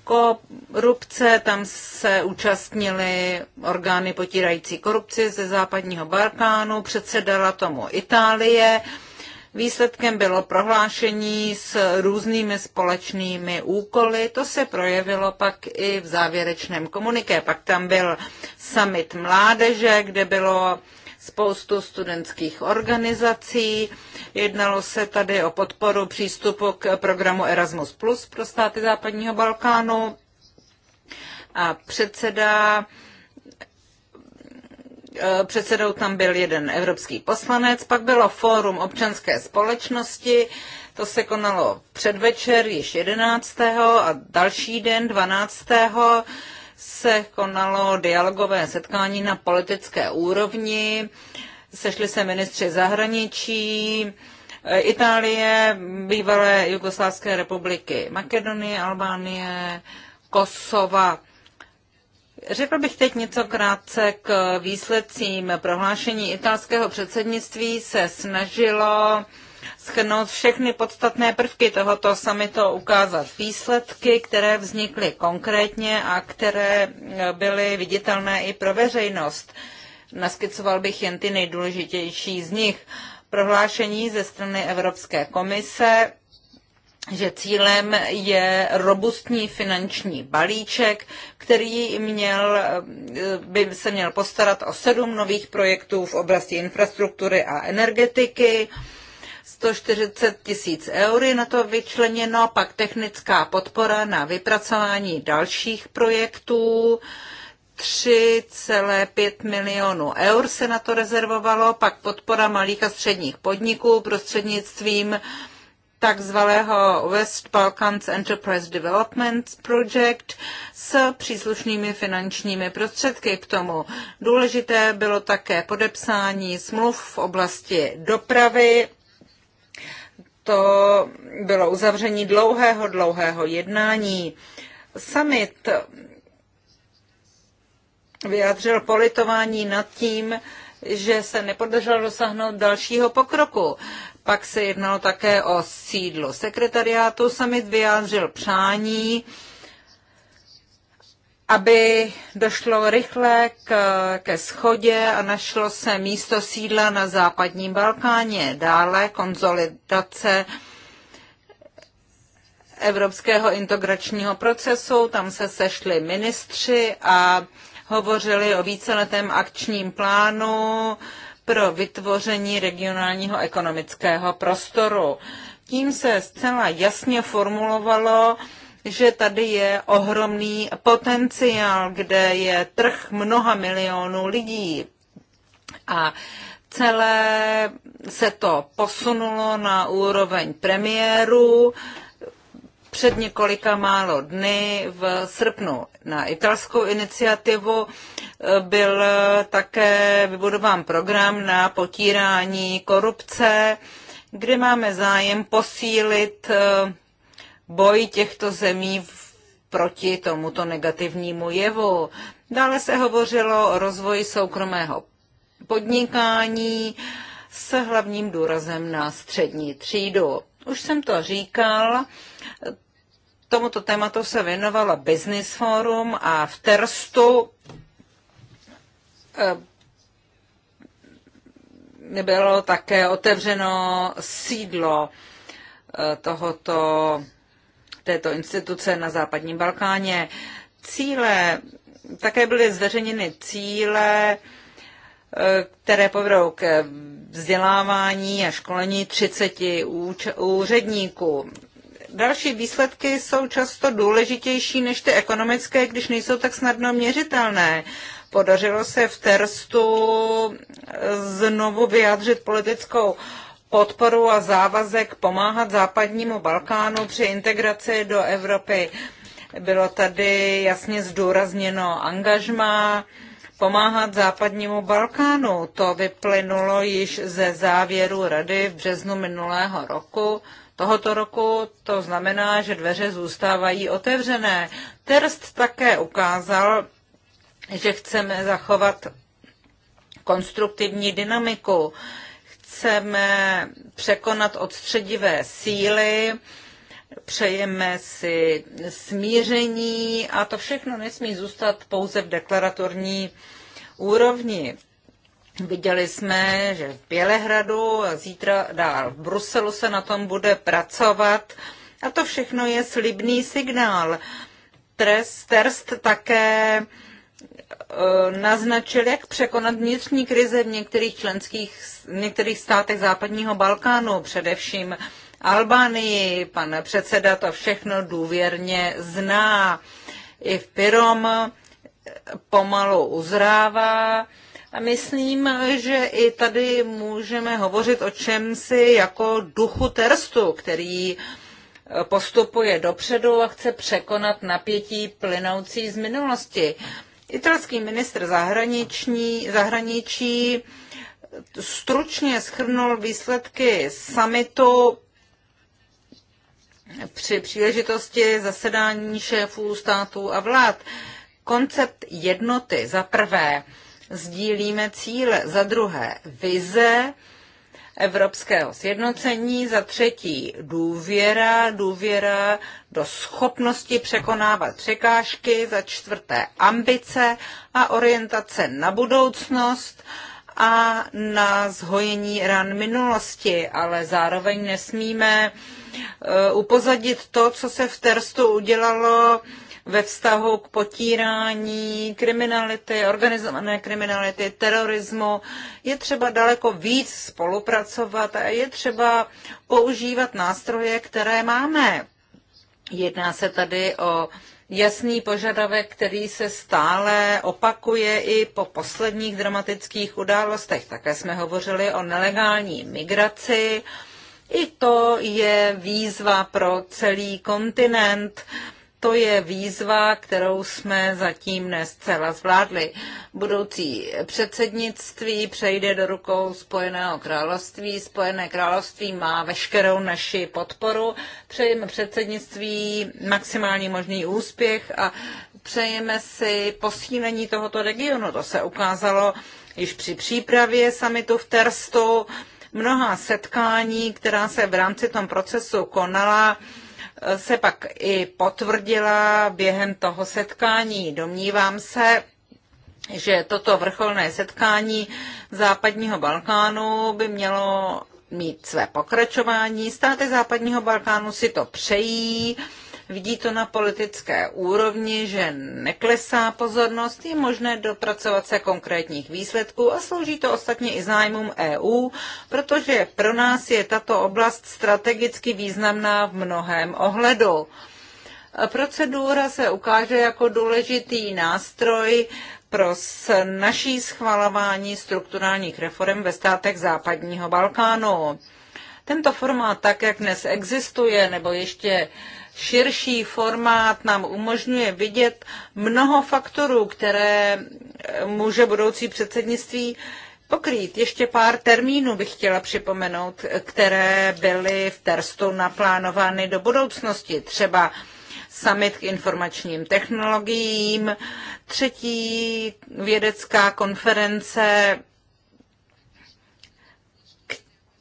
korupce, tam se účastnili orgány potírající korupci ze západního Balkánu, předsedala tomu Itálie, Výsledkem bylo prohlášení s různými společnými úkoly. To se projevilo pak i v závěrečném komuniké. Pak tam byl summit mládeže, kde bylo spoustu studentských organizací. Jednalo se tady o podporu přístupu k programu Erasmus Plus pro státy západního Balkánu. A předseda Eh, předsedou tam byl jeden evropský poslanec, pak bylo Fórum občanské společnosti, to se konalo předvečer již 11. a další den 12. se konalo dialogové setkání na politické úrovni, sešli se ministři zahraničí, eh, Itálie, bývalé Jugoslávské republiky, Makedonie, Albánie, Kosova. Řekl bych teď něco krátce k výsledcím. Prohlášení italského předsednictví se snažilo schrnout všechny podstatné prvky tohoto samitu, ukázat výsledky, které vznikly konkrétně a které byly viditelné i pro veřejnost. Naskicoval bych jen ty nejdůležitější z nich. Prohlášení ze strany Evropské komise že cílem je robustní finanční balíček, který měl, by se měl postarat o sedm nových projektů v oblasti infrastruktury a energetiky. 140 tisíc eur je na to vyčleněno, pak technická podpora na vypracování dalších projektů. 3,5 milionů eur se na to rezervovalo, pak podpora malých a středních podniků prostřednictvím takzvaného West Balkans Enterprise Development Project s příslušnými finančními prostředky k tomu. Důležité bylo také podepsání smluv v oblasti dopravy. To bylo uzavření dlouhého, dlouhého jednání. Summit vyjádřil politování nad tím, že se nepodařilo dosáhnout dalšího pokroku. Pak se jednalo také o sídlo sekretariátu. Summit vyjádřil přání, aby došlo rychle k, ke schodě a našlo se místo sídla na západním Balkáně. Dále konzolidace evropského integračního procesu, tam se sešli ministři a hovořili o víceletém akčním plánu, pro vytvoření regionálního ekonomického prostoru. Tím se zcela jasně formulovalo, že tady je ohromný potenciál, kde je trh mnoha milionů lidí. A celé se to posunulo na úroveň premiéru před několika málo dny v srpnu. Na italskou iniciativu eh, byl eh, také vybudován program na potírání korupce, kde máme zájem posílit eh, boj těchto zemí proti tomuto negativnímu jevu. Dále se hovořilo o rozvoji soukromého podnikání s hlavním důrazem na střední třídu. Už jsem to říkal, Tomuto tématu se věnovala Business Forum a v Terstu eh, bylo také otevřeno sídlo eh, tohoto, této instituce na západním Balkáně. Cíle, také byly zveřejněny cíle, eh, které povedou k vzdělávání a školení 30 úředníků další výsledky jsou často důležitější než ty ekonomické, když nejsou tak snadno měřitelné. Podařilo se v Terstu eh, znovu vyjádřit politickou podporu a závazek pomáhat západnímu Balkánu při integraci do Evropy. Bylo tady jasně zdůrazněno angažma pomáhat západnímu Balkánu. To vyplynulo již ze závěru rady v březnu minulého roku tohoto roku, to znamená, že dveře zůstávají otevřené. Terst také ukázal, že chceme zachovat konstruktivní dynamiku. Chceme překonat odstředivé síly, přejeme si smíření a to všechno nesmí zůstat pouze v deklaratorní úrovni. Viděli jsme, že v Bělehradu a zítra dál v Bruselu se na tom bude pracovat. A to všechno je slibný signál. Trest, terst také eh, naznačil, jak překonat vnitřní krize v některých členských, v některých státech západního Balkánu, především Albánii. Pan předseda to všechno důvěrně zná. I v Pyrom eh, pomalu uzrává Myslím, že i tady můžeme hovořit o čemsi jako duchu terstu, který eh, postupuje dopředu a chce překonat napětí plynoucí z minulosti. Italský ministr zahraniční, zahraničí eh, stručně schrnul výsledky samitu při příležitosti zasedání šéfů států a vlád. Koncept jednoty za prvé sdílíme cíle, za druhé vize evropského sjednocení, za třetí důvěra, důvěra do schopnosti překonávat překážky, za čtvrté ambice a orientace na budoucnost a na zhojení ran minulosti, ale zároveň nesmíme eh, upozadit to, co se v Terstu udělalo ve vztahu k potírání kriminality, organizované kriminality, terorismu. Je třeba daleko víc spolupracovat a je třeba používat nástroje, které máme. Jedná se tady o jasný požadavek, který se stále opakuje i po posledních dramatických událostech. Také jsme hovořili o nelegální migraci. I to je výzva pro celý kontinent to je výzva, kterou jsme zatím nescela zvládli. Budoucí předsednictví přejde do rukou Spojeného království. Spojené království má veškerou naši podporu. Přejeme předsednictví maximální možný úspěch a přejeme si posílení tohoto regionu. To se ukázalo již při přípravě samitu v Terstu. Mnoha setkání, která se v rámci tom procesu konala, se pak i potvrdila během toho setkání. Domnívám se, že toto vrcholné setkání západního Balkánu by mělo mít své pokračování. Státy západního Balkánu si to přejí. Uh, Vidí to na politické úrovni, že neklesá pozornost, je možné dopracovat se konkrétních výsledků a slouží to ostatně i zájmům EU, protože pro nás je tato oblast strategicky významná v mnohém ohledu. Procedura se ukáže jako důležitý nástroj pro naší schvalování strukturálních reform ve státech západního Balkánu. Tento formát, tak jak dnes existuje, nebo ještě uh, širší formát nám umožňuje vidět mnoho faktorů, které může budoucí předsednictví pokrýt. Ještě pár termínů bych chtěla připomenout, které byly v Terstu naplánovány do budoucnosti. Třeba summit k informačním technologiím, třetí vědecká konference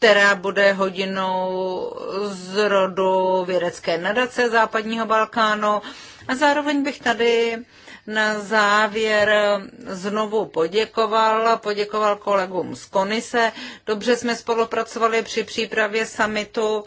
která bude hodinou z rodu vědecké nadace západního Balkánu. A zároveň bych tady na závěr znovu poděkoval, poděkoval kolegům z Konise. Dobře jsme spolupracovali při přípravě samitu.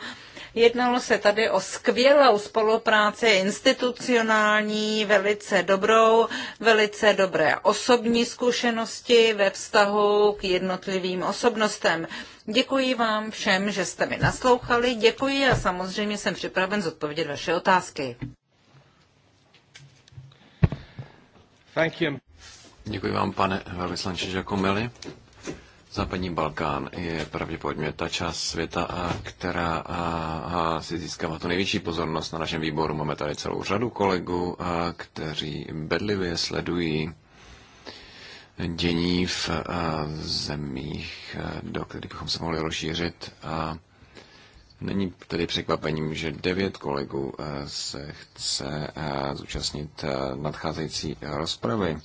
Jednalo se tady o skvělou spolupráci institucionální, velice dobrou, velice dobré osobní zkušenosti ve vztahu k jednotlivým osobnostem. Děkuji vám všem, že jste mi naslouchali, děkuji a samozřejmě jsem připraven zodpovědět vaše otázky. Thank you. Děkuji vám, pane velvyslanče Žakomeli. Západní Balkán je pravděpodobně ta část světa, která si získává tu největší pozornost na našem výboru. Máme tady celou řadu kolegů, kteří bedlivě sledují dění v zemích, do kterých bychom se mohli rozšířit. A není tedy překvapením, že devět kolegů se chce zúčastnit nadcházející rozpravy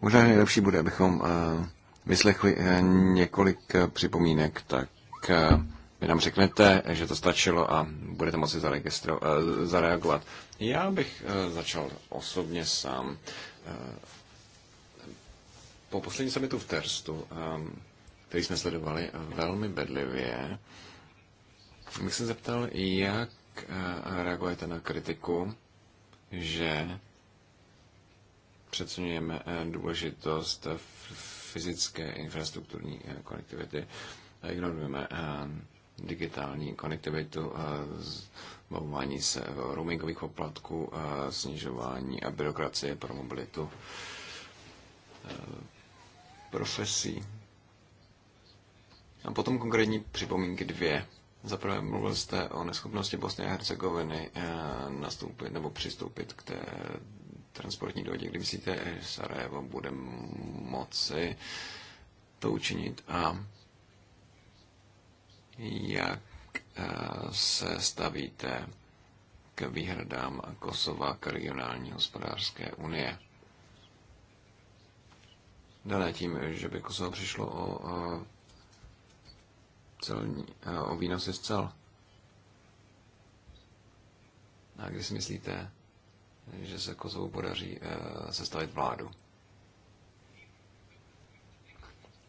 Možná nejlepší bude, abychom eh, vyslechli eh, několik eh, připomínek, tak vy nám řeknete, že to stačilo a budete moci zareagovat. Já bych začal osobně sám. Po poslední summitu v Terstu, který jsme sledovali velmi bedlivě, bych se zeptal, jak reagujete na kritiku, že přeceňujeme eh, důležitost eh, fyzické infrastrukturní eh, konektivity a ignorujeme digitální konektivitu, zbavování se roamingových poplatků, snižování a byrokracie pro mobilitu profesí. A potom konkrétní připomínky dvě. Za prvé mluvil jste o neschopnosti Bosny a Hercegoviny nastoupit nebo přistoupit k té transportní dohodě, kdy myslíte, že Sarajevo bude moci to učinit a jak eh, se stavíte k výhradám Kosova k regionální hospodářské unie. Dané tím, že by Kosovo přišlo o, o, celní, eh, o výnosy z cel. A kdy si myslíte, že se Kosovu podaří eh, sestavit vládu.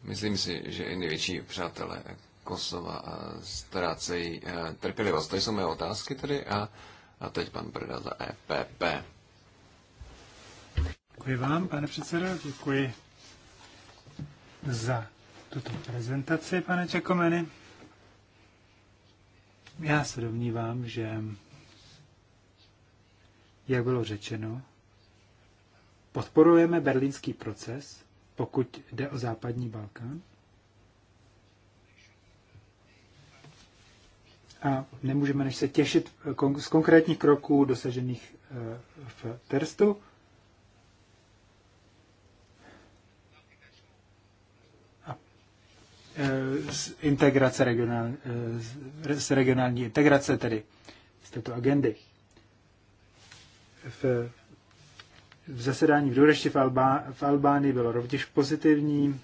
Myslím si, že i největší přátelé Kosova eh, ztrácejí eh, trpělivost. To jsou mé otázky tedy a, a teď pan Brda za EPP. Děkuji vám, pane předsedo, děkuji za tuto prezentaci, pane Čakomeny. Já se domnívám, že jak bylo řečeno, podporujeme berlínský proces, pokud jde o západní Balkán. A nemůžeme než se těšit z konkrétních kroků dosažených eh, v Terstu. A eh, z integrace regionál, eh, z regionální integrace tedy z této agendy v, v zasedání v Durešti v, Albá, v Albánii bylo rovněž pozitivní.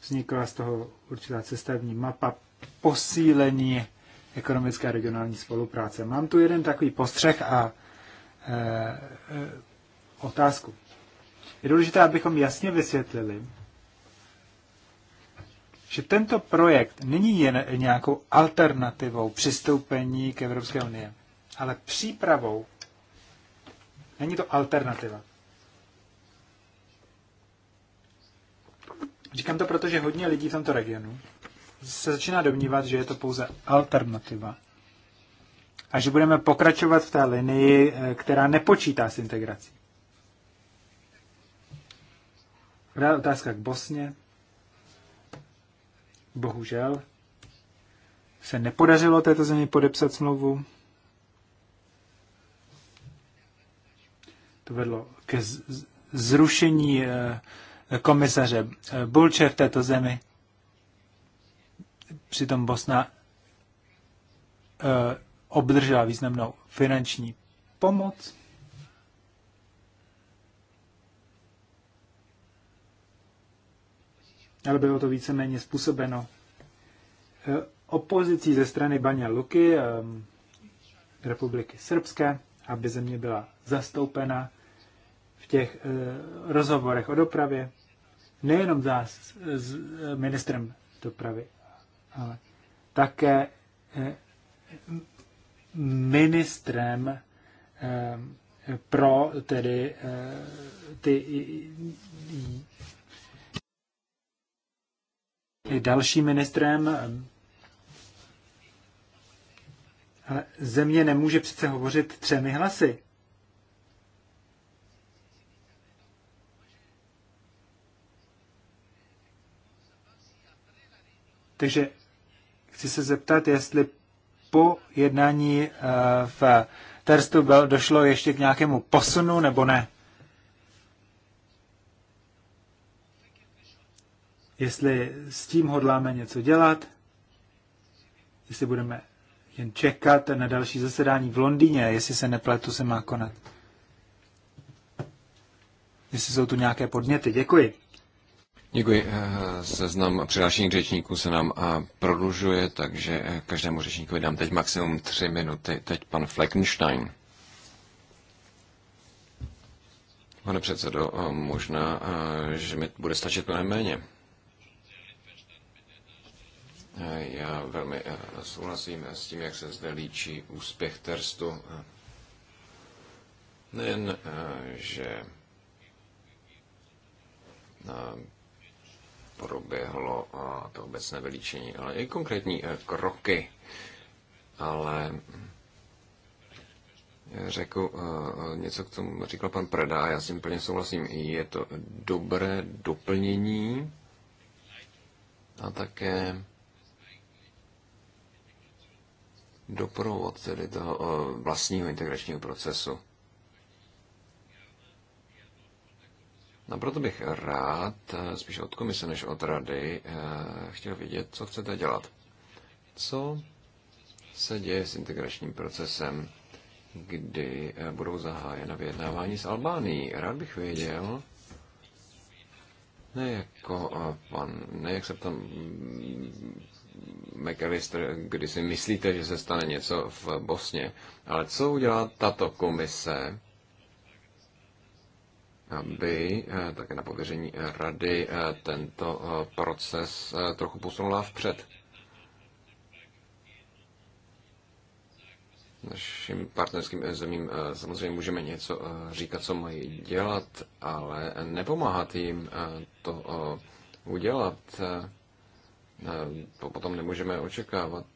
Vznikla z toho určitá cestovní mapa posílení ekonomické a regionální spolupráce. Mám tu jeden takový postřeh a e, e, otázku. Je důležité, abychom jasně vysvětlili, že tento projekt není jen nějakou alternativou přistoupení k Evropské unii ale přípravou. Není to alternativa. Říkám to proto, že hodně lidí v tomto regionu se začíná domnívat, že je to pouze alternativa. A že budeme pokračovat v té linii, eh, která nepočítá s integrací. Dále otázka k Bosně. Bohužel se nepodařilo této zemi podepsat smlouvu. To vedlo ke zrušení eh, komisaře eh, Bulče v této zemi. Přitom Bosna eh, obdržela významnou finanční pomoc. Ale bylo to víceméně způsobeno opozicí ze strany Baně Luky, republiky srbské, aby země byla zastoupena v těch eh, rozhovorech o dopravě, nejenom za s eh, ministrem dopravy, ale také eh, ministrem pro tedy ty další ministrem ale země nemůže přece hovořit třemi hlasy. Takže chci se zeptat, jestli po jednání eh, v Terstu došlo ještě k nějakému posunu nebo ne. Jestli s tím hodláme něco dělat, jestli budeme jen čekat na další zasedání v Londýně, jestli se nepletu, se má konat. Jestli jsou tu nějaké podněty. Děkuji. Děkuji. Eh, seznam přihlášených řečníků se nám eh, prodlužuje, takže eh, každému řečníkovi dám teď maximum tři minuty. Teď pan Fleckenstein. Pane předsedo, možná, že mi bude stačit mnohem méně. Já velmi souhlasím s tím, jak se zde líčí úspěch Terstu. Nejen, že proběhlo to obecné vylíčení, ale i konkrétní eh, kroky. Ale řekl eh, něco k tomu, říkal pan Preda, a já s tím plně souhlasím. Je to dobré doplnění a také doprovod tedy toho eh, vlastního integračního procesu. No proto bych rád, eh, spíš od komise než od rady, eh, chtěl vědět, co chcete dělat. Co se děje s integračním procesem, kdy eh, budou zahájena vyjednávání s Albánií? Rád bych věděl, ne jako pan, ne jak se tam mm, McAllister, kdy si myslíte, že se stane něco v Bosně, ale co udělá tato komise, aby eh, také na pověření eh, rady eh, tento proces trochu posunula vpřed. Našim partnerským zemím samozřejmě můžeme něco říkat, co mají dělat, ale nepomáhat jim to udělat, potom nemůžeme očekávat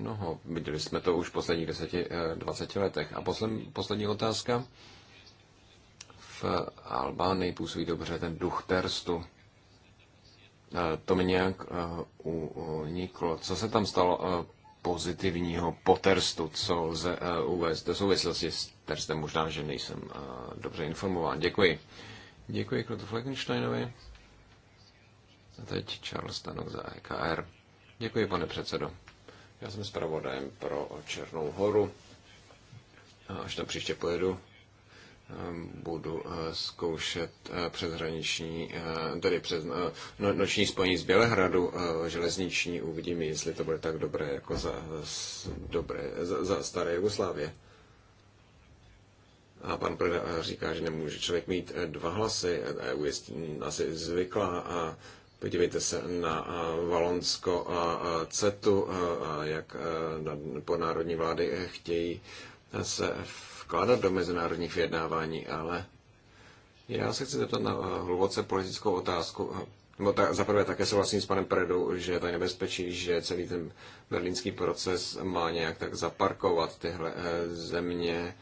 mnoho. Viděli jsme to už v posledních 10-20 eh, letech. A poslední, poslední otázka. V Albánii působí dobře ten duch terstu. Eh, to mi nějak eh, uniklo. Co se tam stalo pozitivního po terstu, co lze uvést do souvislosti s terstem? Možná, že nejsem dobře informován. Děkuji. Děkuji Klotu Fleckensteinovi. A teď Charles Stanok za EKR. Děkuji, pane předsedo. Já jsem zpravodajem pro Černou horu. až tam příště pojedu, eh, budu eh, zkoušet eh, přeshraniční, tedy přes no, noční spojení z Bělehradu železniční. Uvidím, jestli to bude tak dobré jako za, dobré, za, za staré Jugoslávie. A pan Preda říká, že nemůže člověk mít dva hlasy, je asi zvyklá a Podívejte se na eh, Valonsko a eh, eh, CETu, jak po národní vlády chtějí se vkládat do mezinárodních vyjednávání, ale já se chci zeptat na hluboce politickou otázku. No, ta, za prvé také souhlasím s panem Predou, že je to nebezpečí, že celý ten berlínský proces má nějak tak zaparkovat tyhle země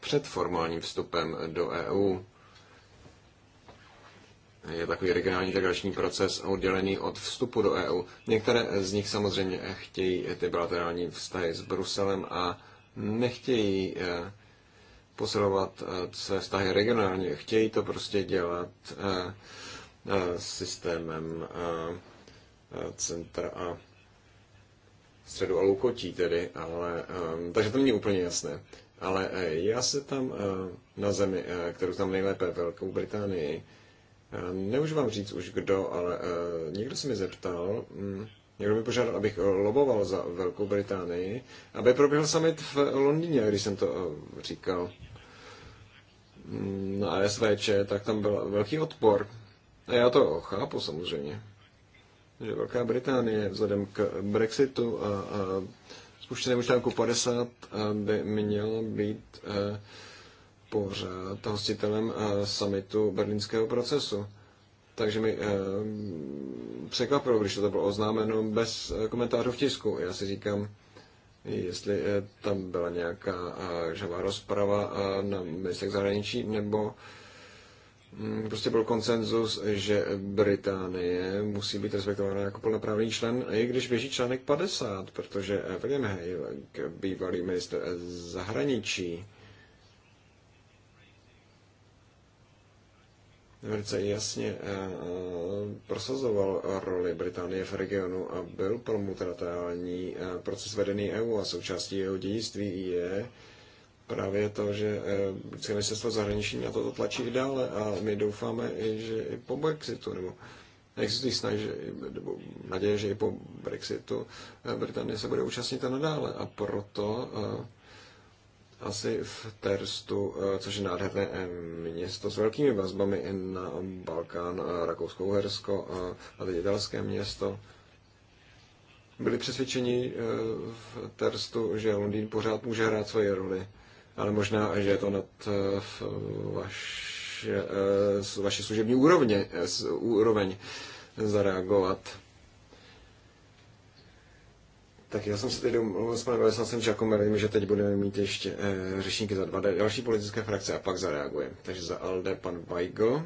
před formálním vstupem do EU je takový regionální integrační proces oddělený od vstupu do EU. Některé z nich samozřejmě chtějí ty bilaterální vztahy s Bruselem a nechtějí eh, posilovat eh, své vztahy regionálně. Chtějí to prostě dělat eh, systémem centra a středu a loukotí tedy, ale, takže to není úplně jasné. Ale já se tam na zemi, kterou tam nejlépe, Velkou Británii, Nemůžu vám říct už kdo, ale eh, někdo se mi zeptal, hm, někdo mi požádal, abych eh, loboval za Velkou Británii, aby proběhl summit v Londýně, když jsem to eh, říkal hm, na ASVČ, tak tam byl velký odpor. A já to chápu samozřejmě. Že Velká Británie vzhledem k Brexitu a, a spuštěnému článku 50 by měla být uh, pořád hostitelem eh, summitu berlínského procesu. Takže mi e, překvapilo, když to bylo oznámeno bez eh, komentářů v tisku. Já si říkám, jestli tam byla nějaká e, žavá rozprava na myslech zahraničí, nebo mm, prostě byl konsenzus, že Británie musí být respektována jako plnoprávný člen, i když běží článek 50, protože William Hale, bývalý minister zahraničí, velice jasně eh, eh, prosazoval roli Británie v regionu a byl pro multilaterální eh, proces vedený EU a součástí jeho dědictví je právě to, že britské ministerstvo zahraniční na toto tlačí i dále a my doufáme, že i po Brexitu, nebo existují snahy, nebo naděje, že i po Brexitu Británie se bude účastnit a nadále a proto asi v Terstu, eh, což je nádherné eh, město s velkými vazbami na Balkán, eh, Rakousko-Uhersko a teď italské město. Byli přesvědčeni v Terstu, že Londýn pořád může hrát svoji roli, ale možná, že je to nad vaše, vaše služební úrovně, úroveň zareagovat tak já jsem se teď domluvil s panem velvyslancem Čakomerem, že teď budeme mít ještě e, řečníky za dva další politické frakce a pak zareaguje. Takže za ALDE pan Weigl,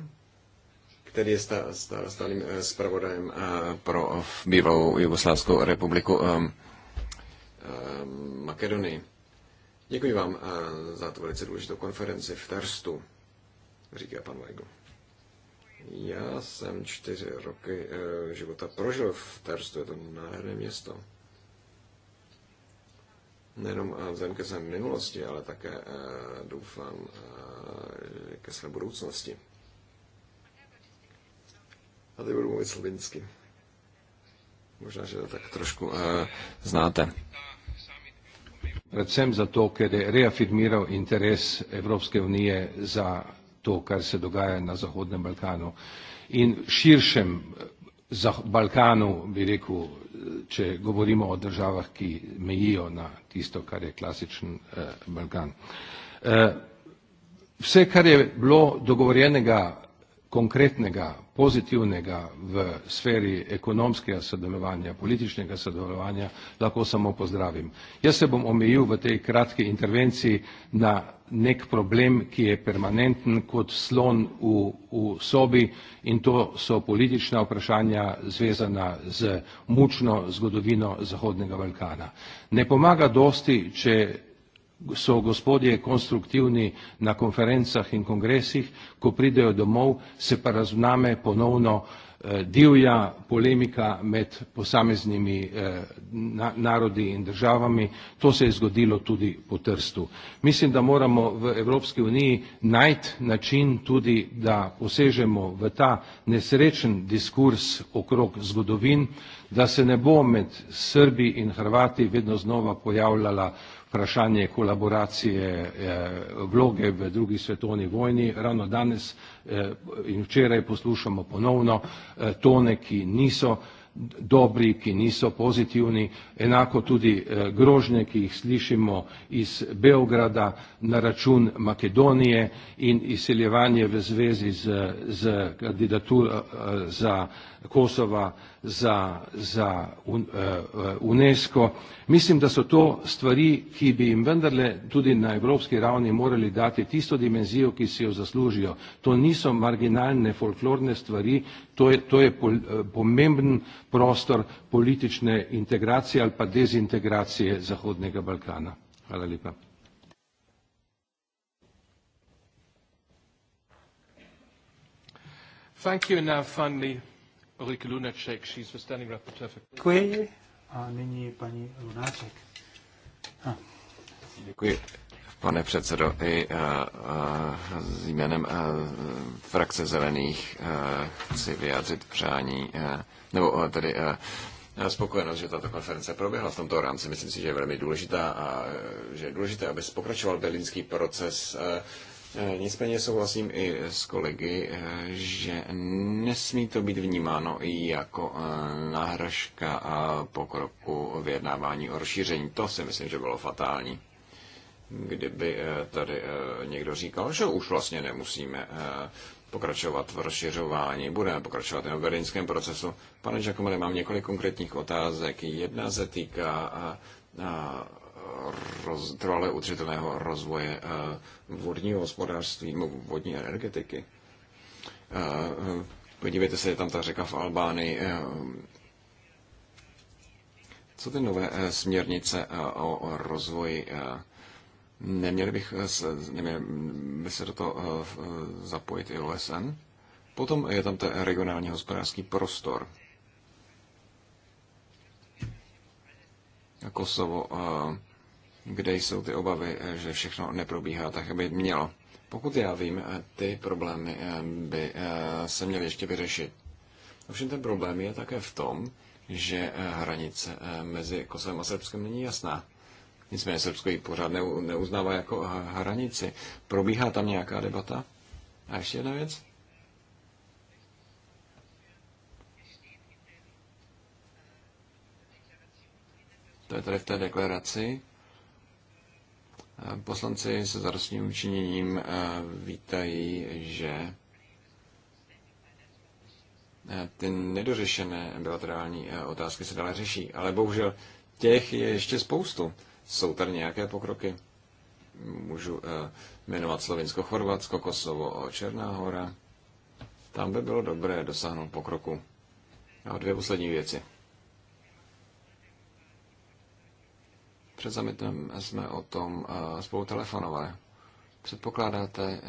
který je stá, stá, stálým e, zpravodajem e, pro v bývalou Jugoslávskou republiku e, e, Makedonii. Děkuji vám e, za tu velice důležitou konferenci v Terstu, říká pan Weigl. Já jsem čtyři roky e, života prožil v Terstu, je to nádherné město nejenom eh, vzhledem ke své minulosti, ale také eh, doufám eh, ke své budoucnosti. A teď budu mluvit slovinsky. Možná, že to tak trošku uh, znáte. Recem za to, který reafirmíral interes Evropské unie za to, kar se dogaja na Zahodnem Balkánu, in širšem Balkánu, bi řekl, če govorimo o državah, ki mejijo na tisto, kar je klasičen eh, Balkan. Eh, vse, kar je bilo dogovorjenega konkretnega, pozitivnega v sferi ekonomskega sodelovanja, političnega sodelovanja lahko samo pozdravim. Jaz se bom omejil v tej kratki intervenciji na nek problem, ki je permanenten kot slon v, v sobi in to so politična vprašanja zvezana z mučno zgodovino Zahodnega Balkana. Ne pomaga dosti, če so gospodje konstruktivni na konferencah in kongresih, ko pridejo domov, se pa razname ponovno eh, divja polemika med posameznimi eh, narodi in državami. To se je zgodilo tudi po Trstu. Mislim, da moramo v Evropski uniji najti način tudi, da posežemo v ta nesrečen diskurs okrog zgodovin, da se ne bo med Srbi in Hrvati vedno znova pojavljala vprašanje kolaboracije vloge v drugi svetovni vojni. Ravno danes eh, in včeraj poslušamo ponovno eh, tone, ki niso dobri, ki niso pozitivni, enako tudi eh, grožnje, ki jih slišimo iz Beograda na račun Makedonije in izsiljevanje v zvezi z, z kandidaturo za Kosova za, za eh, eh, UNESCO. Mislim, da so to stvari, ki bi jim vendarle tudi na evropski ravni morali dati tisto dimenzijo, ki si jo zaslužijo. To niso marginalne folklorne stvari, to je, to je pol, eh, pomemben prostor politične integracije ali pa dezintegracije Zahodnega Balkana. Hvala lepa. Thank you. Now finally, Ulrike Lunacek, she's the standing rapporteur for... Děkuji. A nyní paní Lunáček. Ha. Děkuji. Pane předsedo, i uh, uh, s jménem uh, frakce zelených uh, chci vyjádřit přání, uh, nebo uh, tedy uh, spokojenost, že tato konference proběhla v tomto rámci. Myslím si, že je velmi důležitá a že je důležité, aby pokračoval berlínský proces E, nicméně souhlasím i s kolegy, e, že nesmí to být vnímáno i jako e, náhražka pokroku vyjednávání o rozšíření. To si myslím, že bylo fatální. Kdyby tady někdo říkal, že už vlastně nemusíme pokračovat v rozšiřování, budeme pokračovat jenom v berlínském procesu. Pane Giacomone, mám několik konkrétních otázek. Jedna se týká roz, trvalé udržitelného rozvoje eh, vodního hospodářství, vodní energetiky. Eh, podívejte se, je tam ta řeka v Albánii. Eh, co ty nové směrnice o rozvoji? Neměli bych se, neměli by se do toho zapojit i OSN? Potom je tam ten regionální hospodářský prostor. Kosovo, kde jsou ty obavy, eh, že všechno neprobíhá tak, aby mělo. Pokud já vím, eh, ty problémy eh, by se měly ještě vyřešit. Ovšem ten problém je také v tom, že hranice mezi Kosovem a Srbskem není jasná. Nicméně Srbsko ji pořád neuznává jako hranici. Probíhá tam nějaká debata? A ještě jedna věc? To je tady v té deklaraci, Poslanci se zarostním učiněním eh, vítají, že eh, ty nedořešené bilaterální eh, otázky se dále řeší, ale bohužel těch je ještě spoustu. Jsou tady nějaké pokroky? Můžu jmenovat Slovinsko, Chorvatsko, Kosovo, Černá hora. Tam by bylo dobré dosáhnout pokroku. A dvě poslední věci. před summitem jsme o tom eh, spolu telefonovali. Předpokládáte,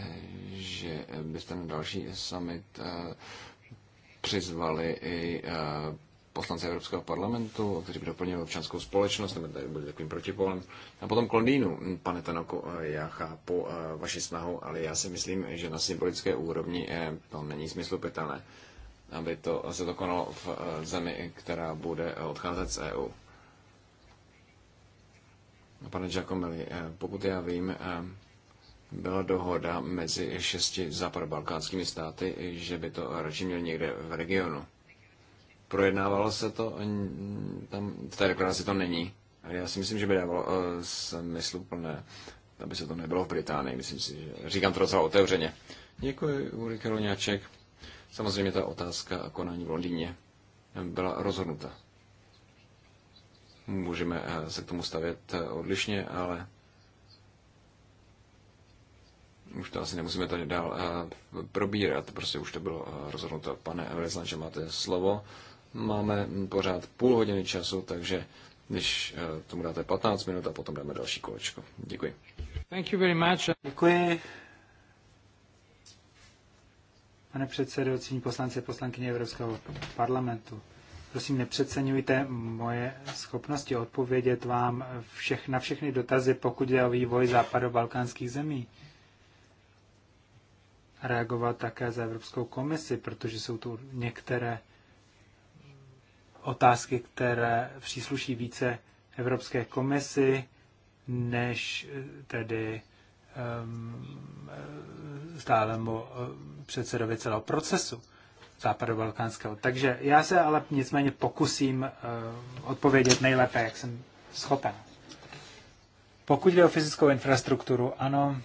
že byste na další summit eh, přizvali i eh, poslance Evropského parlamentu, kteří by doplnili občanskou společnost, nebo tady byli takovým protipolem. A potom k Londýnu, pane Tanoko, já chápu vaši snahu, ale já si myslím, že na symbolické úrovni to není smysluplné, aby to se dokonalo v zemi, která bude odcházet z EU. Pane Giacomelli, eh, pokud já vím, eh, byla dohoda mezi šesti západobalkánskými státy, že by to radši měl někde v regionu. Projednávalo se to, tam v té deklaraci to není. Já si myslím, že by dávalo eh, plné, aby se to nebylo v Británii. Myslím si, že říkám to docela otevřeně. Děkuji, Uri Karoňáček. Samozřejmě ta otázka konání v Londýně byla rozhodnuta. Můžeme eh, se k tomu stavět eh, odlišně, ale už to asi nemusíme tady dál eh, probírat, prostě už to bylo rozhodnuto. Pane že máte slovo. Máme hm, pořád půl hodiny času, takže když tomu dáte 15 minut a potom dáme další kolečko. Děkuji. Thank you very much. Děkuji. Pane předsedo, cení poslanci poslankyně Evropského parlamentu. Prosím, nepřeceňujte moje schopnosti odpovědět vám všech, na všechny dotazy, pokud jde o vývoj západobalkánských zemí. A reagovat také za Evropskou komisi, protože jsou tu některé otázky, které přísluší více Evropské komisi, než tedy um, stálému eh, předsedovi celého procesu západobalkánského. Takže já se ale nicméně pokusím eh, odpovědět nejlépe, jak jsem schopen. Pokud jde o fyzickou infrastrukturu, ano,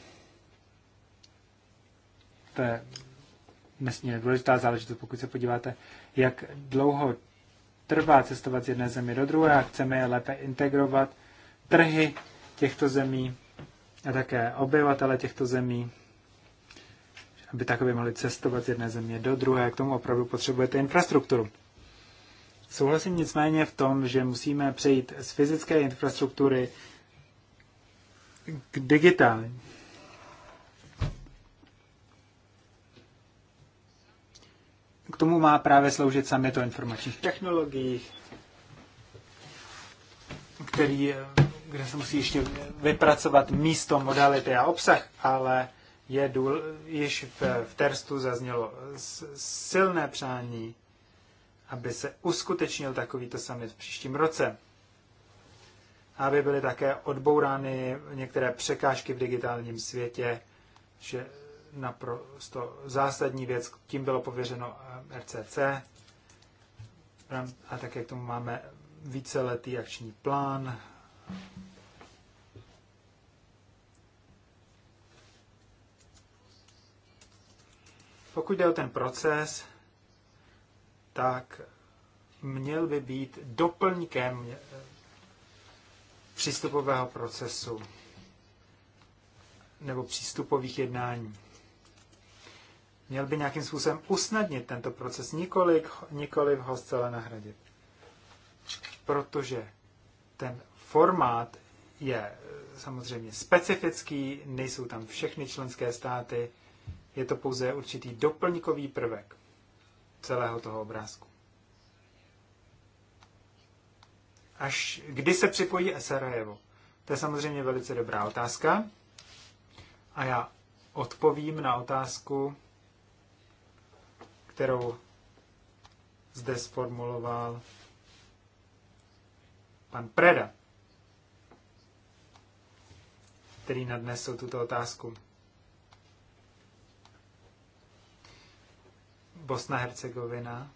to je nesmírně důležitá záležitost, pokud se podíváte, jak dlouho trvá cestovat z jedné země do druhé a chceme je lépe integrovat trhy těchto zemí a také obyvatele těchto zemí aby takové mohli cestovat z jedné země do druhé. K tomu opravdu potřebujete infrastrukturu. Souhlasím nicméně v tom, že musíme přejít z fyzické infrastruktury k digitální. K tomu má právě sloužit summit o informačních technologiích, který, kde se musí ještě vypracovat místo, modality a obsah, ale je důl, již v, v Terstu zaznělo silné přání, aby se uskutečnil takovýto summit v příštím roce. Aby byly také odbourány některé překážky v digitálním světě, že naprosto zásadní věc, tím bylo pověřeno eh, RCC. A také k tomu máme víceletý akční plán Pokud jde o ten proces, tak měl by být doplňkem eh, přístupového procesu nebo přístupových jednání. Měl by nějakým způsobem usnadnit tento proces, nikoliv, nikoliv ho zcela nahradit. Protože ten formát je eh, samozřejmě specifický, nejsou tam všechny členské státy, je to pouze určitý doplňkový prvek celého toho obrázku. Až kdy se připojí Sarajevo? To je samozřejmě velice dobrá otázka. A já odpovím na otázku, kterou zde sformuloval pan Preda, který nadnesl tuto otázku. Bosna-Hercegovina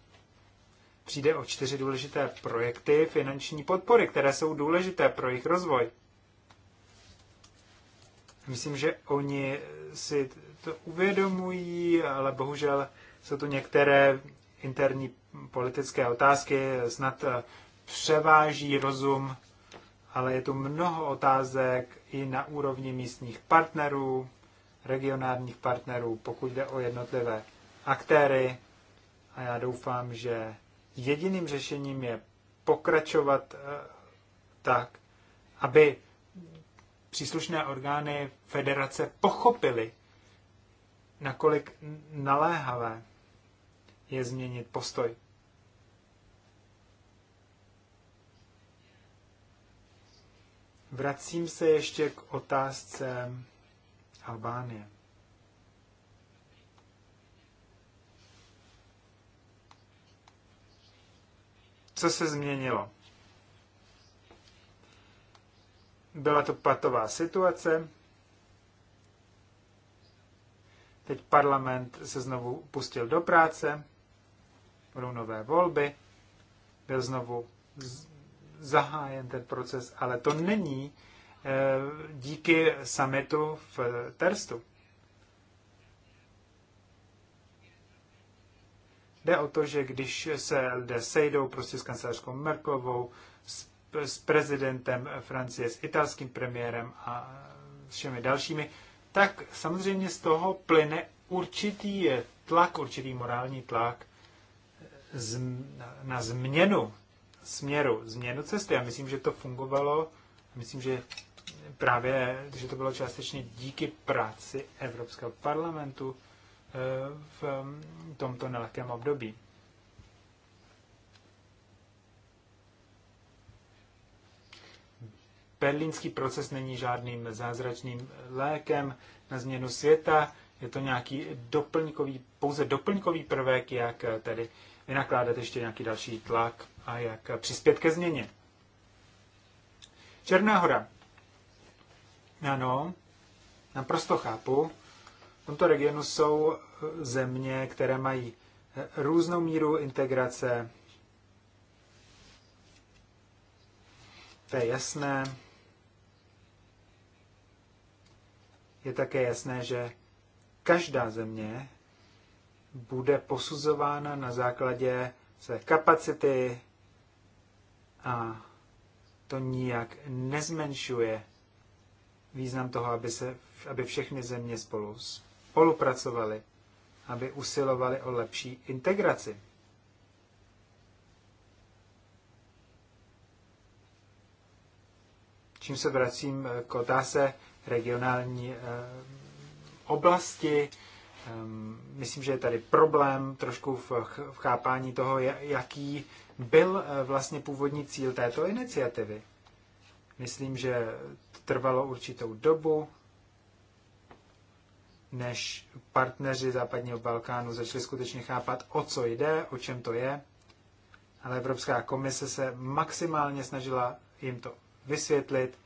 přijde o čtyři důležité projekty finanční podpory, které jsou důležité pro jejich rozvoj. Myslím, že oni si to uvědomují, ale bohužel jsou to některé interní politické otázky, snad eh, převáží rozum, ale je tu mnoho otázek i na úrovni místních partnerů, regionálních partnerů, pokud jde o jednotlivé aktéry a já doufám, že jediným řešením je pokračovat eh, tak, aby příslušné orgány federace pochopily, nakolik naléhavé je změnit postoj. Vracím se ještě k otázce Albánie. Co se změnilo? Byla to patová situace. Teď parlament se znovu pustil do práce. Budou nové volby. Byl znovu zahájen ten proces, ale to není eh, díky summitu v Terstu. Jde o to, že když se lidé sejdou prostě s kancelářkou Merklovou, s, s prezidentem Francie, s italským premiérem a s všemi dalšími, tak samozřejmě z toho plyne určitý tlak, určitý morální tlak z, na změnu směru, změnu cesty. Já myslím, že to fungovalo, myslím, že právě, že to bylo částečně díky práci Evropského parlamentu, v um, tomto nelehkém období. Berlínský proces není žádným zázračným lékem na změnu světa, je to nějaký doplňkový, pouze doplňkový prvek, jak tedy vynakládat ještě nějaký další tlak a jak přispět ke změně. Černá hora. Ano, naprosto chápu, tomto regionu jsou země, které mají různou míru integrace. To je jasné. Je také jasné, že každá země bude posuzována na základě své kapacity a to nijak nezmenšuje význam toho, aby, se, aby všechny země spolu spolupracovali, aby usilovali o lepší integraci. Čím se vracím eh, k otáze regionální eh, oblasti, ehm, myslím, že je tady problém trošku v chápání toho, jaký byl eh, vlastně původní cíl této iniciativy. Myslím, že trvalo určitou dobu, než partneři západního Balkánu začali skutečně chápat, o co jde, o čem to je. Ale Evropská komise se maximálně snažila jim to vysvětlit,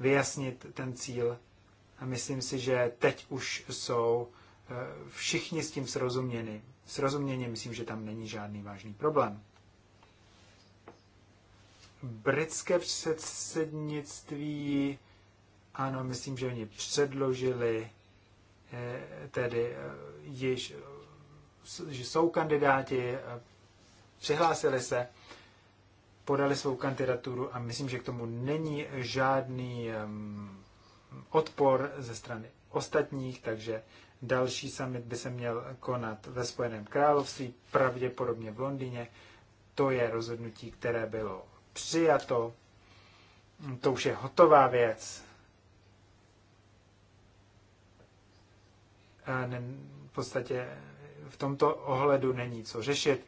vyjasnit ten cíl. A myslím si, že teď už jsou eh, všichni s tím srozuměni. Srozuměně myslím, že tam není žádný vážný problém. Britské předsednictví, ano, myslím, že oni předložili Eh, tedy eh, již že jsou kandidáti, eh, přihlásili se, podali svou kandidaturu a myslím, že k tomu není žádný ehm, odpor ze strany ostatních, takže další summit by se měl konat ve Spojeném království, pravděpodobně v Londýně. To je rozhodnutí, které bylo přijato. To už je hotová věc. v podstatě v tomto ohledu není co řešit.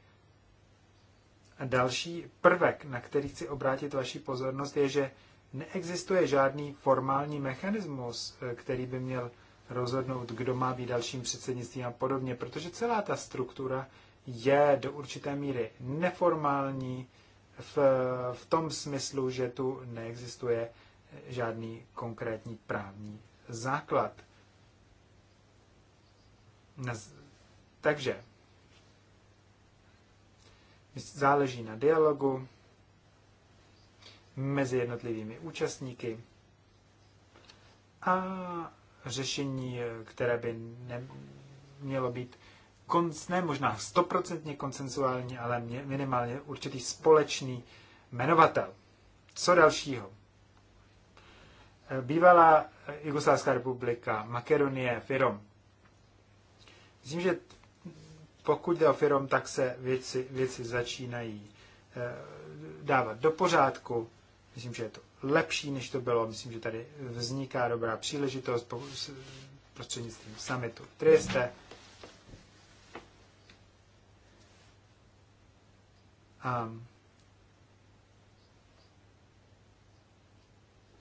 další prvek, na který chci obrátit vaši pozornost, je, že neexistuje žádný formální mechanismus, eh, který by měl rozhodnout, kdo má být dalším předsednictvím a podobně, protože celá ta struktura je do určité míry neformální v, v tom smyslu, že tu neexistuje žádný konkrétní právní základ. Takže záleží na dialogu mezi jednotlivými účastníky a řešení, které by nemělo být konc, ne možná stoprocentně konsensuální, ale minimálně určitý společný jmenovatel. Co dalšího? Bývalá Jugoslávská republika, Makedonie, Firom. Myslím, že pokud jde o firm, tak se věci, věci začínají eh, dávat do pořádku. Myslím, že je to lepší, než to bylo. Myslím, že tady vzniká dobrá příležitost prostřednictvím summitu Trieste. A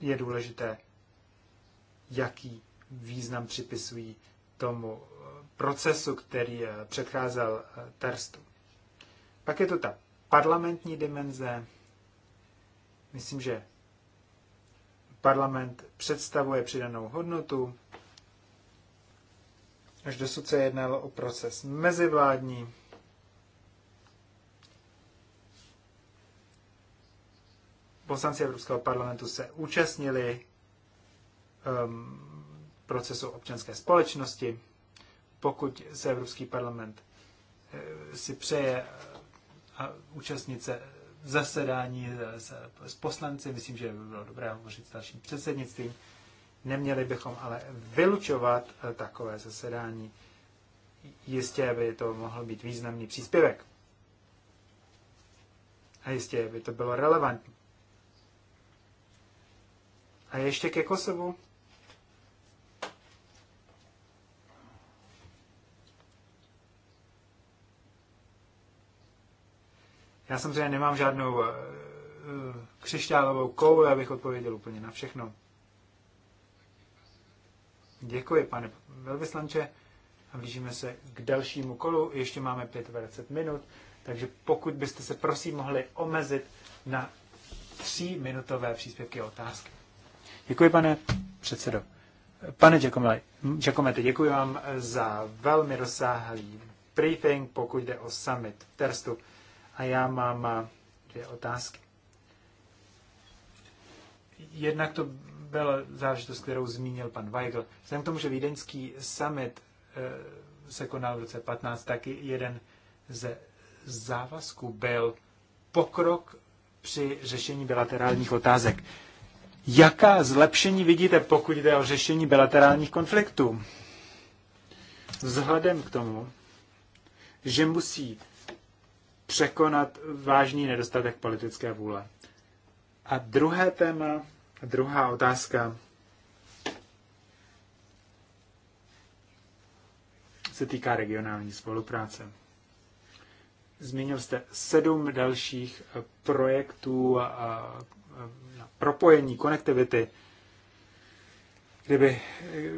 je důležité, jaký význam připisují tomu procesu, který eh, předcházel eh, terstu. Pak je to ta parlamentní dimenze. Myslím, že parlament představuje přidanou hodnotu. Až dosud se jednalo o proces mezivládní. Poslanci Evropského parlamentu se účastnili um, procesu občanské společnosti pokud se Evropský parlament eh, si přeje eh, a účastnit se zasedání eh, s, s poslanci, myslím, že by bylo dobré hovořit s dalším předsednictvím. Neměli bychom ale vylučovat takové zasedání. Jistě by to mohl být významný příspěvek. A jistě by to bylo relevantní. A ještě ke Kosovu. Já samozřejmě nemám žádnou eh, křišťálovou koule, abych odpověděl úplně na všechno. Děkuji, pane velvyslanče. A blížíme se k dalšímu kolu. Ještě máme 25 minut, takže pokud byste se prosím mohli omezit na minutové příspěvky a otázky. Děkuji, pane předsedo. Pane Giacomete, děkuji vám za velmi rozsáhlý briefing, pokud jde o summit v Terstu. A já mám eh, dvě otázky. Jednak to byla záležitost, kterou zmínil pan Weigl. Vzhledem k tomu, že vídeňský summit eh, se konal v roce 15, tak jeden ze závazků byl pokrok při řešení bilaterálních otázek. Jaká zlepšení vidíte, pokud jde o řešení bilaterálních konfliktů? Vzhledem k tomu, že musí překonat vážný nedostatek politické vůle. A druhé téma, druhá otázka se týká regionální spolupráce. Zmínil jste sedm dalších projektů a propojení, konektivity, kdyby,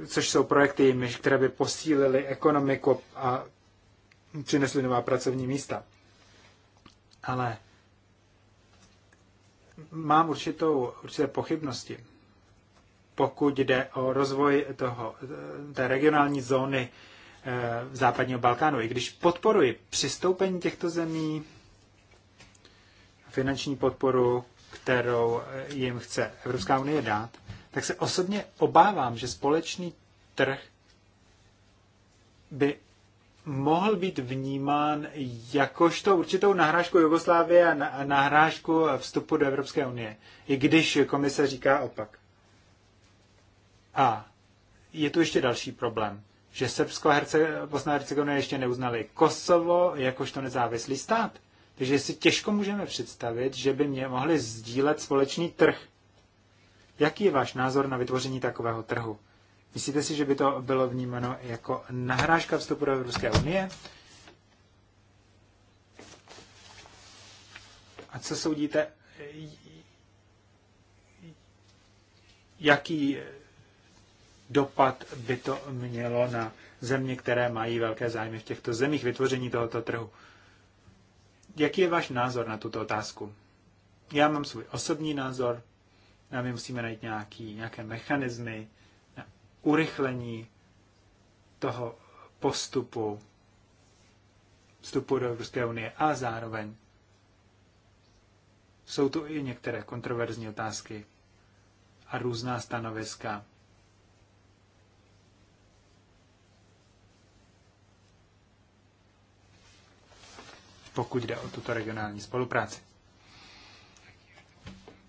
což jsou projekty, které by posílily ekonomiku a přinesly nová pracovní místa. Ale mám určitou, určité pochybnosti, pokud jde o rozvoj toho, té regionální zóny eh, západního Balkánu. I když podporuji přistoupení těchto zemí, finanční podporu, kterou eh, jim chce Evropská unie dát, tak se osobně obávám, že společný trh by mohl být vnímán jakožto určitou nahrážku Jugoslávie a nahrážku vstupu do Evropské unie, i když komise říká opak. A je tu ještě další problém, že Srbsko a Herce, Bosna a Hercegovina ještě neuznali Kosovo jakožto nezávislý stát. Takže si těžko můžeme představit, že by mě mohli sdílet společný trh. Jaký je váš názor na vytvoření takového trhu? Myslíte si, že by to bylo vnímáno jako nahrážka vstupu do Evropské unie? A co soudíte, jaký dopad by to mělo na země, které mají velké zájmy v těchto zemích, vytvoření tohoto trhu? Jaký je váš názor na tuto otázku? Já mám svůj osobní názor, a my musíme najít nějaký, nějaké mechanismy, urychlení toho postupu vstupu do Evropské unie a zároveň jsou tu i některé kontroverzní otázky a různá stanoviska. pokud jde o tuto regionální spolupráci.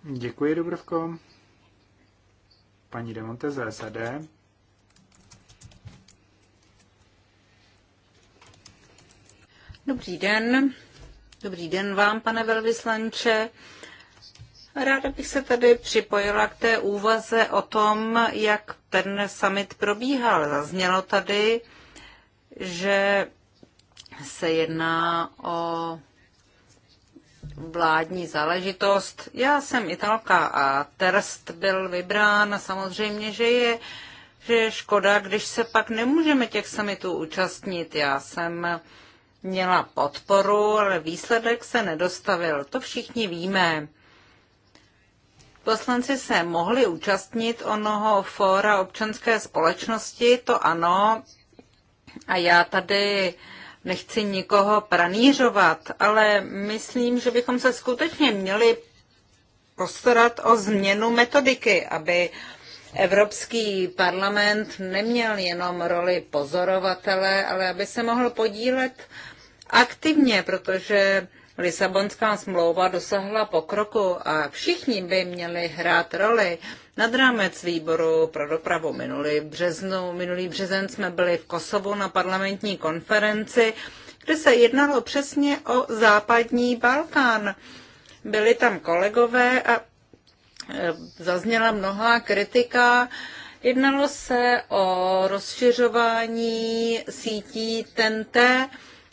Děkuji, Dobrovko. Paní Demonte z SAD. Dobrý den. Dobrý den vám, pane velvyslanče. Ráda bych se tady připojila k té úvaze o tom, jak ten summit probíhal. Zaznělo tady, že se jedná o vládní záležitost. Já jsem Italka a Terst byl vybrán a samozřejmě, že je, že je škoda, když se pak nemůžeme těch summitů účastnit. Já jsem měla podporu, ale výsledek se nedostavil. To všichni víme. Poslanci se mohli účastnit onoho fóra občanské společnosti, to ano. A já tady nechci nikoho pranířovat, ale myslím, že bychom se skutečně měli postarat o změnu metodiky, aby Evropský parlament neměl jenom roli pozorovatele, ale aby se mohl podílet aktivně, protože Lisabonská smlouva dosahla pokroku a všichni by měli hrát roli. Nad rámec výboru pro dopravu minulý, březnu, minulý březen jsme byli v Kosovu na parlamentní konferenci, kde se jednalo přesně o západní Balkán. Byli tam kolegové a e, zazněla mnohá kritika. Jednalo se o rozšiřování sítí TENTE.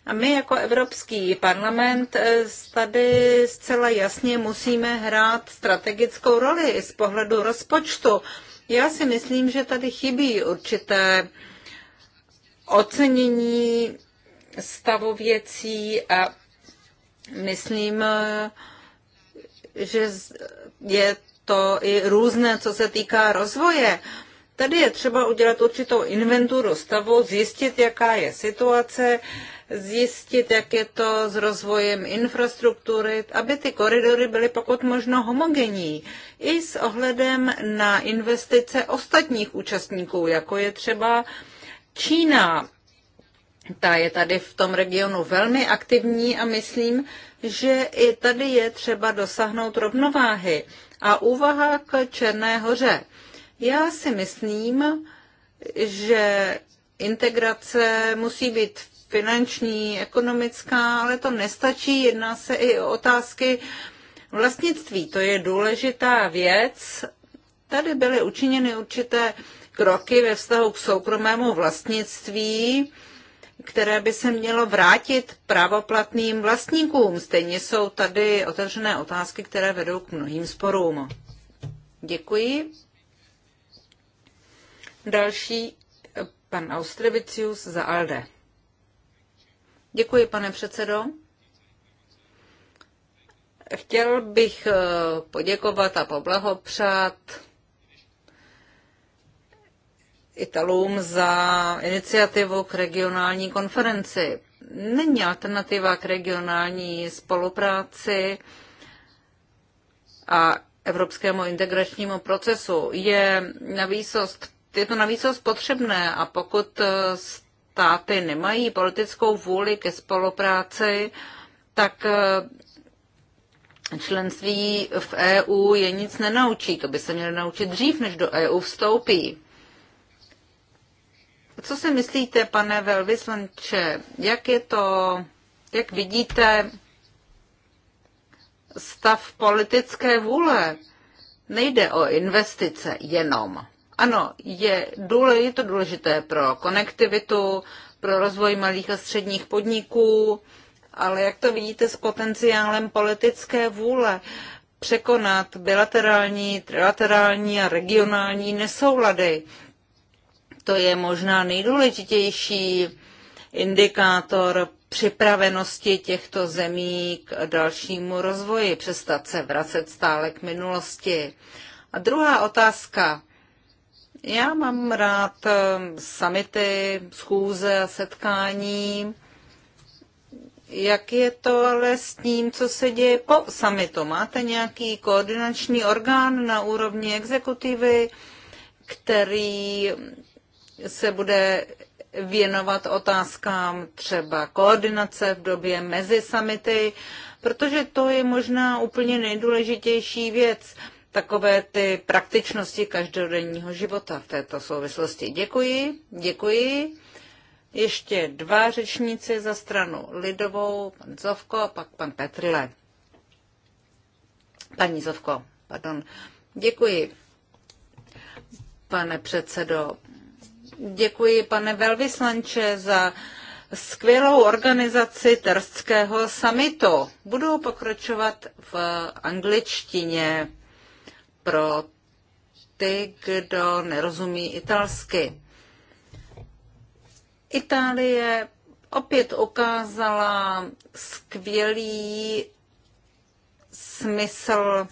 A my jako Evropský parlament eh, tady zcela jasně musíme hrát strategickou roli z pohledu rozpočtu. Já si myslím, že tady chybí určité ocenění stavu věcí a myslím, eh, že je to i různé, co se týká rozvoje. Tady je třeba udělat určitou inventuru stavu, zjistit, jaká je situace, zjistit, jak je to s rozvojem infrastruktury, aby ty koridory byly pokud možno homogenní. I s ohledem na investice ostatních účastníků, jako je třeba Čína. Ta je tady v tom regionu velmi aktivní a myslím, že i tady je třeba dosáhnout rovnováhy. A úvaha k Černé hoře. Já si myslím, že integrace musí být finanční, ekonomická, ale to nestačí. Jedná se i o otázky vlastnictví. To je důležitá věc. Tady byly učiněny určité kroky ve vztahu k soukromému vlastnictví, které by se mělo vrátit pravoplatným vlastníkům. Stejně jsou tady otevřené otázky, které vedou k mnohým sporům. Děkuji. Další pan Austrevicius za ALDE. Děkuji, pane předsedo. Chtěl bych eh, poděkovat a poblahopřát Italům za iniciativu k regionální konferenci. Není alternativa k regionální spolupráci a evropskému integračnímu procesu. Je, na výsost, je to na výsost potřebné a pokud z eh, státy nemají politickou vůli ke spolupráci, tak eh, členství v EU je nic nenaučí. To by se měli naučit dřív, než do EU vstoupí. Co si myslíte, pane velvyslanče, jak je to, jak vidíte stav politické vůle? Nejde o investice jenom. Ano, je, důle, je to důležité pro konektivitu, pro rozvoj malých a středních podniků, ale jak to vidíte s potenciálem politické vůle překonat bilaterální, trilaterální a regionální nesoulady? To je možná nejdůležitější indikátor připravenosti těchto zemí k dalšímu rozvoji, přestat se vracet stále k minulosti. A druhá otázka. Já mám rád eh, samity, schůze a setkání. Jak je to ale s tím, co se děje po summitu? Máte nějaký koordinační orgán na úrovni exekutivy, který se bude věnovat otázkám třeba koordinace v době mezi samity, protože to je možná úplně nejdůležitější věc takové ty praktičnosti každodenního života v této souvislosti. Děkuji, děkuji. Ještě dva řečníci za stranu Lidovou, pan Zovko a pak pan Petrile. Paní Zovko, pardon. Děkuji, pane předsedo. Děkuji, pane velvyslanče, za skvělou organizaci terského samitu. Budu pokračovat v angličtině pro ty, kdo nerozumí italsky. Itálie opět ukázala skvělý smysl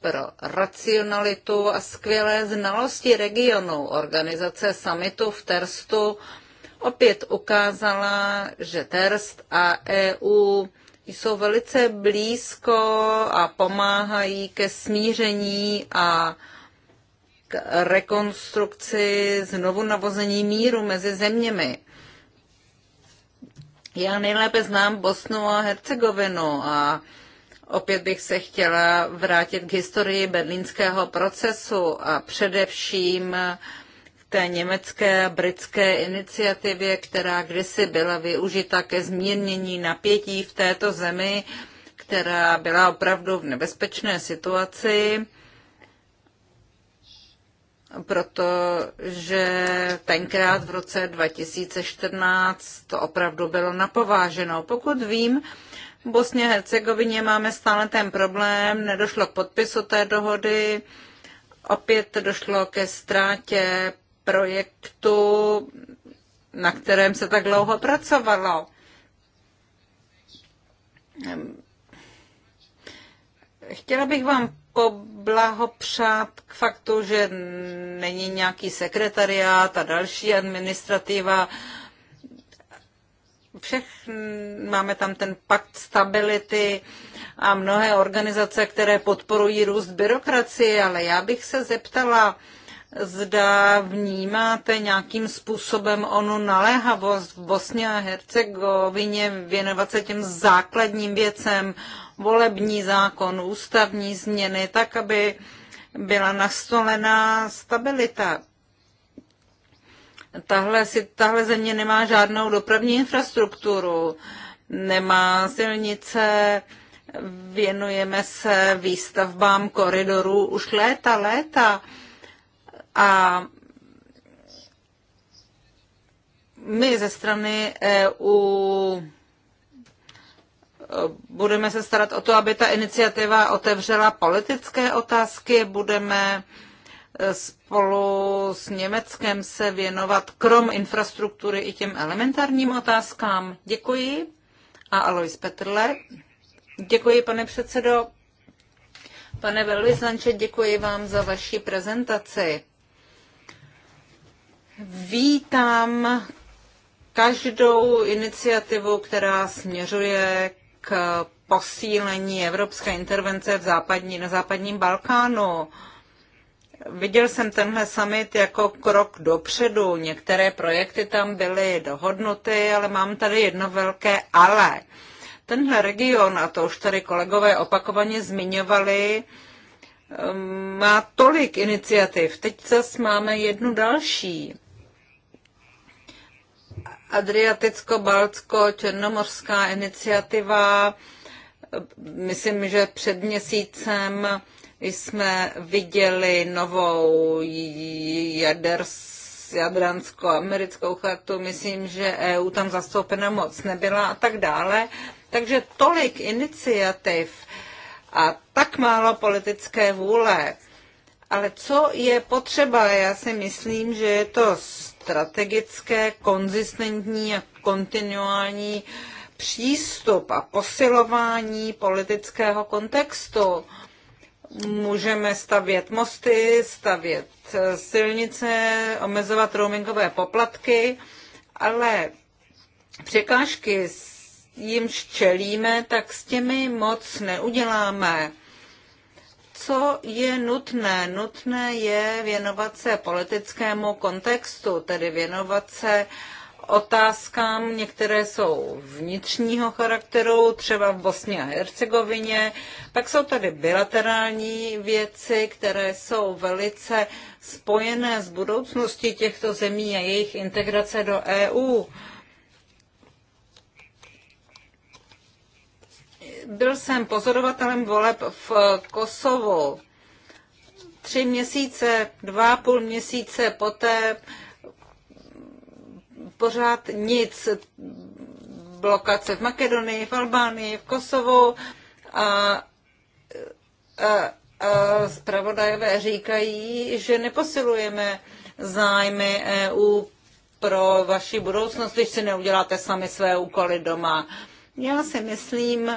pro racionalitu a skvělé znalosti regionu. Organizace summitu v Terstu opět ukázala, že Terst a EU jsou velice blízko a pomáhají ke smíření a k rekonstrukci, znovu navození míru mezi zeměmi. Já nejlépe znám Bosnu a Hercegovinu a opět bych se chtěla vrátit k historii berlínského procesu a především té německé a britské iniciativě, která kdysi byla využita ke zmírnění napětí v této zemi, která byla opravdu v nebezpečné situaci, protože tenkrát v roce 2014 to opravdu bylo napováženo. Pokud vím, v Bosně a Hercegovině máme stále ten problém, nedošlo k podpisu té dohody, opět došlo ke ztrátě projektu, na kterém se tak dlouho pracovalo. Chtěla bych vám poblahopřát k faktu, že není nějaký sekretariát a další administrativa. Všech, máme tam ten pakt stability a mnohé organizace, které podporují růst byrokracie, ale já bych se zeptala, zda vnímáte nějakým způsobem onu naléhavost v Bosně a Hercegovině věnovat se těm základním věcem, volební zákon, ústavní změny, tak, aby byla nastolená stabilita. Tahle, si, tahle země nemá žádnou dopravní infrastrukturu, nemá silnice, věnujeme se výstavbám koridorů už léta, léta. A my ze strany EU e, budeme se starat o to, aby ta iniciativa otevřela politické otázky, budeme e, spolu s Německem se věnovat krom infrastruktury i těm elementárním otázkám. Děkuji. A Alois Petrle. Děkuji, pane předsedo. Pane velvyslanče, děkuji vám za vaši prezentaci. Vítám každou iniciativu, která směřuje k posílení evropské intervence v západní, na západním Balkánu. Viděl jsem tenhle summit jako krok dopředu. Některé projekty tam byly dohodnuty, ale mám tady jedno velké ale. Tenhle region, a to už tady kolegové opakovaně zmiňovali, um, má tolik iniciativ. Teď zase máme jednu další. Adriaticko-Baltsko-Černomorská iniciativa. Myslím, že před měsícem jsme viděli novou jaders, jadransko-americkou chartu. Myslím, že EU tam zastoupena moc nebyla a tak dále. Takže tolik iniciativ a tak málo politické vůle. Ale co je potřeba? Já si myslím, že je to strategické, konzistentní a kontinuální přístup a posilování politického kontextu. Můžeme stavět mosty, stavět eh, silnice, omezovat roamingové poplatky, ale překážky jimž čelíme, tak s těmi moc neuděláme. Co je nutné? Nutné je věnovat se politickému kontextu, tedy věnovat se otázkám, některé jsou vnitřního charakteru, třeba v Bosně a Hercegovině. Pak jsou tady bilaterální věci, které jsou velice spojené s budoucností těchto zemí a jejich integrace do EU. Byl jsem pozorovatelem voleb v Kosovu. Tři měsíce, dva půl měsíce poté pořád nic. Blokace v Makedonii, v Albánii, v Kosovu a, a, a zpravodajové říkají, že neposilujeme zájmy EU pro vaši budoucnost, když si neuděláte sami své úkoly doma. Já si myslím,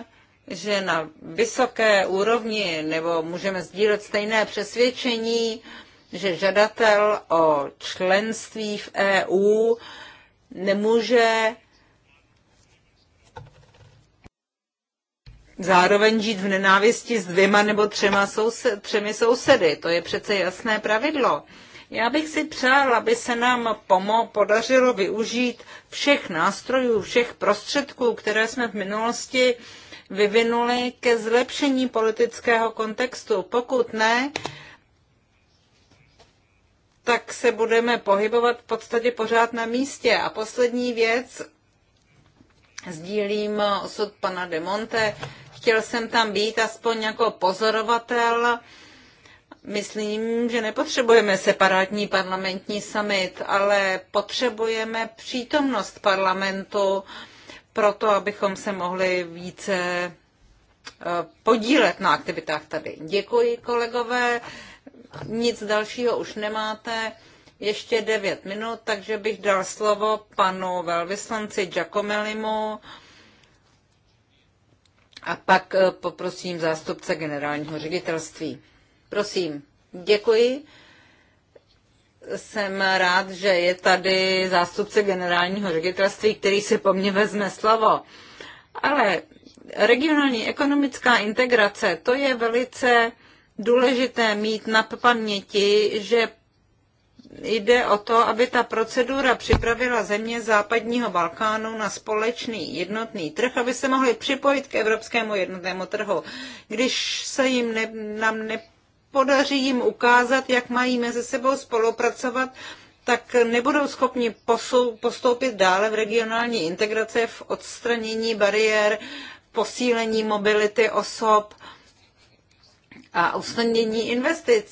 že na vysoké úrovni nebo můžeme sdílet stejné přesvědčení, že žadatel o členství v EU nemůže zároveň žít v nenávisti s dvěma nebo třema soused, třemi sousedy. To je přece jasné pravidlo. Já bych si přál, aby se nám pomo podařilo využít všech nástrojů, všech prostředků, které jsme v minulosti uh, vyvinuli ke zlepšení politického kontextu. Pokud ne, tak se budeme pohybovat v podstatě pořád na místě. A poslední věc, sdílím osud pana de Monte. Chtěl jsem tam být aspoň jako pozorovatel. Myslím, že nepotřebujeme separátní parlamentní summit, ale potřebujeme přítomnost parlamentu. Uh, proto, abychom se mohli více eh, podílet na aktivitách tady. Děkuji, kolegové. Nic dalšího už nemáte. Ještě devět minut, takže bych dal slovo panu velvyslanci Giacomelimu a pak eh, poprosím zástupce generálního ředitelství. Prosím, děkuji jsem rád, že je tady zástupce generálního ředitelství, který si po mně vezme slovo. Ale regionální ekonomická integrace, to je velice důležité mít na paměti, že jde o to, aby ta procedura připravila země západního Balkánu na společný jednotný trh, aby se mohli připojit k evropskému jednotnému trhu. Když se jim ne, nám ne, podaří jim ukázat, jak mají mezi sebou spolupracovat, tak nebudou schopni postoupit dále v regionální integraci, v odstranění bariér, posílení mobility osob a usnadnění investic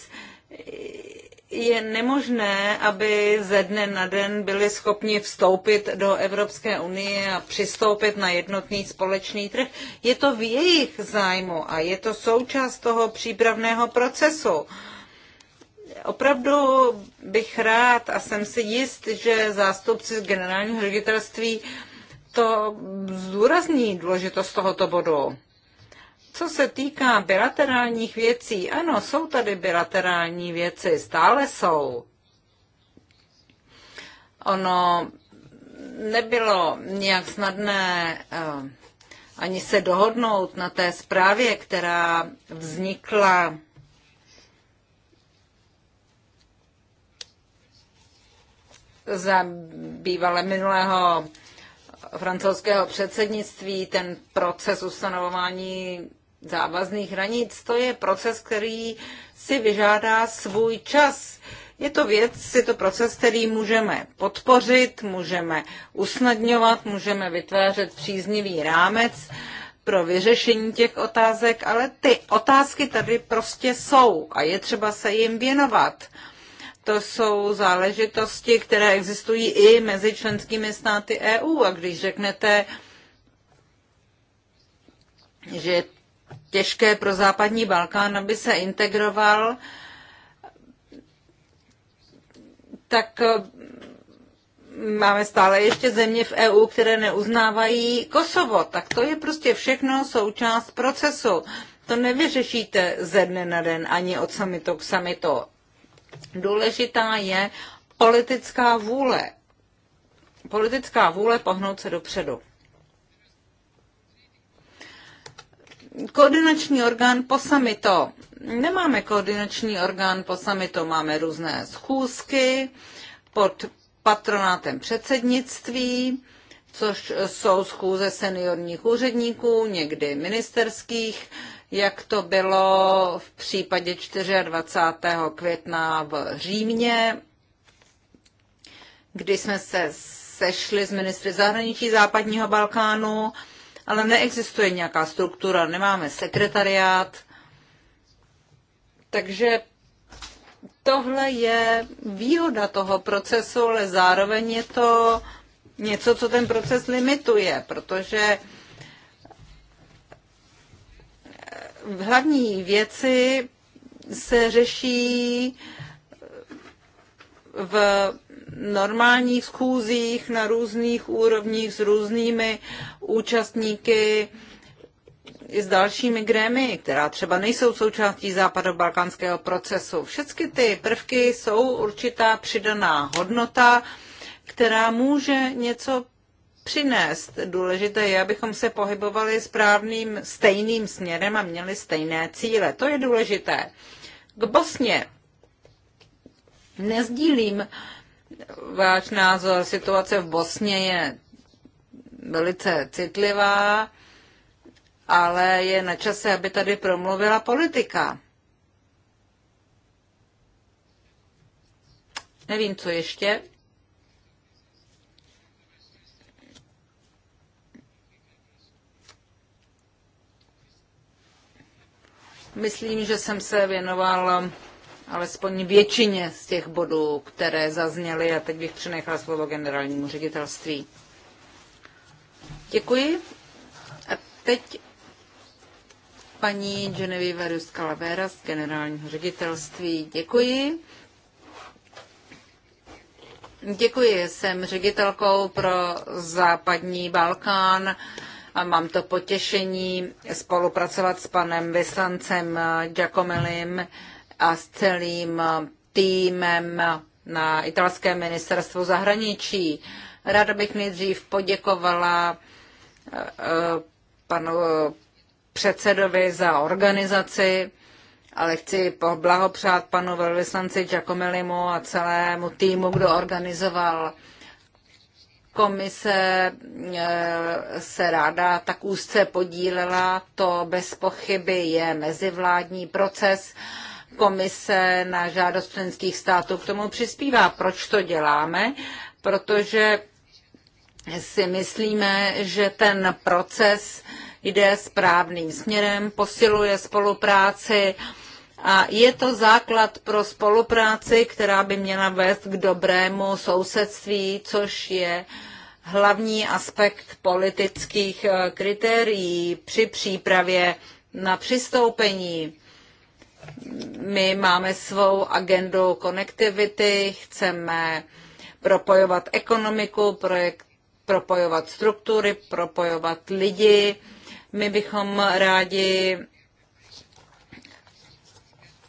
je nemožné, aby ze dne na den byli schopni vstoupit do Evropské unie a přistoupit na jednotný společný trh. Je to v jejich zájmu a je to součást toho přípravného procesu. Opravdu bych rád a jsem si jist, že zástupci z generálního ředitelství to zdůrazní důležitost tohoto bodu. Co se týká bilaterálních věcí, ano, jsou tady bilaterální věci, stále jsou. Ono nebylo nějak snadné eh, ani se dohodnout na té zprávě, která vznikla za bývalé minulého francouzského předsednictví ten proces ustanovování závazných hranic, to je proces, který si vyžádá svůj čas. Je to věc, je to proces, který můžeme podpořit, můžeme usnadňovat, můžeme vytvářet příznivý rámec pro vyřešení těch otázek, ale ty otázky tady prostě jsou a je třeba se jim věnovat. To jsou záležitosti, které existují i mezi členskými státy EU. A když řeknete, že těžké pro západní Balkán, aby se integroval, tak eh, máme stále ještě země v EU, které neuznávají Kosovo. Tak to je prostě všechno součást procesu. To nevyřešíte ze dne na den ani od samitu k samitu. Důležitá je politická vůle. Politická vůle pohnout se dopředu. Koordinační orgán po samito. Nemáme koordinační orgán po samito, máme různé schůzky pod patronátem předsednictví, což jsou schůze seniorních úředníků, někdy ministerských, jak to bylo v případě 24. května v Římě, kdy jsme se sešli s ministry zahraničí západního Balkánu ale neexistuje nějaká struktura, nemáme sekretariát. Takže tohle je výhoda toho procesu, ale zároveň je to něco, co ten proces limituje, protože eh, hlavní věci se řeší v normálních schůzích na různých úrovních s různými účastníky i s dalšími grémy, která třeba nejsou součástí západobalkánského procesu. Všechny ty prvky jsou určitá přidaná hodnota, která může něco přinést. Důležité je, abychom se pohybovali správným, stejným směrem a měli stejné cíle. To je důležité. K Bosně nezdílím váš názor. Situace v Bosně je velice citlivá, ale je na čase, aby tady promluvila politika. Nevím, co ještě. Myslím, že jsem se věnoval alespoň většině z těch bodů, které zazněly a teď bych přenechala slovo generálnímu ředitelství. Děkuji. A teď paní Genevieve Ruskalavera z generálního ředitelství. Děkuji. Děkuji, jsem ředitelkou pro západní Balkán a mám to potěšení spolupracovat s panem vyslancem Giacomelim a s celým týmem na italském ministerstvu zahraničí. Ráda bych nejdřív poděkovala eh, panu předsedovi za organizaci, ale chci poblahopřát panu velvyslanci Giacomelimu a celému týmu, kdo organizoval komise eh, se ráda tak úzce podílela. To bez pochyby je mezivládní proces komise na žádost členských států k tomu přispívá. Proč to děláme? Protože si myslíme, že ten proces jde správným směrem, posiluje spolupráci a je to základ pro spolupráci, která by měla vést k dobrému sousedství, což je hlavní aspekt politických eh, kritérií při přípravě na přistoupení. My máme svou agendu konektivity, chceme propojovat ekonomiku, projekt, propojovat struktury, propojovat lidi. My bychom rádi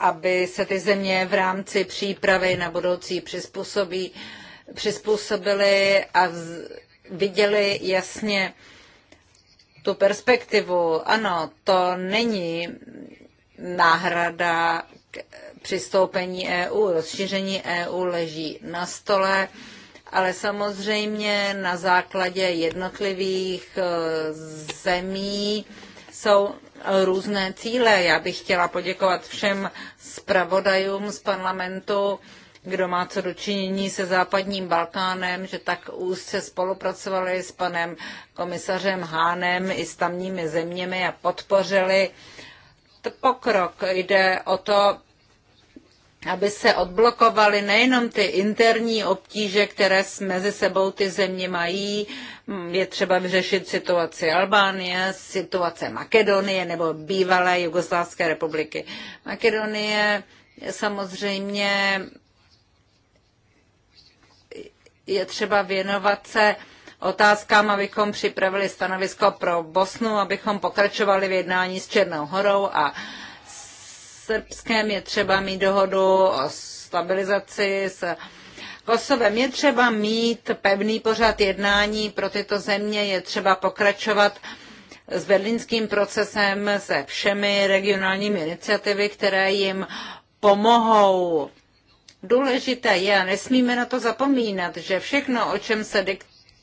aby se ty země v rámci přípravy na budoucí přizpůsobí, přizpůsobili a viděli jasně tu perspektivu. Ano, to není náhrada k přistoupení EU. Rozšíření EU leží na stole, ale samozřejmě na základě jednotlivých e, zemí jsou různé cíle. Já bych chtěla poděkovat všem zpravodajům z parlamentu, kdo má co dočinění se západním Balkánem, že tak úzce spolupracovali s panem komisařem Hánem i s tamními zeměmi a podpořili uh, pokrok. Jde o to, aby se odblokovaly nejenom ty interní obtíže, které mezi sebou ty země mají. Je třeba vyřešit situaci Albánie, situace Makedonie nebo bývalé Jugoslávské republiky. Makedonie samozřejmě je třeba věnovat se otázkám, abychom připravili stanovisko pro Bosnu, abychom pokračovali v jednání s Černou horou a Srbskem je třeba mít dohodu o stabilizaci s Kosovem. Je třeba mít pevný pořad jednání pro tyto země, je třeba pokračovat s berlínským procesem, se všemi regionálními iniciativy, které jim pomohou. Důležité je, a nesmíme na to zapomínat, že všechno, o čem se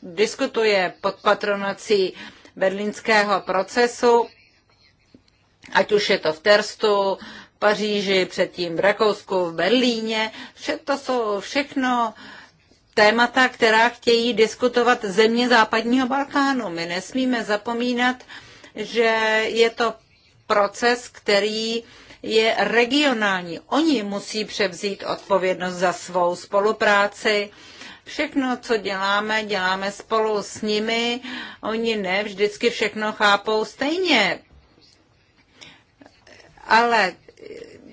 diskutuje pod patronací berlínského procesu, ať už je to v Terstu, v Paříži, předtím v Rakousku, v Berlíně. Vše to jsou všechno témata, která chtějí diskutovat země západního Balkánu. My nesmíme zapomínat, že je to proces, který je regionální. Oni musí převzít odpovědnost za svou spolupráci Všechno, co děláme, děláme spolu s nimi. Oni ne vždycky všechno chápou stejně. Ale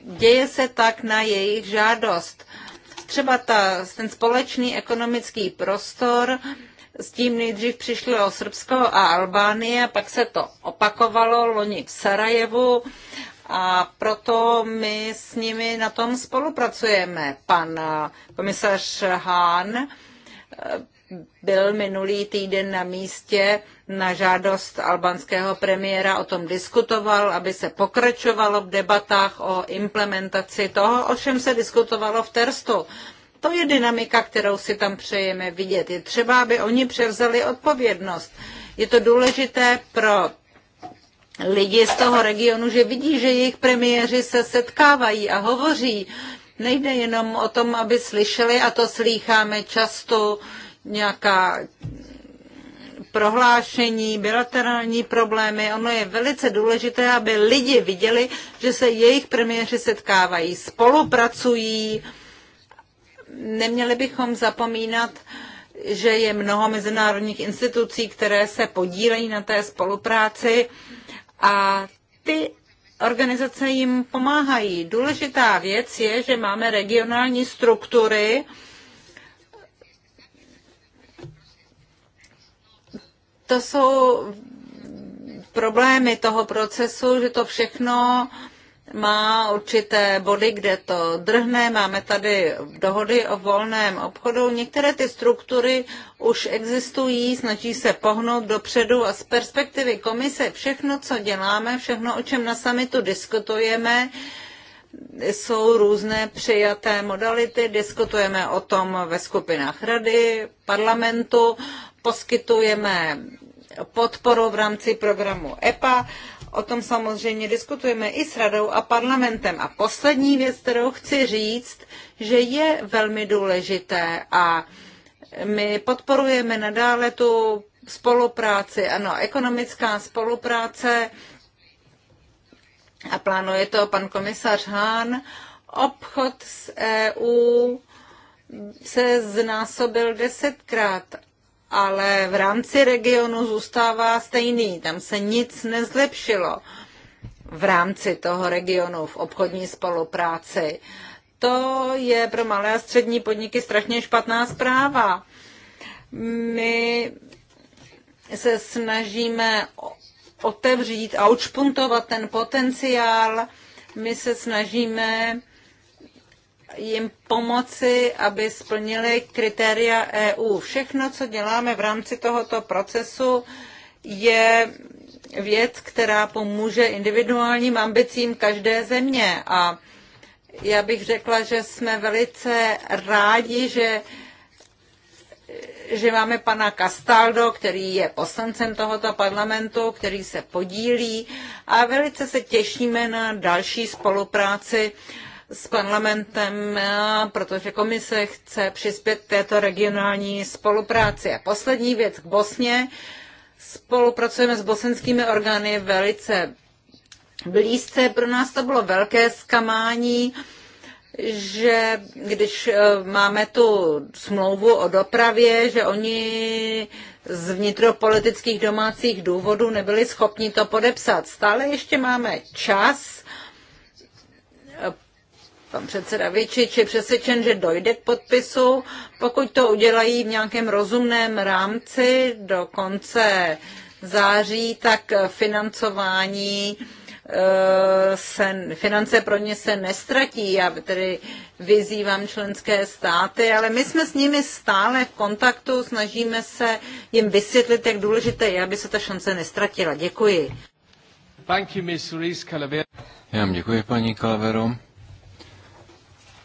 děje se tak na jejich žádost. Třeba ta, ten společný ekonomický prostor, s tím nejdřív o Srbsko a Albánie, pak se to opakovalo loni v Sarajevu a proto my s nimi na tom spolupracujeme. Pan eh, komisař Hahn eh, byl minulý týden na místě na žádost albanského premiéra o tom diskutoval, aby se pokračovalo v debatách o implementaci toho, o čem se diskutovalo v Terstu. To je dynamika, kterou si tam přejeme vidět. Je třeba, aby oni převzali odpovědnost. Je to důležité pro lidi z toho regionu, že vidí, že jejich premiéři se setkávají a hovoří. Nejde jenom o tom, aby slyšeli, a to slýcháme často, nějaká prohlášení, bilaterální problémy. Ono je velice důležité, aby lidi viděli, že se jejich premiéři setkávají, spolupracují. Neměli bychom zapomínat, že je mnoho mezinárodních institucí, které se podílejí na té spolupráci a ty organizace jim pomáhají. Důležitá věc je, že máme regionální struktury, to jsou problémy toho procesu, že to všechno uh, má určité body, kde to drhne. Máme tady dohody o volném obchodu. Některé ty struktury už existují, snaží se pohnout dopředu a z perspektivy komise všechno, co děláme, všechno, o čem na samitu diskutujeme, jsou různé přijaté modality. Diskutujeme o tom ve skupinách rady, parlamentu, poskytujeme podporu v rámci programu EPA O tom samozřejmě diskutujeme i s radou a parlamentem. A poslední věc, kterou chci říct, že je velmi důležité a my podporujeme nadále tu spolupráci, ano, ekonomická spolupráce a plánuje to pan komisař Hán, obchod s EU se znásobil desetkrát ale v rámci regionu zůstává stejný, tam se nic nezlepšilo v rámci toho regionu v obchodní spolupráci. To je pro malé a střední podniky strašně špatná zpráva. My se snažíme otevřít a učpuntovat ten potenciál. My se snažíme jim pomoci, aby splnili kritéria EU. Všechno, co děláme v rámci tohoto procesu, je věc, která pomůže individuálním ambicím každé země. A já bych řekla, že jsme velice rádi, že, že máme pana Castaldo, který je poslancem tohoto parlamentu, který se podílí a velice se těšíme na další spolupráci uh, s parlamentem, protože komise chce přispět k této regionální spolupráci. A poslední věc k Bosně. Spolupracujeme s bosenskými orgány velice blízce. Pro nás to bylo velké zkamání, že když eh, máme tu smlouvu o dopravě, že oni z vnitropolitických domácích důvodů nebyli schopni to podepsat. Stále ještě máme čas pan předseda Vyčič je přesvědčen, že dojde k podpisu. Pokud to udělají v nějakém rozumném rámci do konce září, tak financování eh, se, finance pro ně se nestratí. Já tedy vyzývám členské státy, ale my jsme s nimi stále v kontaktu, snažíme se jim vysvětlit, jak důležité je, aby se ta šance nestratila. Děkuji. Thank you, Miss Já vám děkuji, paní Calavero.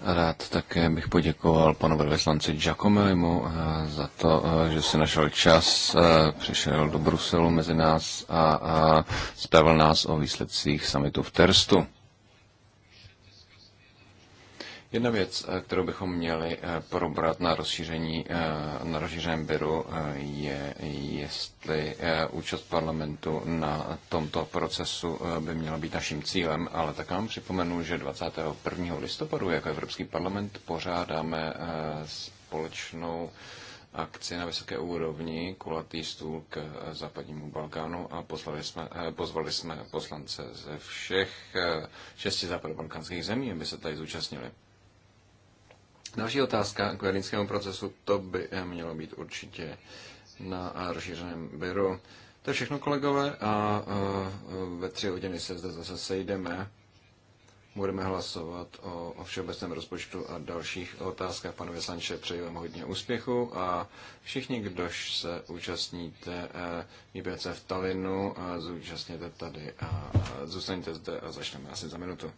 Rád také bych poděkoval panu velvyslanci Giacomelimu eh, za to, eh, že si našel čas, eh, přišel do Bruselu mezi nás a, a zpravil nás o výsledcích samitu v Terstu. Jedna věc, eh, kterou bychom měli eh, probrat na, rozšíření, eh, na rozšířeném byru, je, jestli účast parlamentu na tomto procesu by měla být naším cílem, ale tak vám připomenu, že 21. listopadu jako Evropský parlament pořádáme společnou akci na vysoké úrovni, kulatý stůl k západnímu Balkánu a pozvali jsme, pozvali jsme poslance ze všech šesti západobalkánských zemí, aby se tady zúčastnili. Další otázka k berlínskému procesu, to by mělo být určitě na rozšířeném byru. To je všechno, kolegové, a ve tři hodiny se zde zase sejdeme. Budeme hlasovat o, o všeobecném rozpočtu a dalších otázkách. Pane Veslanče, přeji vám hodně úspěchu a všichni, kdož se účastníte eh, IPC v Talinu, eh, zúčastněte tady a zůstaňte zde a začneme asi za minutu.